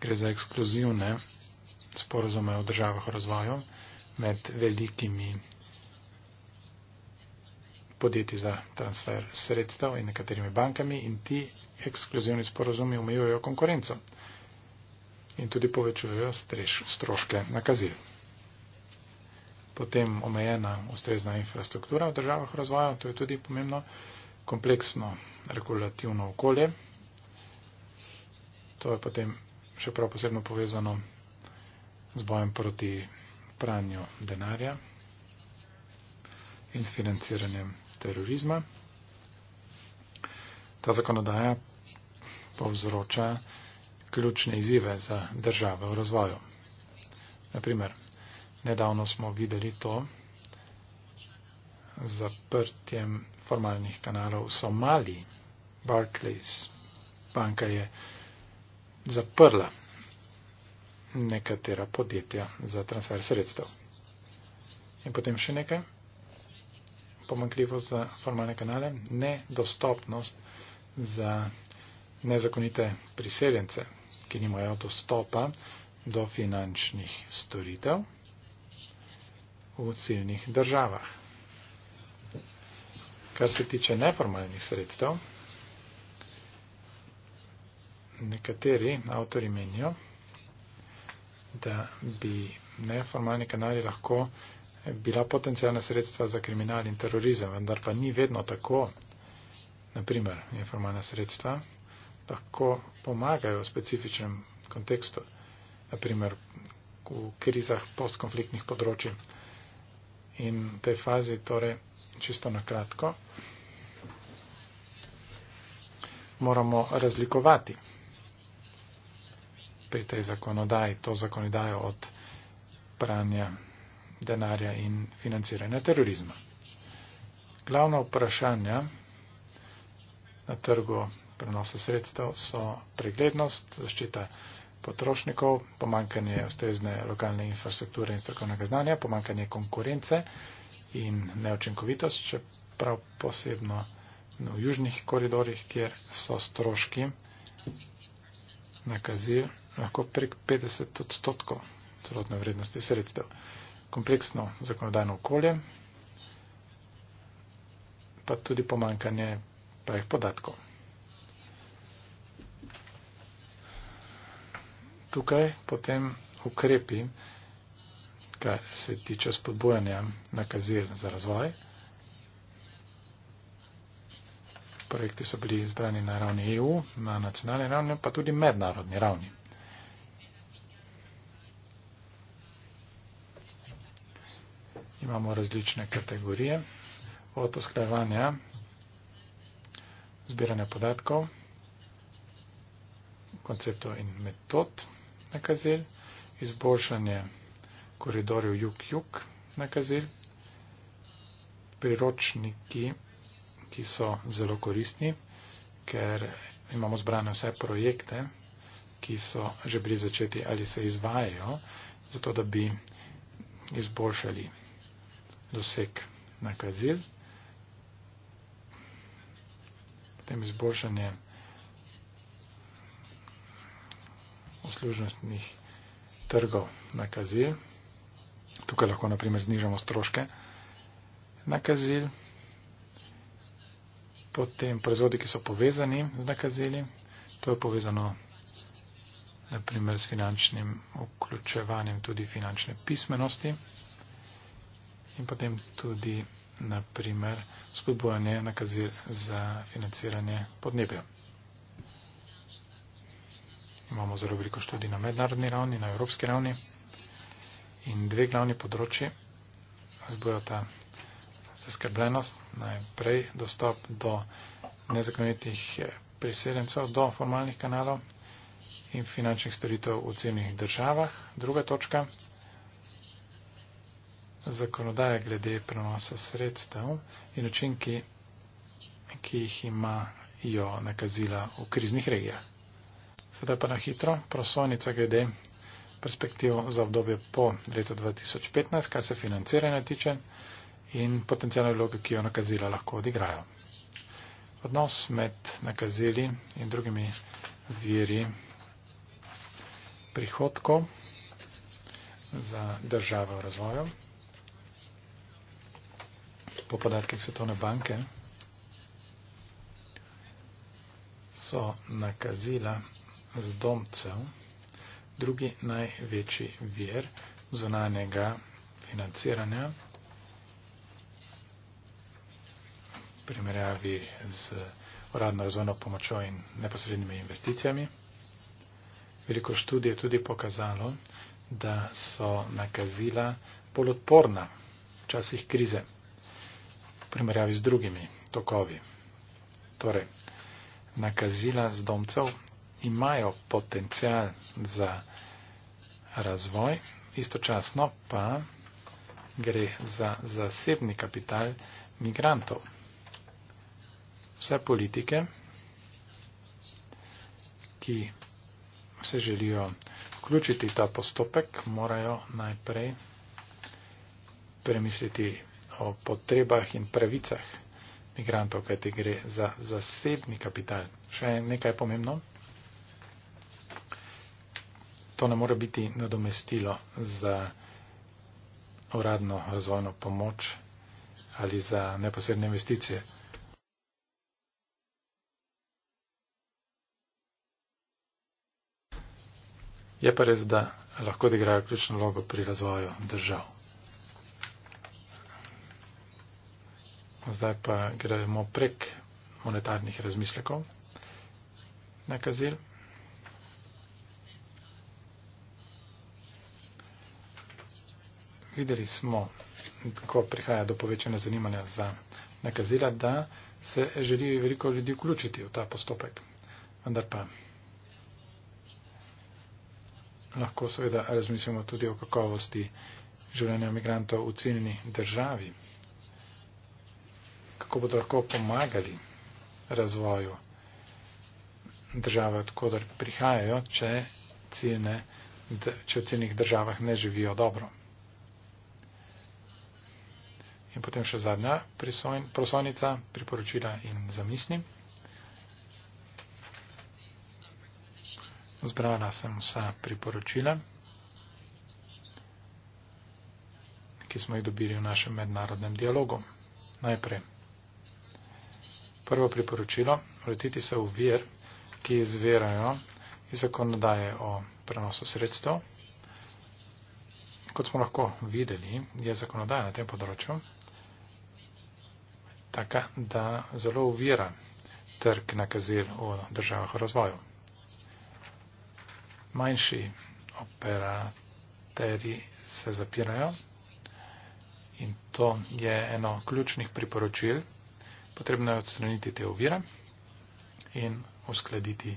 Gre za ekskluzivne sporozume o državah razvoju med velikimi podjetji za transfer sredstev in nekaterimi bankami in ti ekskluzivni sporozumi omejujejo konkurenco in tudi povečujejo strež, stroške nakazil. Potem omejena ustrezna infrastruktura v državah razvoja, to je tudi pomembno kompleksno regulativno okolje. To je potem še prav posebno povezano z bojem proti pranju denarja in s financiranjem terorizma. Ta zakonodaja povzroča ključne izive za države v razvoju. Naprimer, nedavno smo videli to zaprtjem formalnih kanalov so mali. Barclays banka je zaprla nekatera podjetja za transfer sredstev. In potem še nekaj. Pomankljivost za formalne kanale, nedostopnost za nezakonite priseljence, ki nimajo dostopa do finančnih storitev v ciljnih državah. Kar se tiče neformalnih sredstev, nekateri avtori menijo, da bi neformalni kanali lahko bila potencijalna sredstva za kriminal in terorizem, vendar pa ni vedno tako. Naprimer, neformalna sredstva lahko pomagajo v specifičnem kontekstu, naprimer v krizah postkonfliktnih področjih in v tej fazi torej čisto na kratko moramo razlikovati pri tej zakonodaji, to zakonodajo od pranja denarja in financiranja terorizma. Glavna vprašanja na trgu prenosa sredstev so preglednost, zaščita potrošnikov, pomankanje ustrezne lokalne infrastrukture in strokovnega znanja, pomankanje konkurence in neočinkovitost, čeprav posebno v južnih koridorih, kjer so stroški nakazil lahko prek 50 odstotkov celotne vrednosti sredstev. Kompleksno zakonodajno okolje, pa tudi pomankanje pravih podatkov. tukaj potem ukrepi, kar se tiče spodbojanja nakazil za razvoj. Projekti so bili izbrani na ravni EU, na nacionalni ravni, pa tudi mednarodni ravni. Imamo različne kategorije od osklajevanja, zbiranja podatkov, konceptov in metod nakazil, izboljšanje koridorjev jug-jug nakazil, priročniki, ki so zelo koristni, ker imamo zbrane vse projekte, ki so že bili začeti ali se izvajajo, zato da bi izboljšali doseg nakazil. Potem izboljšanje. služnostnih trgov nakazil. Tukaj lahko na primer znižamo stroške nakazil. Potem proizvodi, ki so povezani z nakazili, to je povezano na primer s finančnim vključevanjem tudi finančne pismenosti in potem tudi na primer spodbojanje nakazil za financiranje podnebja imamo zelo veliko študij na mednarodni ravni, na evropski ravni. In dve glavni področji zbujata zaskrbljenost, najprej dostop do nezakonitih eh, priseljencev, do formalnih kanalov in finančnih storitev v ciljnih državah. Druga točka, zakonodaja glede prenosa sredstev in učinki, ki jih imajo nakazila v kriznih regijah. Sedaj pa na hitro prosojnica glede perspektiv za obdobje po letu 2015, kar se financiranja tiče in potencijalne vloge, ki jo nakazila lahko odigrajo. Odnos med nakazili in drugimi viri prihodkov za državo v razvoju. Po podatkih Svetovne banke so nakazila zdomcev, drugi največji vir zunanjega financiranja v primerjavi z uradno razvojno pomočjo in neposrednimi investicijami. Veliko študij je tudi pokazalo, da so nakazila bolj odporna v časih krize v primerjavi z drugimi tokovi. Torej, nakazila z domcev imajo potencial za razvoj, istočasno pa gre za zasebni kapital migrantov. Vse politike, ki se želijo vključiti ta postopek, morajo najprej premisliti o potrebah in pravicah migrantov, kajti gre za zasebni kapital. Še nekaj pomembno to ne more biti nadomestilo za uradno razvojno pomoč ali za neposredne investicije. Je pa res, da lahko odigrajo ključno vlogo pri razvoju držav. Zdaj pa gremo prek monetarnih razmislekov na kazil. videli smo, ko prihaja do povečanja zanimanja za nakazila, da se želi veliko ljudi vključiti v ta postopek. Vendar pa lahko seveda razmišljamo tudi o kakovosti življenja migrantov v ciljni državi, kako bodo lahko pomagali razvoju države, odkudar prihajajo, če, ciljne, če v ciljnih državah ne živijo dobro. In potem še zadnja prisojn, prosojnica, priporočila in zamisli. Zbrala sem vsa priporočila, ki smo jih dobili v našem mednarodnem dialogu. Najprej. Prvo priporočilo, vrtiti se v vir, ki izvirajo iz zakonodaje o prenosu sredstev. Kot smo lahko videli, je zakonodaja na tem področju taka, da zelo uvira trg nakazil v državah v razvoju. Manjši operaterji se zapirajo in to je eno ključnih priporočil. Potrebno je odstraniti te ovire in uskladiti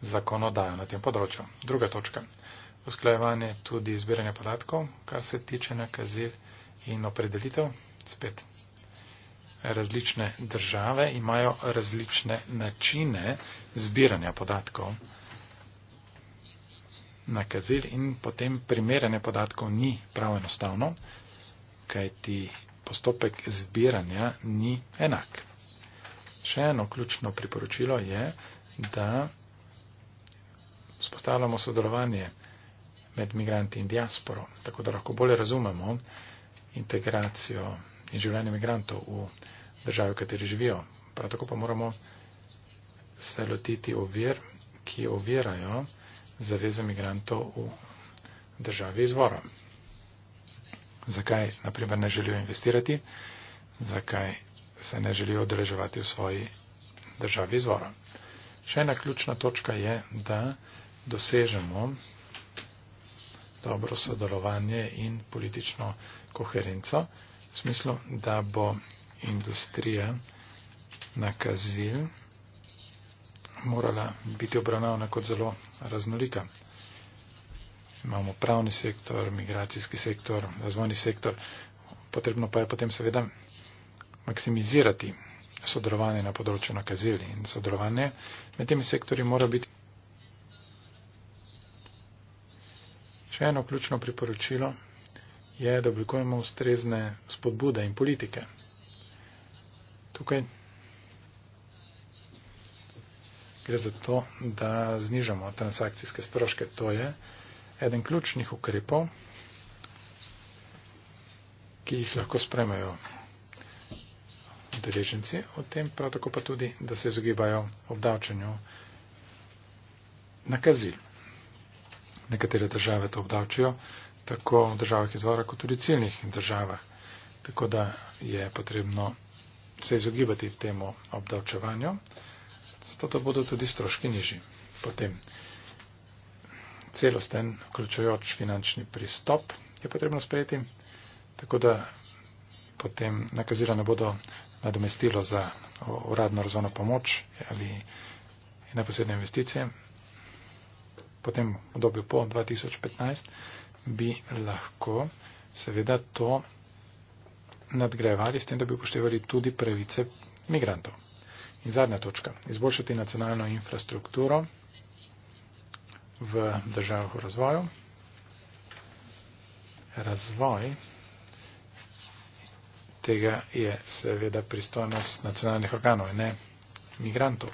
zakonodajo na tem področju. Druga točka. Usklajevanje tudi izbiranja podatkov, kar se tiče nakazil in opredelitev. Spet različne države imajo različne načine zbiranja podatkov nakazil in potem primerjanje podatkov ni prav enostavno, kajti postopek zbiranja ni enak. Še eno ključno priporočilo je, da spostavljamo sodelovanje med migranti in diasporo, tako da lahko bolje razumemo integracijo in življenje imigrantov v državi, v kateri živijo. Prav tako pa moramo se lotiti ovir, ki ovirajo zaveze imigrantov v državi izvora. Zakaj naprimer ne želijo investirati, zakaj se ne želijo odreževati v svoji državi izvora. Še ena ključna točka je, da dosežemo dobro sodelovanje in politično koherenco v smislu, da bo industrija nakazil morala biti obravnavana kot zelo raznolika. Imamo pravni sektor, migracijski sektor, razvojni sektor. Potrebno pa je potem seveda maksimizirati sodelovanje na področju nakazil in sodelovanje med temi sektorji mora biti. Še eno ključno priporočilo je, da oblikujemo ustrezne spodbude in politike. Tukaj gre za to, da znižamo transakcijske stroške. To je eden ključnih ukrepov, ki jih lahko spremajo deleženci o tem, prav tako pa tudi, da se izogibajo obdavčanju nakazil. Nekatere države to obdavčijo, tako v državah izvora kot tudi ciljnih državah. Tako da je potrebno se izogibati temu obdavčevanju, zato da bodo tudi stroški nižji. Potem celosten, vključujoč finančni pristop je potrebno sprejeti, tako da potem nakazila ne bodo nadomestilo za uradno razvojno pomoč ali neposredne investicije. Potem v dobju po 2015 bi lahko seveda to nadgrajevali s tem, da bi upoštevali tudi pravice migrantov. In zadnja točka. Izboljšati nacionalno infrastrukturo v državah v razvoju. Razvoj tega je seveda pristojnost nacionalnih organov, ne migrantov.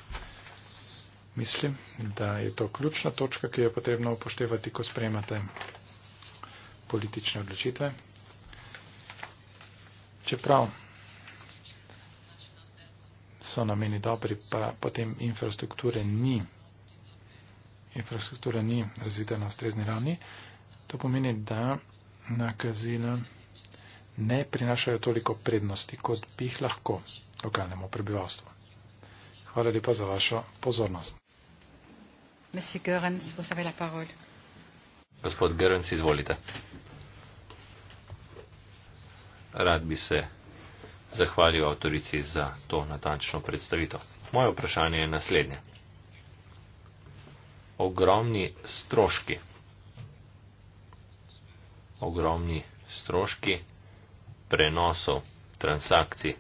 Mislim, da je to ključna točka, ki jo je potrebno upoštevati, ko spremate politične odločitve. Čeprav so nameni dobri, pa potem infrastrukture ni, infrastruktura ni razvita na ustrezni ravni, to pomeni, da nakazila ne prinašajo toliko prednosti, kot bi jih lahko lokalnemu prebivalstvu. Hvala lepa za vašo pozornost. Gospod Görens, izvolite rad bi se zahvalil avtorici za to natančno predstavitev. Moje vprašanje je naslednje. Ogromni stroški. Ogromni stroški prenosov transakcij.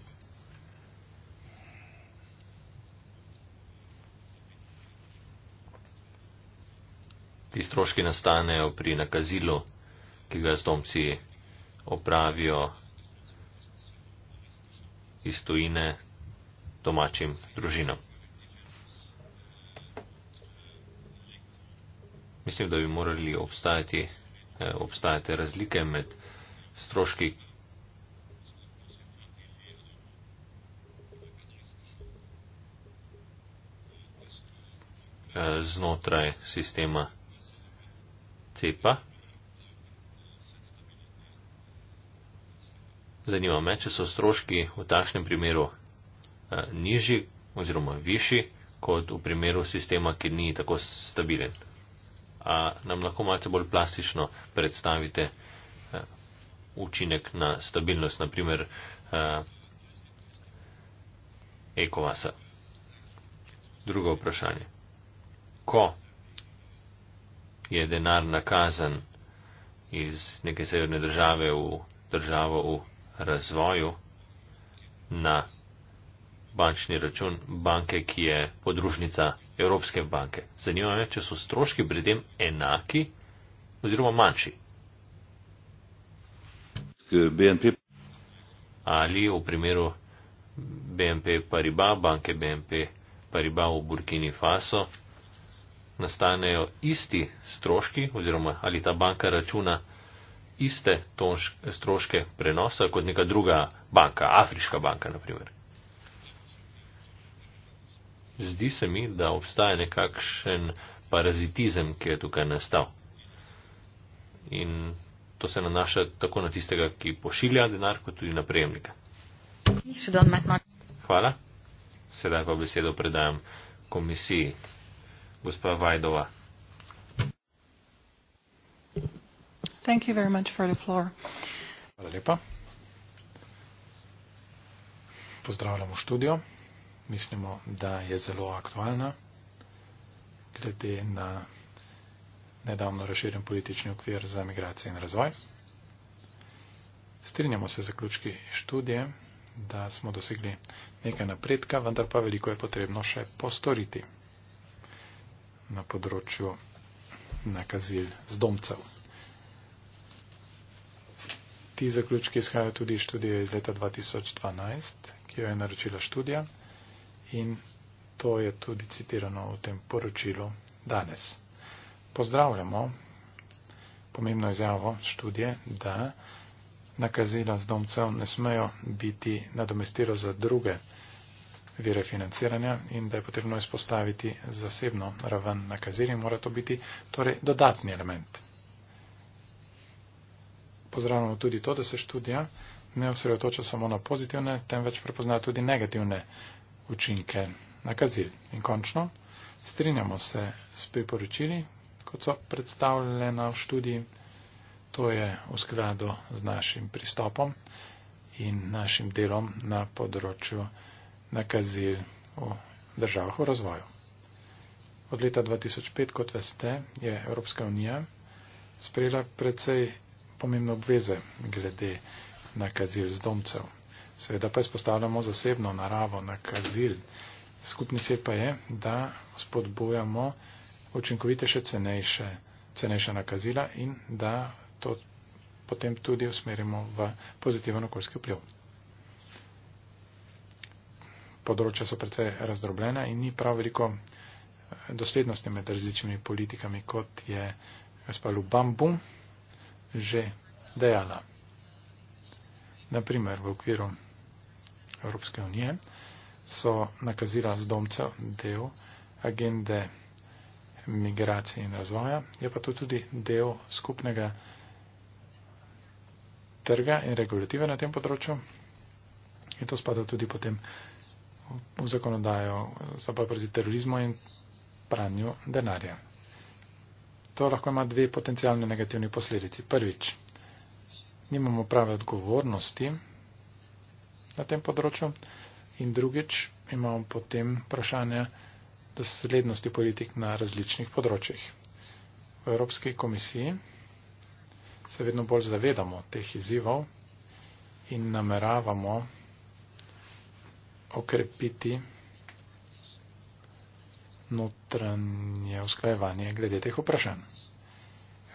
Ti stroški nastanejo pri nakazilu, ki ga zdomci opravijo iz tujine domačim družinam. Mislim, da bi morali obstajati, eh, obstajati razlike med stroški, eh, znotraj sistema CEPA Zanima me, če so stroški v takšnem primeru eh, nižji oziroma višji kot v primeru sistema, ki ni tako stabilen. A nam lahko malce bolj plastično predstavite eh, učinek na stabilnost, naprimer eh, ekovasa. Drugo vprašanje. Ko je denar nakazan iz neke severne države v državo v razvoju na bančni račun banke, ki je podružnica Evropske banke. Zanima me, če so stroški pri tem enaki oziroma manjši. BNP. Ali v primeru BNP Pariba, banke BNP Pariba v Burkini Faso, nastanejo isti stroški oziroma ali ta banka računa iste stroške prenosa kot neka druga banka, afriška banka, naprimer. Zdi se mi, da obstaja nekakšen parazitizem, ki je tukaj nastal. In to se nanaša tako na tistega, ki pošilja denar, kot tudi na prejemnika. Hvala. Sedaj pa besedo predajam komisiji. Gospa Vajdova. Thank you very much for the floor. Hvala lepa. Pozdravljamo študijo. Mislimo, da je zelo aktualna glede na nedavno razširjen politični okvir za migracije in razvoj. Strinjamo se zaključki študije, da smo dosegli nekaj napredka, vendar pa veliko je potrebno še postoriti na področju nakazil zdomcev ti zaključki izhajajo tudi iz študije iz leta 2012, ki jo je naročila študija in to je tudi citirano v tem poročilu danes. Pozdravljamo pomembno izjavo študije, da nakazila z domcev ne smejo biti nadomestilo za druge vire financiranja in da je potrebno izpostaviti zasebno raven nakazil in mora to biti torej dodatni element pozdravljamo tudi to, da se študija ne osredotoča samo na pozitivne, temveč prepozna tudi negativne učinke nakazil. In končno, strinjamo se s priporočili, kot so predstavljena v študiji. To je v skladu z našim pristopom in našim delom na področju nakazil v državah v razvoju. Od leta 2005, kot veste, je Evropska unija sprejela precej pomembne obveze glede nakazil z domcev. Seveda pa izpostavljamo zasebno naravo nakazil. Skupni cilj pa je, da spodbujamo učinkovitejše, cenejše, cenejše nakazila in da to potem tudi usmerimo v pozitiven okoljski vpliv. Področja so precej razdrobljena in ni prav veliko eh, doslednosti med različnimi politikami, kot je gospod Lubambum že dejala. Naprimer, v okviru Evropske unije so nakazila zdomcev del agende migracije in razvoja, je pa to tudi del skupnega trga in regulative na tem področju. In to spada tudi potem v zakonodajo za boj proti terorizmu in pranju denarja. To lahko ima dve potencijalne negativni posledici. Prvič, nimamo prave odgovornosti na tem področju in drugič, imamo potem vprašanje doslednosti politik na različnih področjih. V Evropski komisiji se vedno bolj zavedamo teh izzivov in nameravamo okrepiti notranje usklajevanje glede teh vprašanj.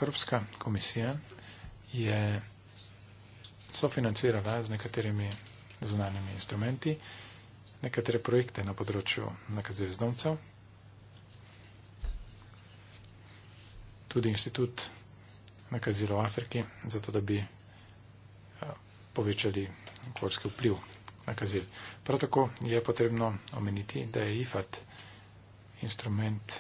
Evropska komisija je sofinancirala z nekaterimi zunanjimi instrumenti nekatere projekte na področju nakazil zdomcev. Tudi inštitut nakazilo v Afriki, zato da bi eh, povečali okoljski vpliv nakazil. Prav tako je potrebno omeniti, da je IFAT instrument,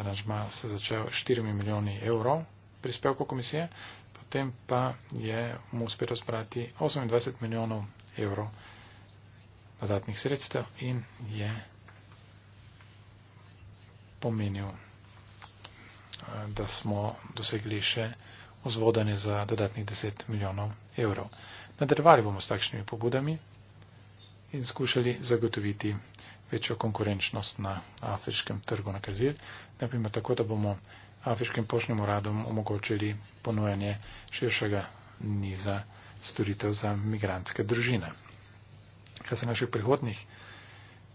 aranžma se začel 4 milijoni evrov prispevko komisije, potem pa je mu uspelo zbrati 28 milijonov evrov nadatnih sredstev in je pomenil, da smo dosegli še ozvodanje za dodatnih 10 milijonov evrov. Nadaljevali bomo s takšnimi pobudami in skušali zagotoviti večjo konkurenčnost na afriškem trgu na Kazir. Naprimer tako, da bomo afriškim poštnim uradom omogočili ponujanje širšega niza storitev za migrantske družine. Kar se naših prihodnih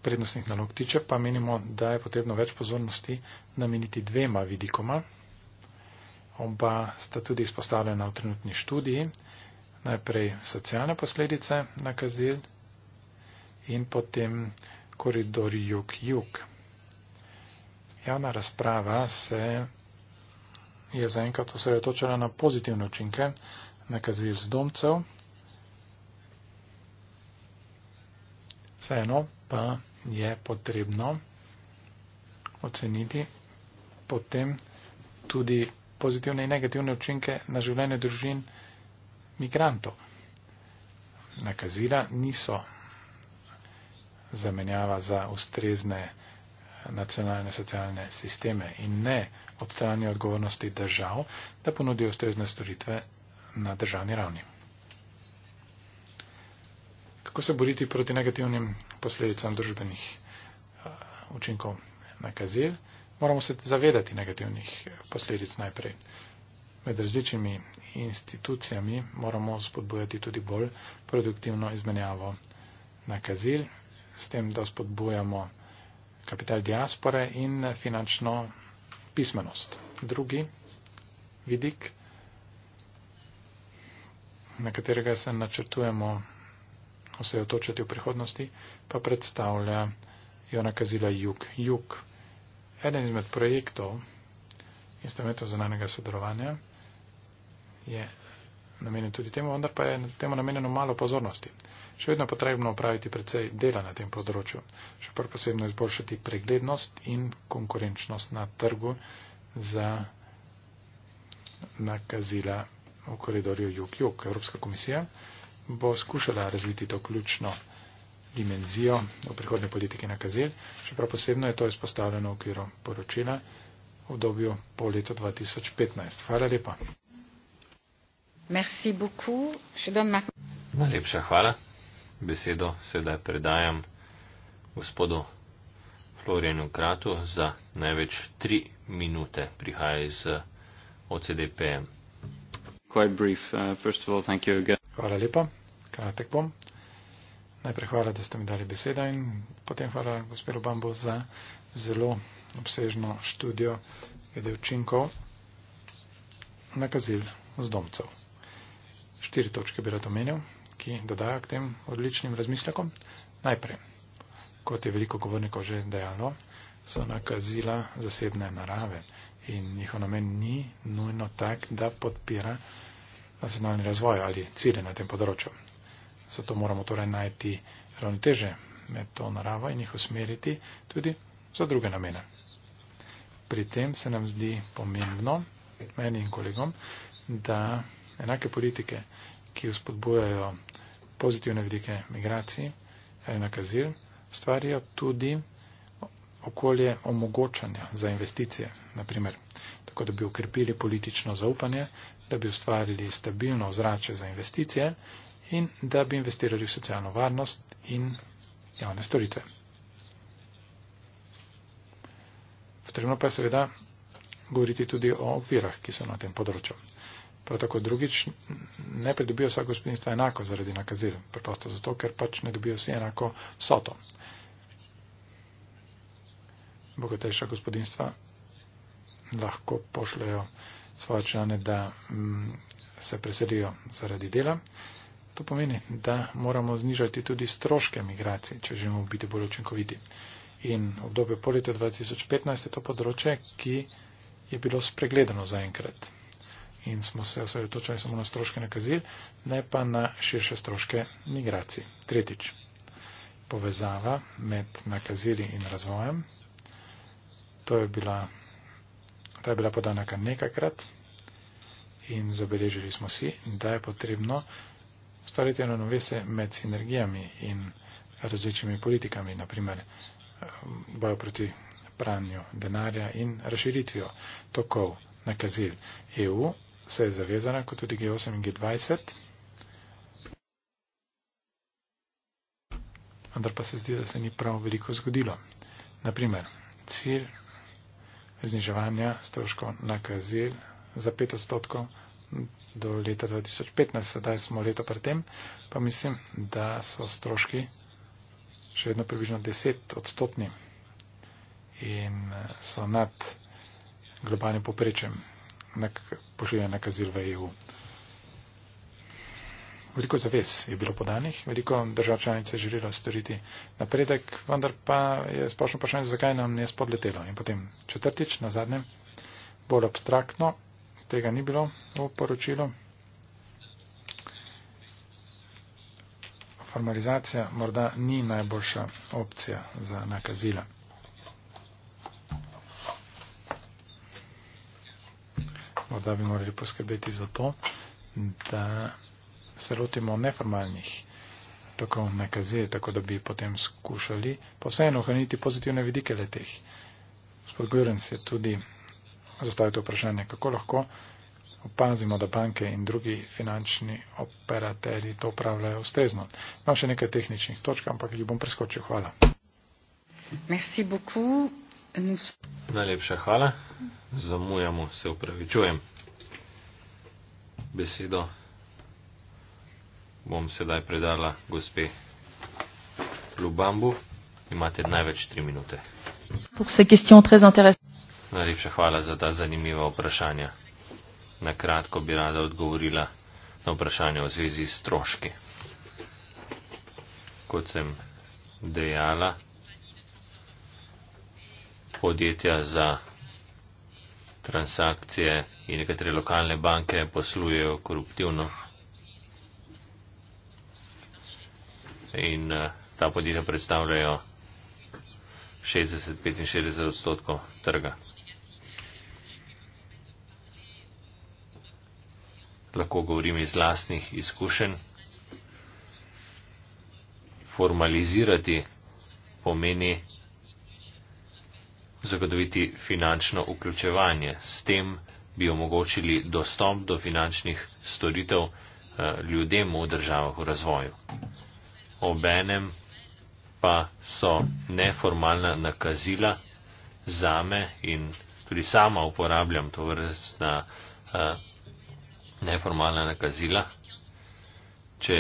prednostnih nalog tiče, pa menimo, da je potrebno več pozornosti nameniti dvema vidikoma. Oba sta tudi izpostavljena v trenutni študiji. Najprej socialne posledice na kazil in potem koridor jug-jug. Javna razprava se je zaenkrat osredotočala na pozitivne učinke nakazil zdomcev, vseeno pa je potrebno oceniti potem tudi pozitivne in negativne učinke na življenje družin migrantov. Nakazila niso zamenjava za ustrezne nacionalne socialne sisteme in ne odstranje odgovornosti držav, da ponudijo ustrezne storitve na državni ravni. Kako se boriti proti negativnim posledicam družbenih eh, učinkov nakazil? Moramo se zavedati negativnih posledic najprej. Med različnimi institucijami moramo spodbujati tudi bolj produktivno izmenjavo nakazil s tem, da spodbujamo kapital diaspore in eh, finančno pismenost. Drugi vidik, na katerega se načrtujemo osredotočati v prihodnosti, pa predstavlja jo nakazila Jug. Jug, eden izmed projektov instrumentov zunanega sodelovanja je namenjen tudi temu, vendar pa je temu namenjeno malo pozornosti še vedno potrebno upraviti precej dela na tem področju, še prav posebno izboljšati preglednost in konkurenčnost na trgu za nakazila v koridorju jug-jug. Evropska komisija bo skušala razviti to ključno dimenzijo v prihodnje politike nakazil, še prav posebno je to izpostavljeno v okviru poročila v dobju po letu 2015. Hvala lepa. Merci beaucoup. Je donne ma... Najlepša hvala besedo sedaj predajam gospodu Florjenu Kratu za največ tri minute prihaja iz eh, OCDP-em. Uh, hvala lepa, kratek bom. Najprej hvala, da ste mi dali beseda in potem hvala gospodu Bambo za zelo obsežno študijo glede učinkov nakazil z domcev. Štiri točke bi rad omenil ki dodajo k tem odličnim razmislekom. Najprej, kot je veliko govornikov že dejalo, so nakazila zasebne narave in njihov namen ni nujno tak, da podpira nacionalni razvoj ali cilje na tem področju. Zato moramo torej najti ravnoteže med to naravo in jih usmeriti tudi za druge namene. Pri tem se nam zdi pomembno, meni in kolegom, da enake politike, ki vzpodbujajo pozitivne vidike migracij ali eh, nakazil, stvarijo tudi okolje omogočanja za investicije, naprimer, tako da bi ukrepili politično zaupanje, da bi ustvarili stabilno ozračje za investicije in da bi investirali v socialno varnost in javne storitve. Potrebno pa je seveda govoriti tudi o virah, ki so na tem področju. Prav tako drugič ne pridobijo vsa gospodinstva enako zaradi nakazil, preprosto zato, ker pač ne dobijo vsi enako soto. Bogatejša gospodinstva lahko pošljajo svoje člane, da m, mm, se preselijo zaradi dela. To pomeni, da moramo znižati tudi stroške migracij, če želimo biti bolj učinkoviti. In v obdobju poleta 2015 je to področje, ki je bilo spregledano zaenkrat in smo se osredotočali samo na stroške nakazil, ne pa na širše stroške migracij. Tretjič, povezava med nakazili in razvojem. To je bila, ta je bila podana kar nekakrat in zabeležili smo si, da je potrebno ustvariti eno novese med sinergijami in različnimi politikami, naprimer eh, bojo proti pranju denarja in razširitvijo tokov nakazil EU se je zavezana, kot tudi G8 in G20. Vendar pa se zdi, da se ni prav veliko zgodilo. Naprimer, cilj zniževanja stroškov nakazil za 5 odstotkov do leta 2015, sedaj smo leto predtem, pa mislim, da so stroški še vedno približno 10 odstotni in eh, so nad globalnim poprečjem nek, pošiljen nek azil v EU. Veliko zavez je bilo podanih, veliko držav članic je želelo storiti napredek, vendar pa je splošno vprašanje, zakaj nam je spodletelo. In potem četrtič, na zadnjem, bolj abstraktno, tega ni bilo v poročilu. Formalizacija morda ni najboljša opcija za nakazila. Morda bi morali poskrbeti za to, da se lotimo neformalnih tako nakazil, tako da bi potem skušali pa vseeno ohraniti pozitivne vidike le teh. Gospod Gurenc je tudi zastavil to vprašanje, kako lahko opazimo, da banke in drugi finančni operaterji to upravljajo ustrezno. Imam še nekaj tehničnih točk, ampak jih bom preskočil. Hvala. Merci beaucoup. Najlepša hvala. Zamujamo, se upravičujem. Besedo bom sedaj predala gospe Lubambu. Imate največ tri minute. Najlepša hvala za ta zanimiva vprašanja. Na kratko bi rada odgovorila na vprašanje v zvezi s stroški. Kot sem dejala, podjetja za transakcije in nekatere lokalne banke poslujejo koruptivno. In eh, ta podjetja predstavljajo 60-65 odstotkov trga. Lahko govorim iz lastnih izkušenj. Formalizirati pomeni zagotoviti finančno vključevanje. S tem bi omogočili dostop do finančnih storitev eh, ljudem v državah v razvoju. Obenem pa so neformalna nakazila zame in tudi sama uporabljam to vrstna eh, neformalna nakazila. Če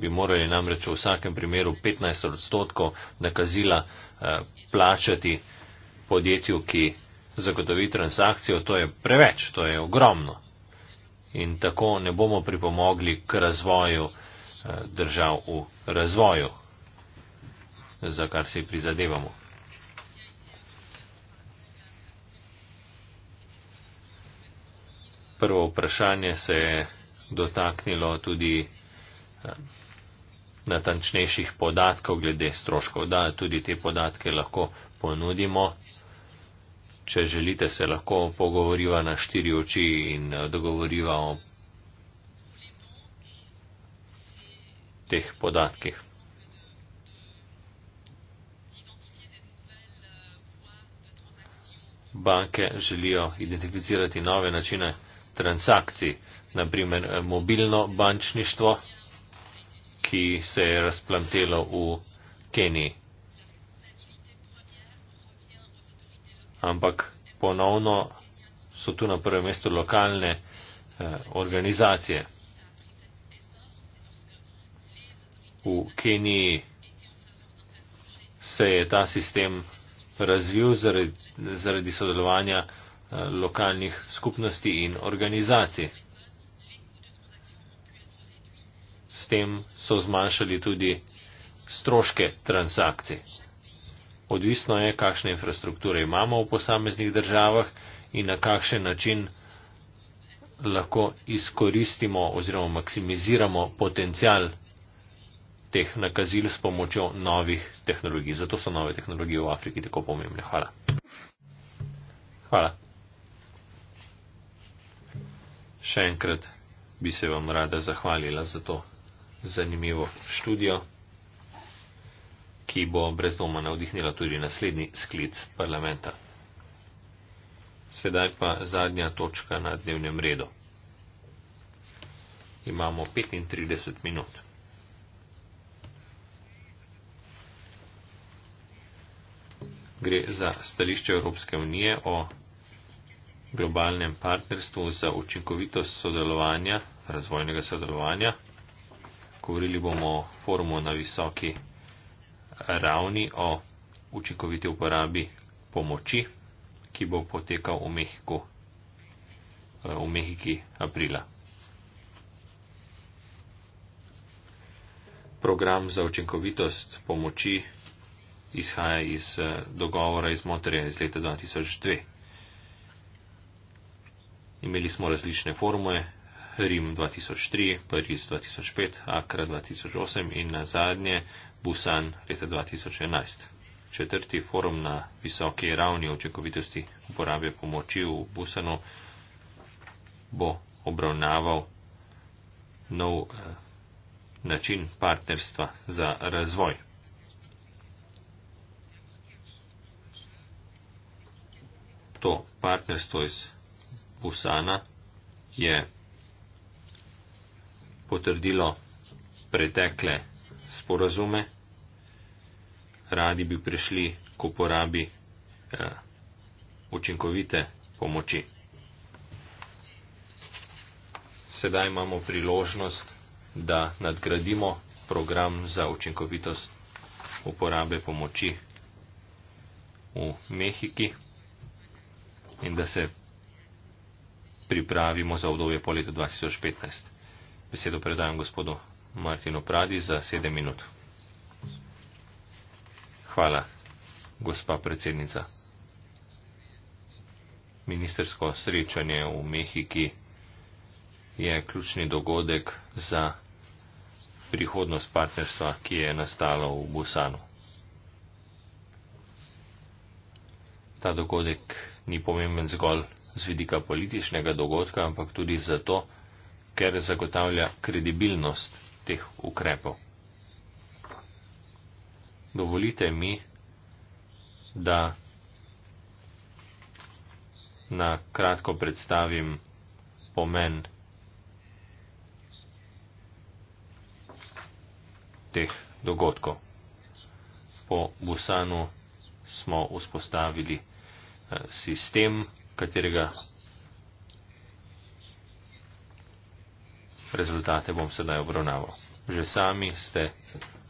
bi morali namreč v vsakem primeru 15 odstotkov nakazila eh, plačati, podjetju, ki zagotovi transakcijo, to je preveč, to je ogromno. In tako ne bomo pripomogli k razvoju eh, držav v razvoju, za kar se prizadevamo. Prvo vprašanje se je dotaknilo tudi eh, natančnejših podatkov glede stroškov, da tudi te podatke lahko ponudimo če želite, se lahko pogovoriva na štiri oči in eh, dogovoriva o teh podatkih. Banke želijo identificirati nove načine transakcij, naprimer eh, mobilno bančništvo, ki se je razplantelo v Keniji. ampak ponovno so tu na prvem mestu lokalne eh, organizacije. V Keniji se je ta sistem razvil zaradi, zaradi sodelovanja eh, lokalnih skupnosti in organizacij. S tem so zmanjšali tudi stroške transakcij odvisno je, kakšne infrastrukture imamo v posameznih državah in na kakšen način lahko izkoristimo oziroma maksimiziramo potencial teh nakazil s pomočjo novih tehnologij. Zato so nove tehnologije v Afriki tako pomembne. Hvala. Hvala. Še enkrat bi se vam rada zahvalila za to zanimivo študijo ki bo brez dvoma navdihnila tudi naslednji sklic parlamenta. Sedaj pa zadnja točka na dnevnem redu. Imamo 35 minut. Gre za stališče Evropske unije o globalnem partnerstvu za učinkovitost sodelovanja, razvojnega sodelovanja. Govorili bomo o forumu na visoki ravni o učinkoviti uporabi pomoči, ki bo potekal v Mehiku eh, v Mehiki aprila. Program za učinkovitost pomoči izhaja iz eh, dogovora iz motorja iz leta 2002. Imeli smo različne forume, Rim 2003, Pariz 2005, Akra 2008 in na zadnje Busan leta 2011. Četrti forum na visoki ravni očekovitosti uporabe pomoči v Busanu bo obravnaval nov eh, način partnerstva za razvoj. To partnerstvo iz Busana je potrdilo pretekle sporazume, radi bi prišli k uporabi eh, učinkovite pomoči. Sedaj imamo priložnost, da nadgradimo program za učinkovitost uporabe pomoči v Mehiki in da se pripravimo za obdobje po letu 2015. Besedo predajam gospodu Martin Opradi za sedem minut. Hvala, gospa predsednica. Ministersko srečanje v Mehiki je ključni dogodek za prihodnost partnerstva, ki je nastalo v Busanu. Ta dogodek ni pomemben zgolj z vidika političnega dogodka, ampak tudi zato, ker zagotavlja kredibilnost teh ukrepov. Dovolite mi, da na kratko predstavim pomen teh dogodkov. Po Busanu smo vzpostavili eh, sistem, katerega rezultate bom sedaj obravnaval. Že sami ste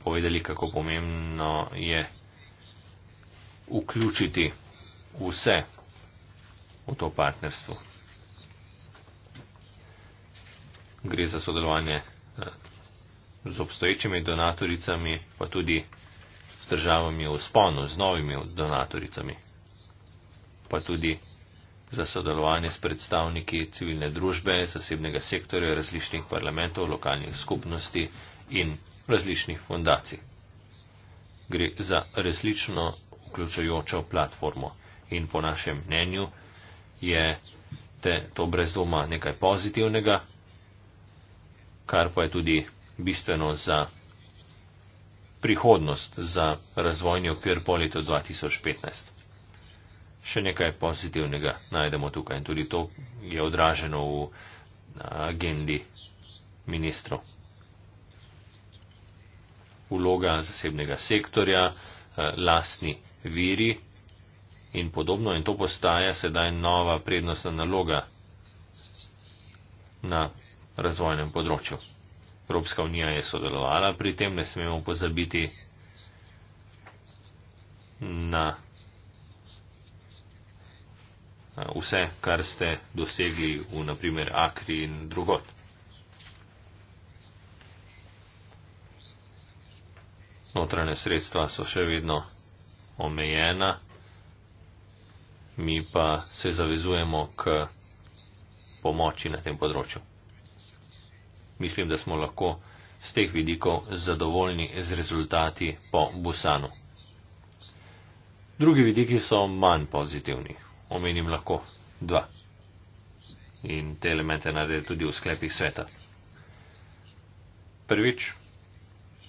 povedali, kako pomembno je vključiti vse v to partnerstvo. Gre za sodelovanje eh, z obstoječimi donatoricami, pa tudi z državami v sponu, z novimi donatoricami, pa tudi za sodelovanje s predstavniki civilne družbe, zasebnega sektorja, različnih parlamentov, lokalnih skupnosti in različnih fundacij. Gre za različno vključujočo platformo in po našem mnenju je te, to brez doma nekaj pozitivnega, kar pa je tudi bistveno za prihodnost, za razvojni okvir po letu 2015 še nekaj pozitivnega najdemo tukaj in tudi to je odraženo v agendi ministrov. Uloga zasebnega sektorja, eh, lastni viri in podobno in to postaja sedaj nova prednostna naloga na razvojnem področju. Evropska unija je sodelovala pri tem, ne smemo pozabiti na Eh, vse, kar ste dosegli v naprimer Akri in drugot. Notranje sredstva so še vedno omejena, mi pa se zavezujemo k pomoči na tem področju. Mislim, da smo lahko z teh vidikov zadovoljni z rezultati po Busanu. Drugi vidiki so manj pozitivni omenim lahko dva. In te elemente naredi tudi v sklepih sveta. Prvič,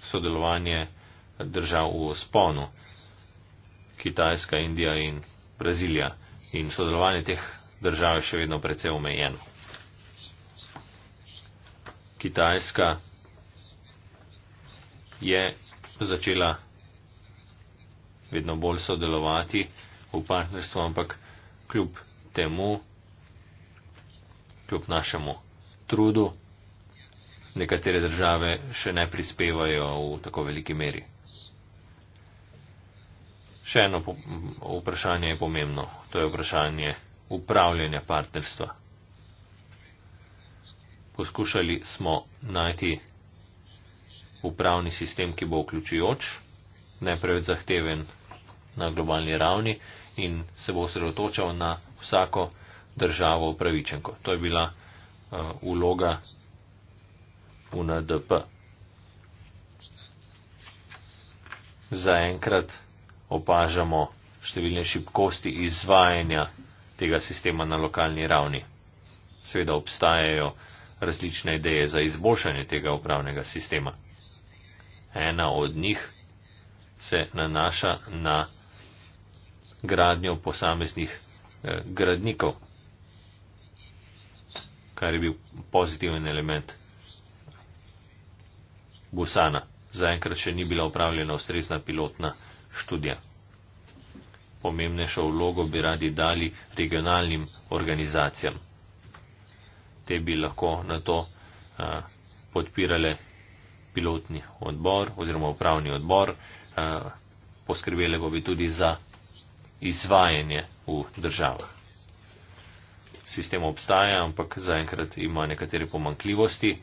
sodelovanje držav v sponu, Kitajska, Indija in Brazilija. In sodelovanje teh držav je še vedno precej omejeno. Kitajska je začela vedno bolj sodelovati v partnerstvu, ampak kljub temu, kljub našemu trudu, nekatere države še ne prispevajo v tako veliki meri. Še eno vprašanje je pomembno, to je vprašanje upravljanja partnerstva. Poskušali smo najti upravni sistem, ki bo vključujoč, ne preveč zahteven na globalni ravni, in se bo osredotočal na vsako državo upravičenko. To je bila uh, vloga UNDP. Zaenkrat opažamo številne šibkosti izvajanja tega sistema na lokalni ravni. Seveda obstajajo različne ideje za izboljšanje tega upravnega sistema. Ena od njih se nanaša na gradnjo posameznih eh, gradnikov, kar je bil pozitiven element Busana. Zaenkrat še ni bila upravljena ustrezna pilotna študija. Pomembnejšo vlogo bi radi dali regionalnim organizacijam. Te bi lahko na to a, eh, podpirale pilotni odbor oziroma upravni odbor, a, eh, poskrbele bo bi tudi za izvajanje v državah. Sistem obstaja, ampak zaenkrat ima nekatere pomankljivosti.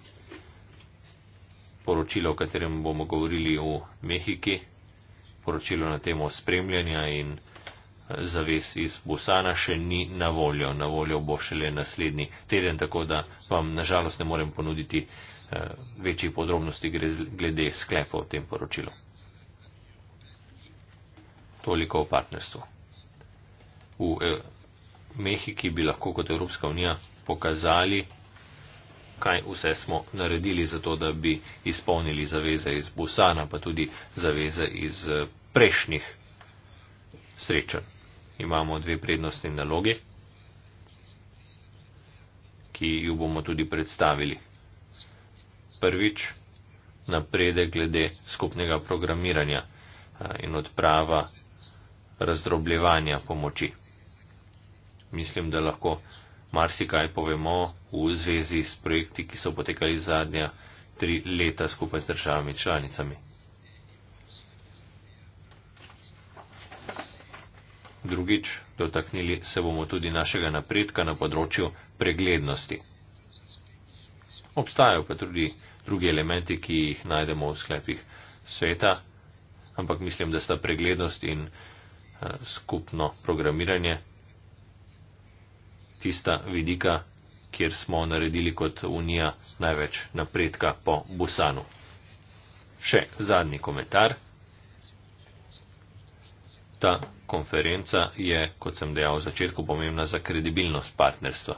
Poročilo, o katerem bomo govorili v Mehiki, poročilo na temo spremljanja in eh, zaves iz Busana še ni na voljo. Na voljo bo šele naslednji teden, tako da vam nažalost ne morem ponuditi eh, večjih podrobnosti glede sklepa o tem poročilu. Toliko o partnerstvu v eh, Mehiki bi lahko kot Evropska unija pokazali, kaj vse smo naredili za to, da bi izpolnili zaveze iz Busana, pa tudi zaveze iz eh, prejšnjih srečanj. Imamo dve prednostne naloge, ki ju bomo tudi predstavili. Prvič, napredek glede skupnega programiranja eh, in odprava razdrobljevanja pomoči mislim, da lahko marsikaj povemo v zvezi s projekti, ki so potekali zadnja tri leta skupaj z državami članicami. Drugič, dotaknili se bomo tudi našega napredka na področju preglednosti. Obstajajo pa tudi drugi elementi, ki jih najdemo v sklepih sveta, ampak mislim, da sta preglednost in eh, skupno programiranje tista vidika, kjer smo naredili kot Unija največ napredka po Busanu. Še zadnji komentar. Ta konferenca je, kot sem dejal v začetku, pomembna za kredibilnost partnerstva.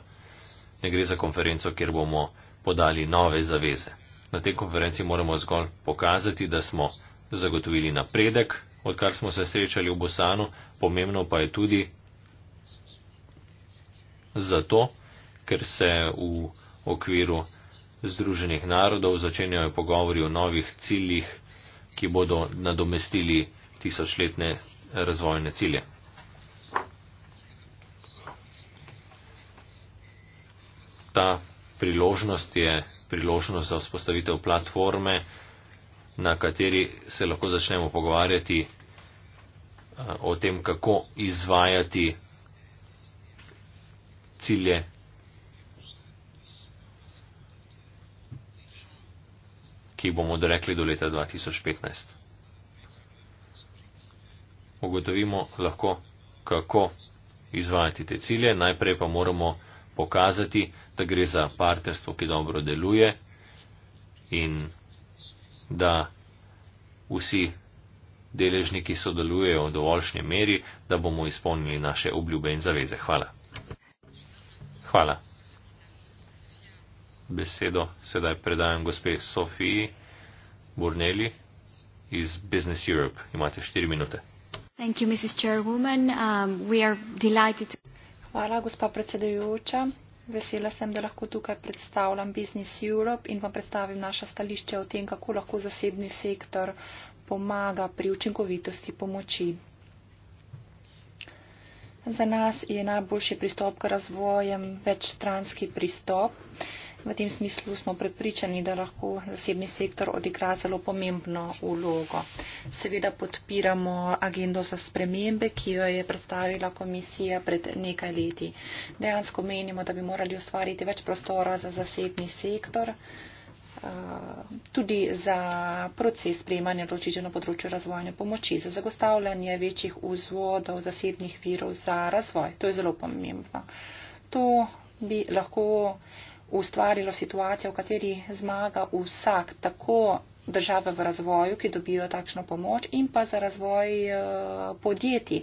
Ne gre za konferenco, kjer bomo podali nove zaveze. Na tej konferenci moramo zgolj pokazati, da smo zagotovili napredek, odkar smo se srečali v Bosanu, pomembno pa je tudi, zato, ker se v okviru Združenih narodov začenjajo pogovori o novih ciljih, ki bodo nadomestili tisočletne razvojne cilje. Ta priložnost je priložnost za vzpostavitev platforme, na kateri se lahko začnemo pogovarjati eh, o tem, kako izvajati cilje. ki bomo dorekli do leta 2015. Ugotovimo lahko, kako izvajati te cilje. Najprej pa moramo pokazati, da gre za partnerstvo, ki dobro deluje in da vsi deležniki sodelujejo v dovoljšnji meri, da bomo izpolnili naše obljube in zaveze. Hvala. Hvala. Besedo sedaj predajam gospe Sofiji Burneli iz Business Europe. Imate štiri minute. You, um, to... Hvala, gospa predsedujoča. Vesela sem, da lahko tukaj predstavljam Business Europe in vam predstavim naše stališče o tem, kako lahko zasebni sektor pomaga pri učinkovitosti pomoči Za nas je najboljši pristop k razvojem večstranski pristop. V tem smislu smo prepričani, da lahko zasebni sektor odigra zelo pomembno vlogo. Seveda podpiramo agendo za spremembe, ki jo je predstavila komisija pred nekaj leti. Dejansko menimo, da bi morali ustvariti več prostora za zasebni sektor. Eh, tudi za proces sprejemanja vločitev na področju razvojne pomoči, za zagostavljanje večjih vzvodov, zasebnih virov za razvoj. To je zelo pomembno. To bi lahko ustvarilo situacijo, v kateri zmaga vsak, tako države v razvoju, ki dobijo takšno pomoč in pa za razvoj eh, podjetij,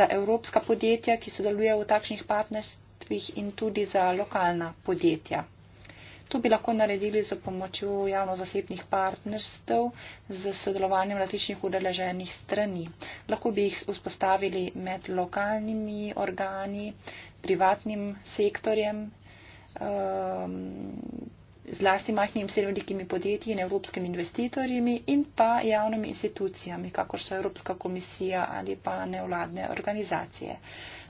za evropska podjetja, ki sodelujejo v takšnih partnerstvih in tudi za lokalna podjetja. To bi lahko naredili z pomočjo javno-zasebnih partnerstv z sodelovanjem različnih udeleženih strani. Lahko bi jih vzpostavili med lokalnimi organi, privatnim sektorjem, ehm, zlasti majhnim srednjim podjetji in evropskim investitorjimi in pa javnimi institucijami, kakor so Evropska komisija ali pa nevladne organizacije.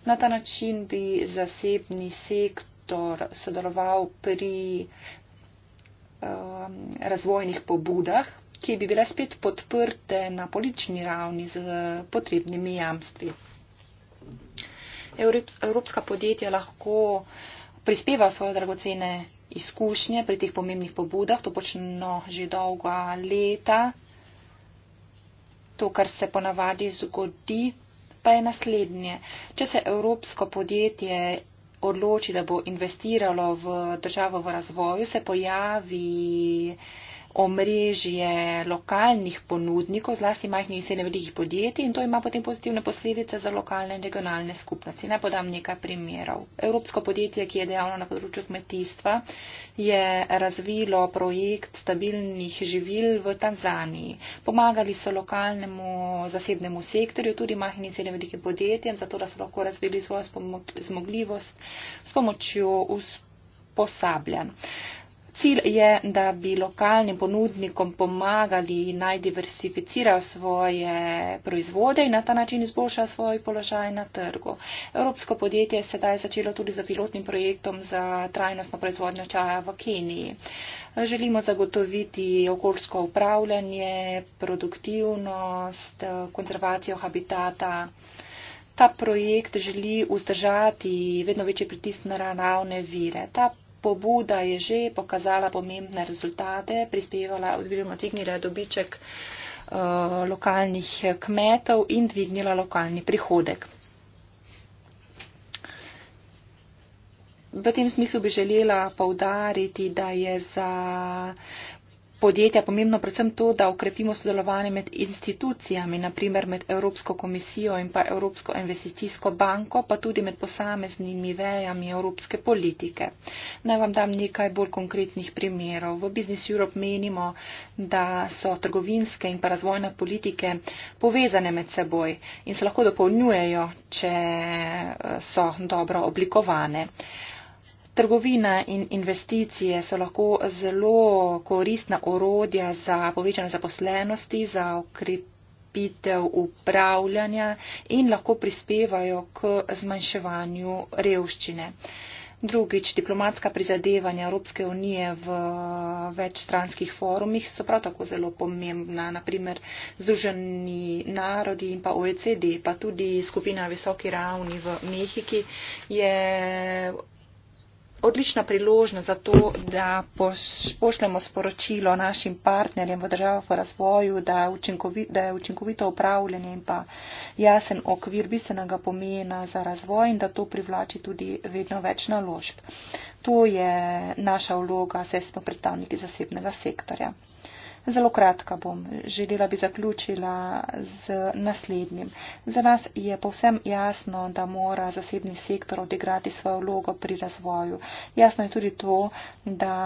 Na ta način bi zasebni sektor doktor sodeloval pri um, razvojnih pobudah, ki bi bile spet podprte na politični ravni z potrebnimi jamstvi. Evropska podjetja lahko prispeva svoje dragocene izkušnje pri teh pomembnih pobudah, to počno že dolga leta. To, kar se ponavadi zgodi, pa je naslednje. Če se evropsko podjetje odloči, da bo investiralo v državo v razvoju, se pojavi eh, omrežje lokalnih ponudnikov, zlasti majhnih in srednje velikih podjetij in to ima potem pozitivne posledice za lokalne in regionalne skupnosti. Naj podam nekaj primerov. Evropsko podjetje, ki je dejavno na področju kmetijstva, je razvilo projekt stabilnih živil v Tanzaniji. Pomagali so lokalnemu zasebnemu sektorju, tudi majhnim in srednje velikim podjetjem, zato da so lahko razvili svojo zmogljivost s pomočjo usposabljanja. Cilj je, da bi lokalnim ponudnikom pomagali naj diversificirajo svoje proizvode in na ta način izboljšajo svoj položaj na trgu. Evropsko podjetje je sedaj začelo tudi za pilotnim projektom za trajnostno proizvodnjo čaja v Keniji. Želimo zagotoviti okoljsko upravljanje, produktivnost, konzervacijo habitata. Ta projekt želi vzdržati vedno večji pritisk na naravne vire. Ta pobuda je že pokazala pomembne rezultate, prispevala oziroma dvignila dobiček eh, lokalnih eh, kmetov in dvignila lokalni prihodek. V tem smislu bi želela povdariti, da je za podjetja pomembno predvsem to, da ukrepimo sodelovanje med institucijami, naprimer med Evropsko komisijo in pa Evropsko investicijsko banko, pa tudi med posameznimi vejami evropske politike. Naj vam dam nekaj bolj konkretnih primerov. V Business Europe menimo, da so trgovinske in pa razvojne politike povezane med seboj in se lahko dopolnjujejo, če eh, so dobro oblikovane. Trgovina in investicije so lahko zelo koristna orodja za povečanje zaposlenosti, za okrepitev upravljanja in lahko prispevajo k zmanjševanju revščine. Drugič, diplomatska prizadevanja Evropske unije v večstranskih forumih so prav tako zelo pomembna, naprimer Združeni narodi in pa OECD, pa tudi skupina visoki ravni v Mehiki je odlična priložnost za to, da pošljemo sporočilo našim partnerjem v državah v razvoju, da, učinkovi, da je učinkovito upravljanje in pa jasen okvir bistvenega pomena za razvoj in da to privlači tudi vedno več naložb. To je naša vloga, saj smo predstavniki zasebnega sektorja. Zelo kratka bom. Želela bi zaključila z naslednjim. Za nas je povsem jasno, da mora zasebni sektor odigrati svojo vlogo pri razvoju. Jasno je tudi to, da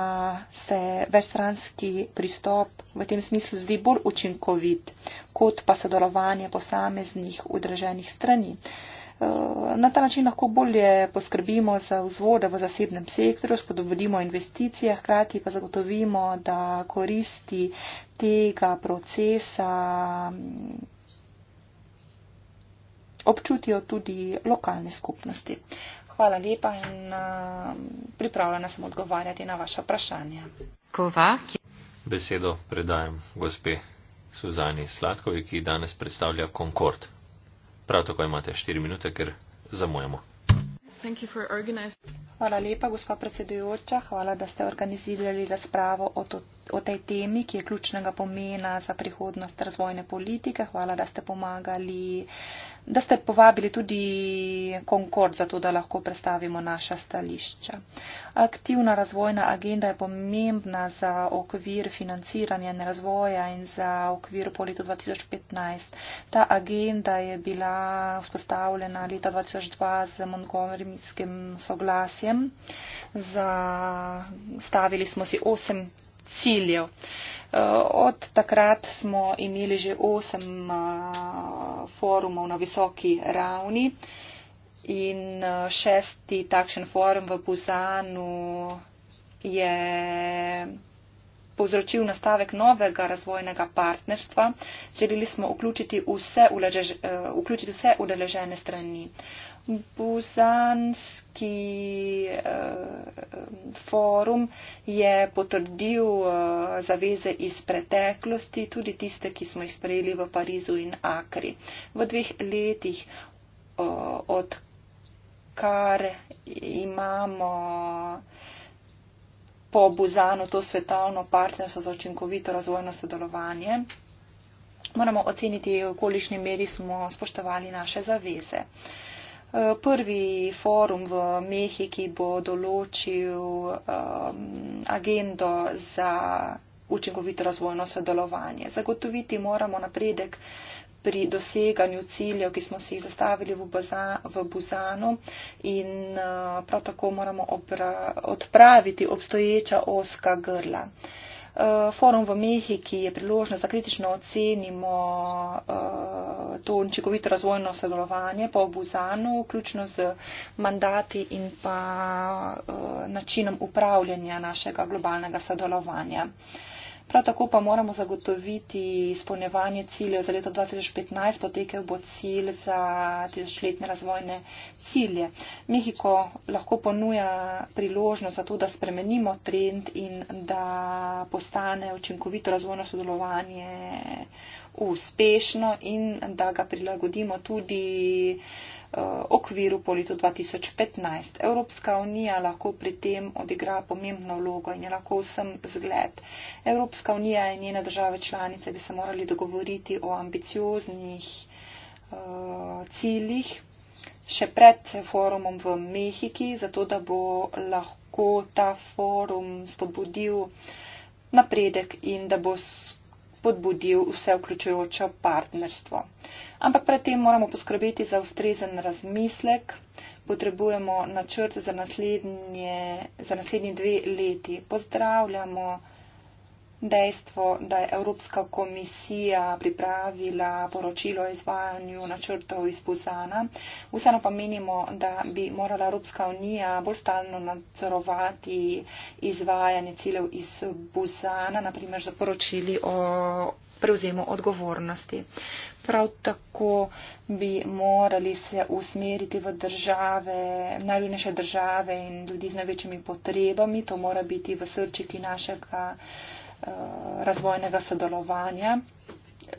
se večstranski pristop v tem smislu zdi bolj učinkovit, kot pa sodelovanje posameznih udraženih strani. Eh, na ta način lahko bolje poskrbimo za vzvode v zasebnem sektorju, spodobodimo investicije, hkrati pa zagotovimo, da koristi tega procesa mm, občutijo tudi lokalne skupnosti. Hvala lepa in eh, pripravljena sem odgovarjati na vaše vprašanje. Kovak. Besedo predajam gospe Suzani Sladkovi, ki danes predstavlja Concord prav tako imate štiri minute, ker zamujamo. Hvala lepa, gospod predsedujoča. Hvala, da ste organizirali razpravo o to o tej temi, ki je ključnega pomena za prihodnost razvojne politike. Hvala, da ste pomagali, da ste povabili tudi Concord, zato da lahko predstavimo naša stališča. Aktivna razvojna agenda je pomembna za okvir financiranja in razvoja in za okvir po letu 2015. Ta agenda je bila vzpostavljena leta 2002 z Montgomerijskim soglasjem. Za, stavili smo si osem ciljev. Eh, od takrat smo imeli že osem eh, forumov na visoki ravni in eh, šesti takšen forum v Buzanu je povzročil nastavek novega razvojnega partnerstva. Želeli smo vključiti vse, vključiti vse udeležene strani. Busanski uh, eh, forum je potrdil uh, zaveze iz preteklosti, tudi tiste, ki smo jih sprejeli v Parizu in Akri. V dveh letih, uh, odkar imamo po Buzanu to svetovno partnerstvo za očinkovito razvojno sodelovanje, moramo oceniti, v kolišni meri smo spoštovali naše zaveze. Uh, prvi forum v Mehi, ki bo določil um, agendo za učinkovito razvojno sodelovanje. Zagotoviti moramo napredek pri doseganju ciljev, ki smo si jih zastavili v, Baza, v Buzanu in uh, prav tako moramo opra, odpraviti obstoječa oska grla. Uh, Eh, forum v Mehiki je priložnost, da kritično ocenimo eh, to učinkovito razvojno sodelovanje po Buzanu, vključno z mandati in pa eh, načinom upravljanja našega globalnega sodelovanja. Prav tako pa moramo zagotoviti izpolnevanje ciljev za leto 2015, potekel bo cilj za tisočletne razvojne cilje. Mehiko lahko ponuja priložnost za to, da spremenimo trend in da postane učinkovito razvojno sodelovanje uspešno in da ga prilagodimo tudi Eh, okviru po letu 2015. Evropska unija lahko pri tem odigra pomembno vlogo in je lahko vsem zgled. Evropska unija in njene države članice bi se morali dogovoriti o ambicioznih eh, ciljih še pred forumom v Mehiki, zato da bo lahko ta forum spodbudil napredek in da bo skupaj podbudil vse vključujoče partnerstvo. Ampak predtem moramo poskrbeti za ustrezen razmislek, potrebujemo načrt za naslednji dve leti. Pozdravljamo dejstvo, da je Evropska komisija pripravila poročilo o izvajanju načrtov iz Busana. Vseeno pa menimo, da bi morala Evropska unija bolj stalno nadzorovati izvajanje ciljev iz Busana, naprimer za poročili o prevzemu odgovornosti. Prav tako bi morali se usmeriti v države, najljubnejše države in ljudi z največjimi potrebami. To mora biti v srčiki našega Eh, razvojnega sodelovanja.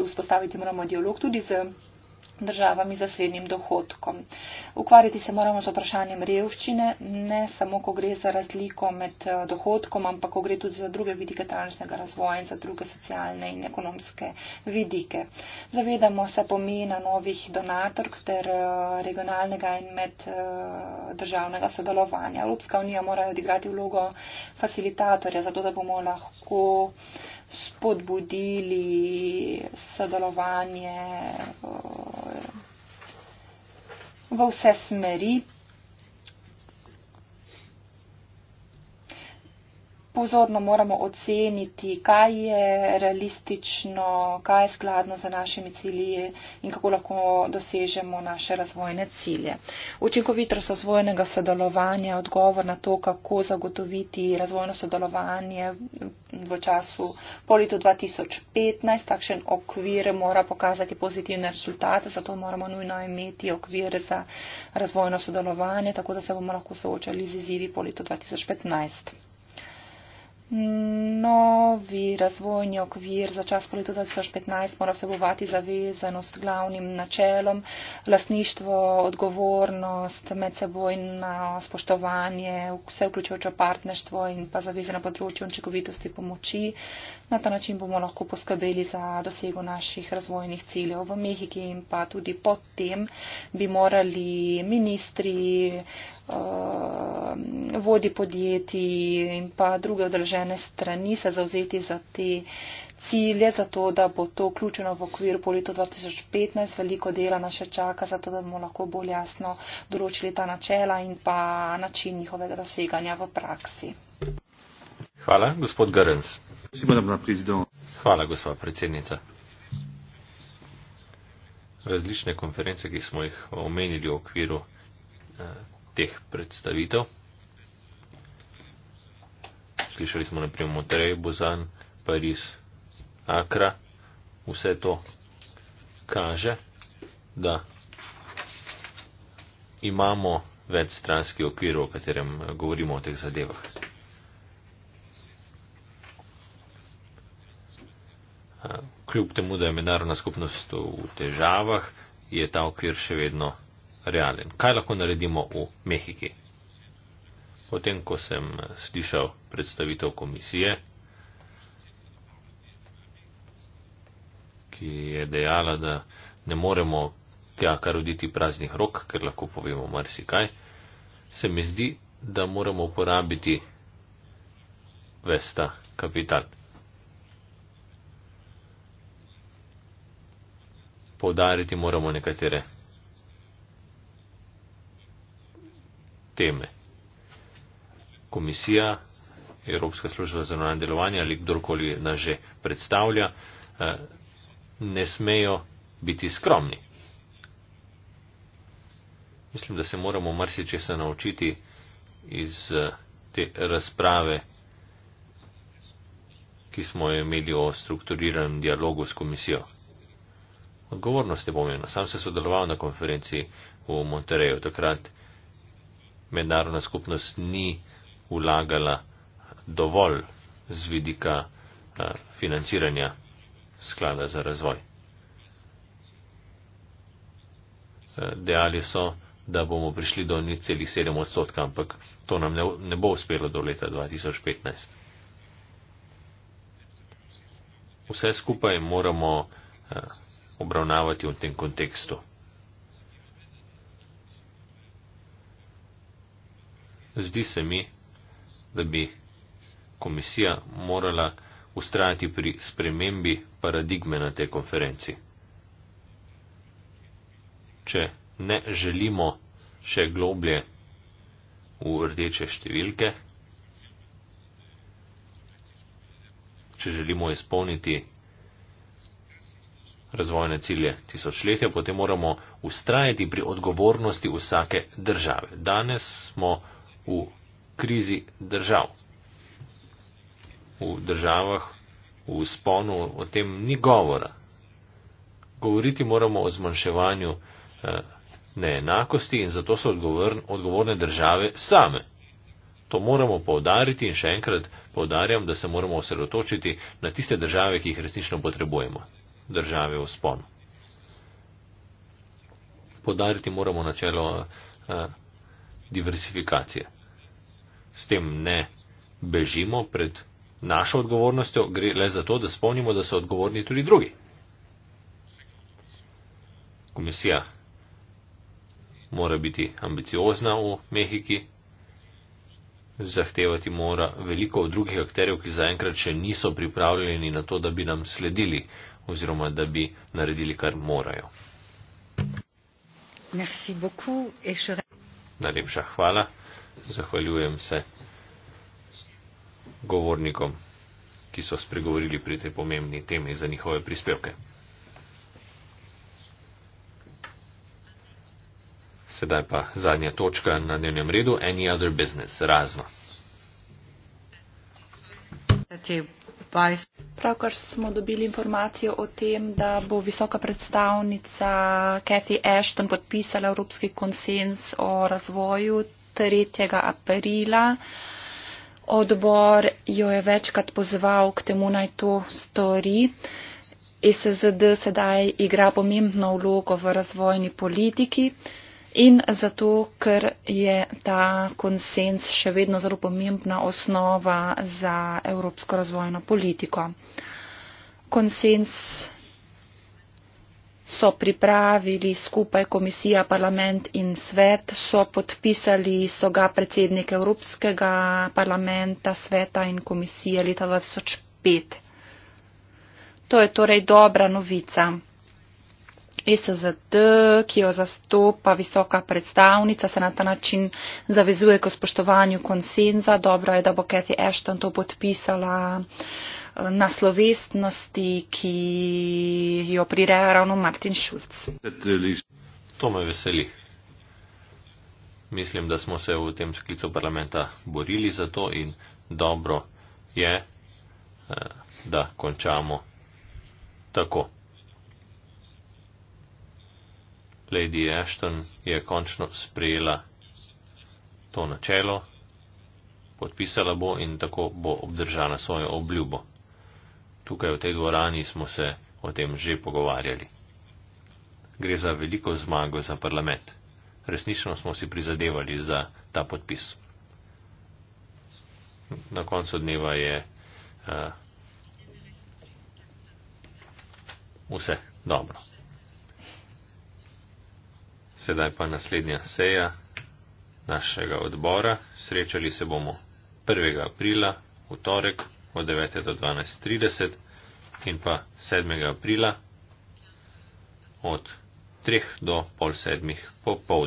Vzpostaviti moramo dialog tudi z državami z zaslednjim dohodkom. Ukvarjati se moramo z vprašanjem revščine, ne samo, ko gre za razliko med eh, dohodkom, ampak ko gre tudi za druge vidike trajnostnega razvoja in za druge socialne in ekonomske vidike. Zavedamo se pomena novih donatork ter eh, regionalnega in meddržavnega eh, sodelovanja. Evropska unija mora odigrati vlogo facilitatorja, zato da bomo lahko spodbudili sodelovanje eh, v vse smeri, pozorno moramo oceniti, kaj je realistično, kaj je skladno za našimi cilji in kako lahko dosežemo naše razvojne cilje. Učinkovitost razvojnega sodelovanja je odgovor na to, kako zagotoviti razvojno sodelovanje v času po letu 2015. Takšen okvir mora pokazati pozitivne rezultate, zato moramo nujno imeti okvir za razvojno sodelovanje, tako da se bomo lahko soočali z izzivi po letu 2015. Novi razvojni okvir za čas po letu 2015 mora vsebovati zavezanost glavnim načelom, lastništvo, odgovornost, medsebojno spoštovanje, vse vključujočo partnerstvo in pa zaveze na področju očekovitosti pomoči. Na ta način bomo lahko poskrbeli za dosego naših razvojnih ciljev v Mehiki in pa tudi potem bi morali ministri Um, vodi podjetij in pa druge odražene strani se zauzeti za te cilje, zato da bo to vključeno v okvir po letu 2015. Veliko dela nas še čaka, zato da bomo lahko bolj jasno določili ta načela in pa način njihovega doseganja v praksi. Hvala, gospod Garens. Hvala, gospa predsednica. Različne konference, ki smo jih omenili v okviru eh, teh predstavitev. Slišali smo naprimer Montrej, Bozan, Pariz, Akra. Vse to kaže, da imamo več stranski okvir, o katerem govorimo o teh zadevah. Kljub temu, da je mednarodna skupnost v težavah, je ta okvir še vedno realen. Kaj lahko naredimo v Mehiki? Potem, ko sem slišal predstavitev komisije, ki je dejala, da ne moremo tja kar roditi praznih rok, ker lahko povemo marsikaj, se mi zdi, da moramo uporabiti vesta kapital. Povdariti moramo nekatere teme. Komisija, Evropska služba za zunanje delovanje ali kdorkoli nas že predstavlja, eh, ne smejo biti skromni. Mislim, da se moramo marsičesa naučiti iz eh, te razprave, ki smo jo imeli o strukturiranem dialogu s komisijo. Odgovornost je pomembna. Sam sem sodeloval na konferenciji v Montereju takrat mednarodna skupnost ni ulagala dovolj z vidika eh, financiranja sklada za razvoj. Eh, dejali so, da bomo prišli do 0,7 odstotka, ampak to nam ne bo uspelo do leta 2015. Vse skupaj moramo eh, obravnavati v tem kontekstu. Zdi se mi, da bi komisija morala ustrajati pri spremembi paradigme na tej konferenci. Če ne želimo še globlje v rdeče številke, če želimo izpolniti razvojne cilje tisočletja, potem moramo ustrajati pri odgovornosti vsake države. Danes smo v krizi držav. V državah, v sponu o tem ni govora. Govoriti moramo o zmanjševanju eh, neenakosti in zato so odgovorne države same. To moramo povdariti in še enkrat povdarjam, da se moramo osredotočiti na tiste države, ki jih resnično potrebujemo. Države v sponu. Podariti moramo načelo eh, diversifikacije s tem ne bežimo pred našo odgovornostjo, gre le za to, da spomnimo, da so odgovorni tudi drugi. Komisija mora biti ambiciozna v Mehiki, zahtevati mora veliko od drugih akterjev, ki zaenkrat še niso pripravljeni na to, da bi nam sledili oziroma da bi naredili, kar morajo. Najlepša hvala zahvaljujem se govornikom, ki so spregovorili pri tej pomembni temi za njihove prispevke. Sedaj pa zadnja točka na dnevnem redu, any other business, razno. Pravkar smo dobili informacijo o tem, da bo visoka predstavnica Cathy Ashton podpisala evropski konsens o razvoju 3. aprila. Odbor jo je večkrat pozval k temu naj to stori. SZD sedaj igra pomembno vlogo v razvojni politiki in zato, ker je ta konsens še vedno zelo pomembna osnova za evropsko razvojno politiko. Konsens so pripravili skupaj komisija, parlament in svet, so podpisali, so ga predsednik Evropskega parlamenta, sveta in komisije leta 2005. To je torej dobra novica. SZD, ki jo zastopa visoka predstavnica, se na ta način zavezuje k spoštovanju konsenza. Dobro je, da bo Kathy Ashton to podpisala. Uh, na slovestnosti, ki jo prireja ravno Martin Šulc. To me veseli. Mislim, da smo se v tem sklicu parlamenta borili za to in dobro je, eh, da končamo tako. Lady Ashton je končno sprejela to načelo, podpisala bo in tako bo obdržala svojo obljubo. Tukaj v tej dvorani smo se o tem že pogovarjali. Gre za veliko zmago za parlament. Resnično smo si prizadevali za ta podpis. Na koncu dneva je uh, vse dobro. Sedaj pa naslednja seja našega odbora. Srečali se bomo 1. aprila v torek od 9. do 12.30 in pa 7. aprila od 3. do pol 7. popovdne.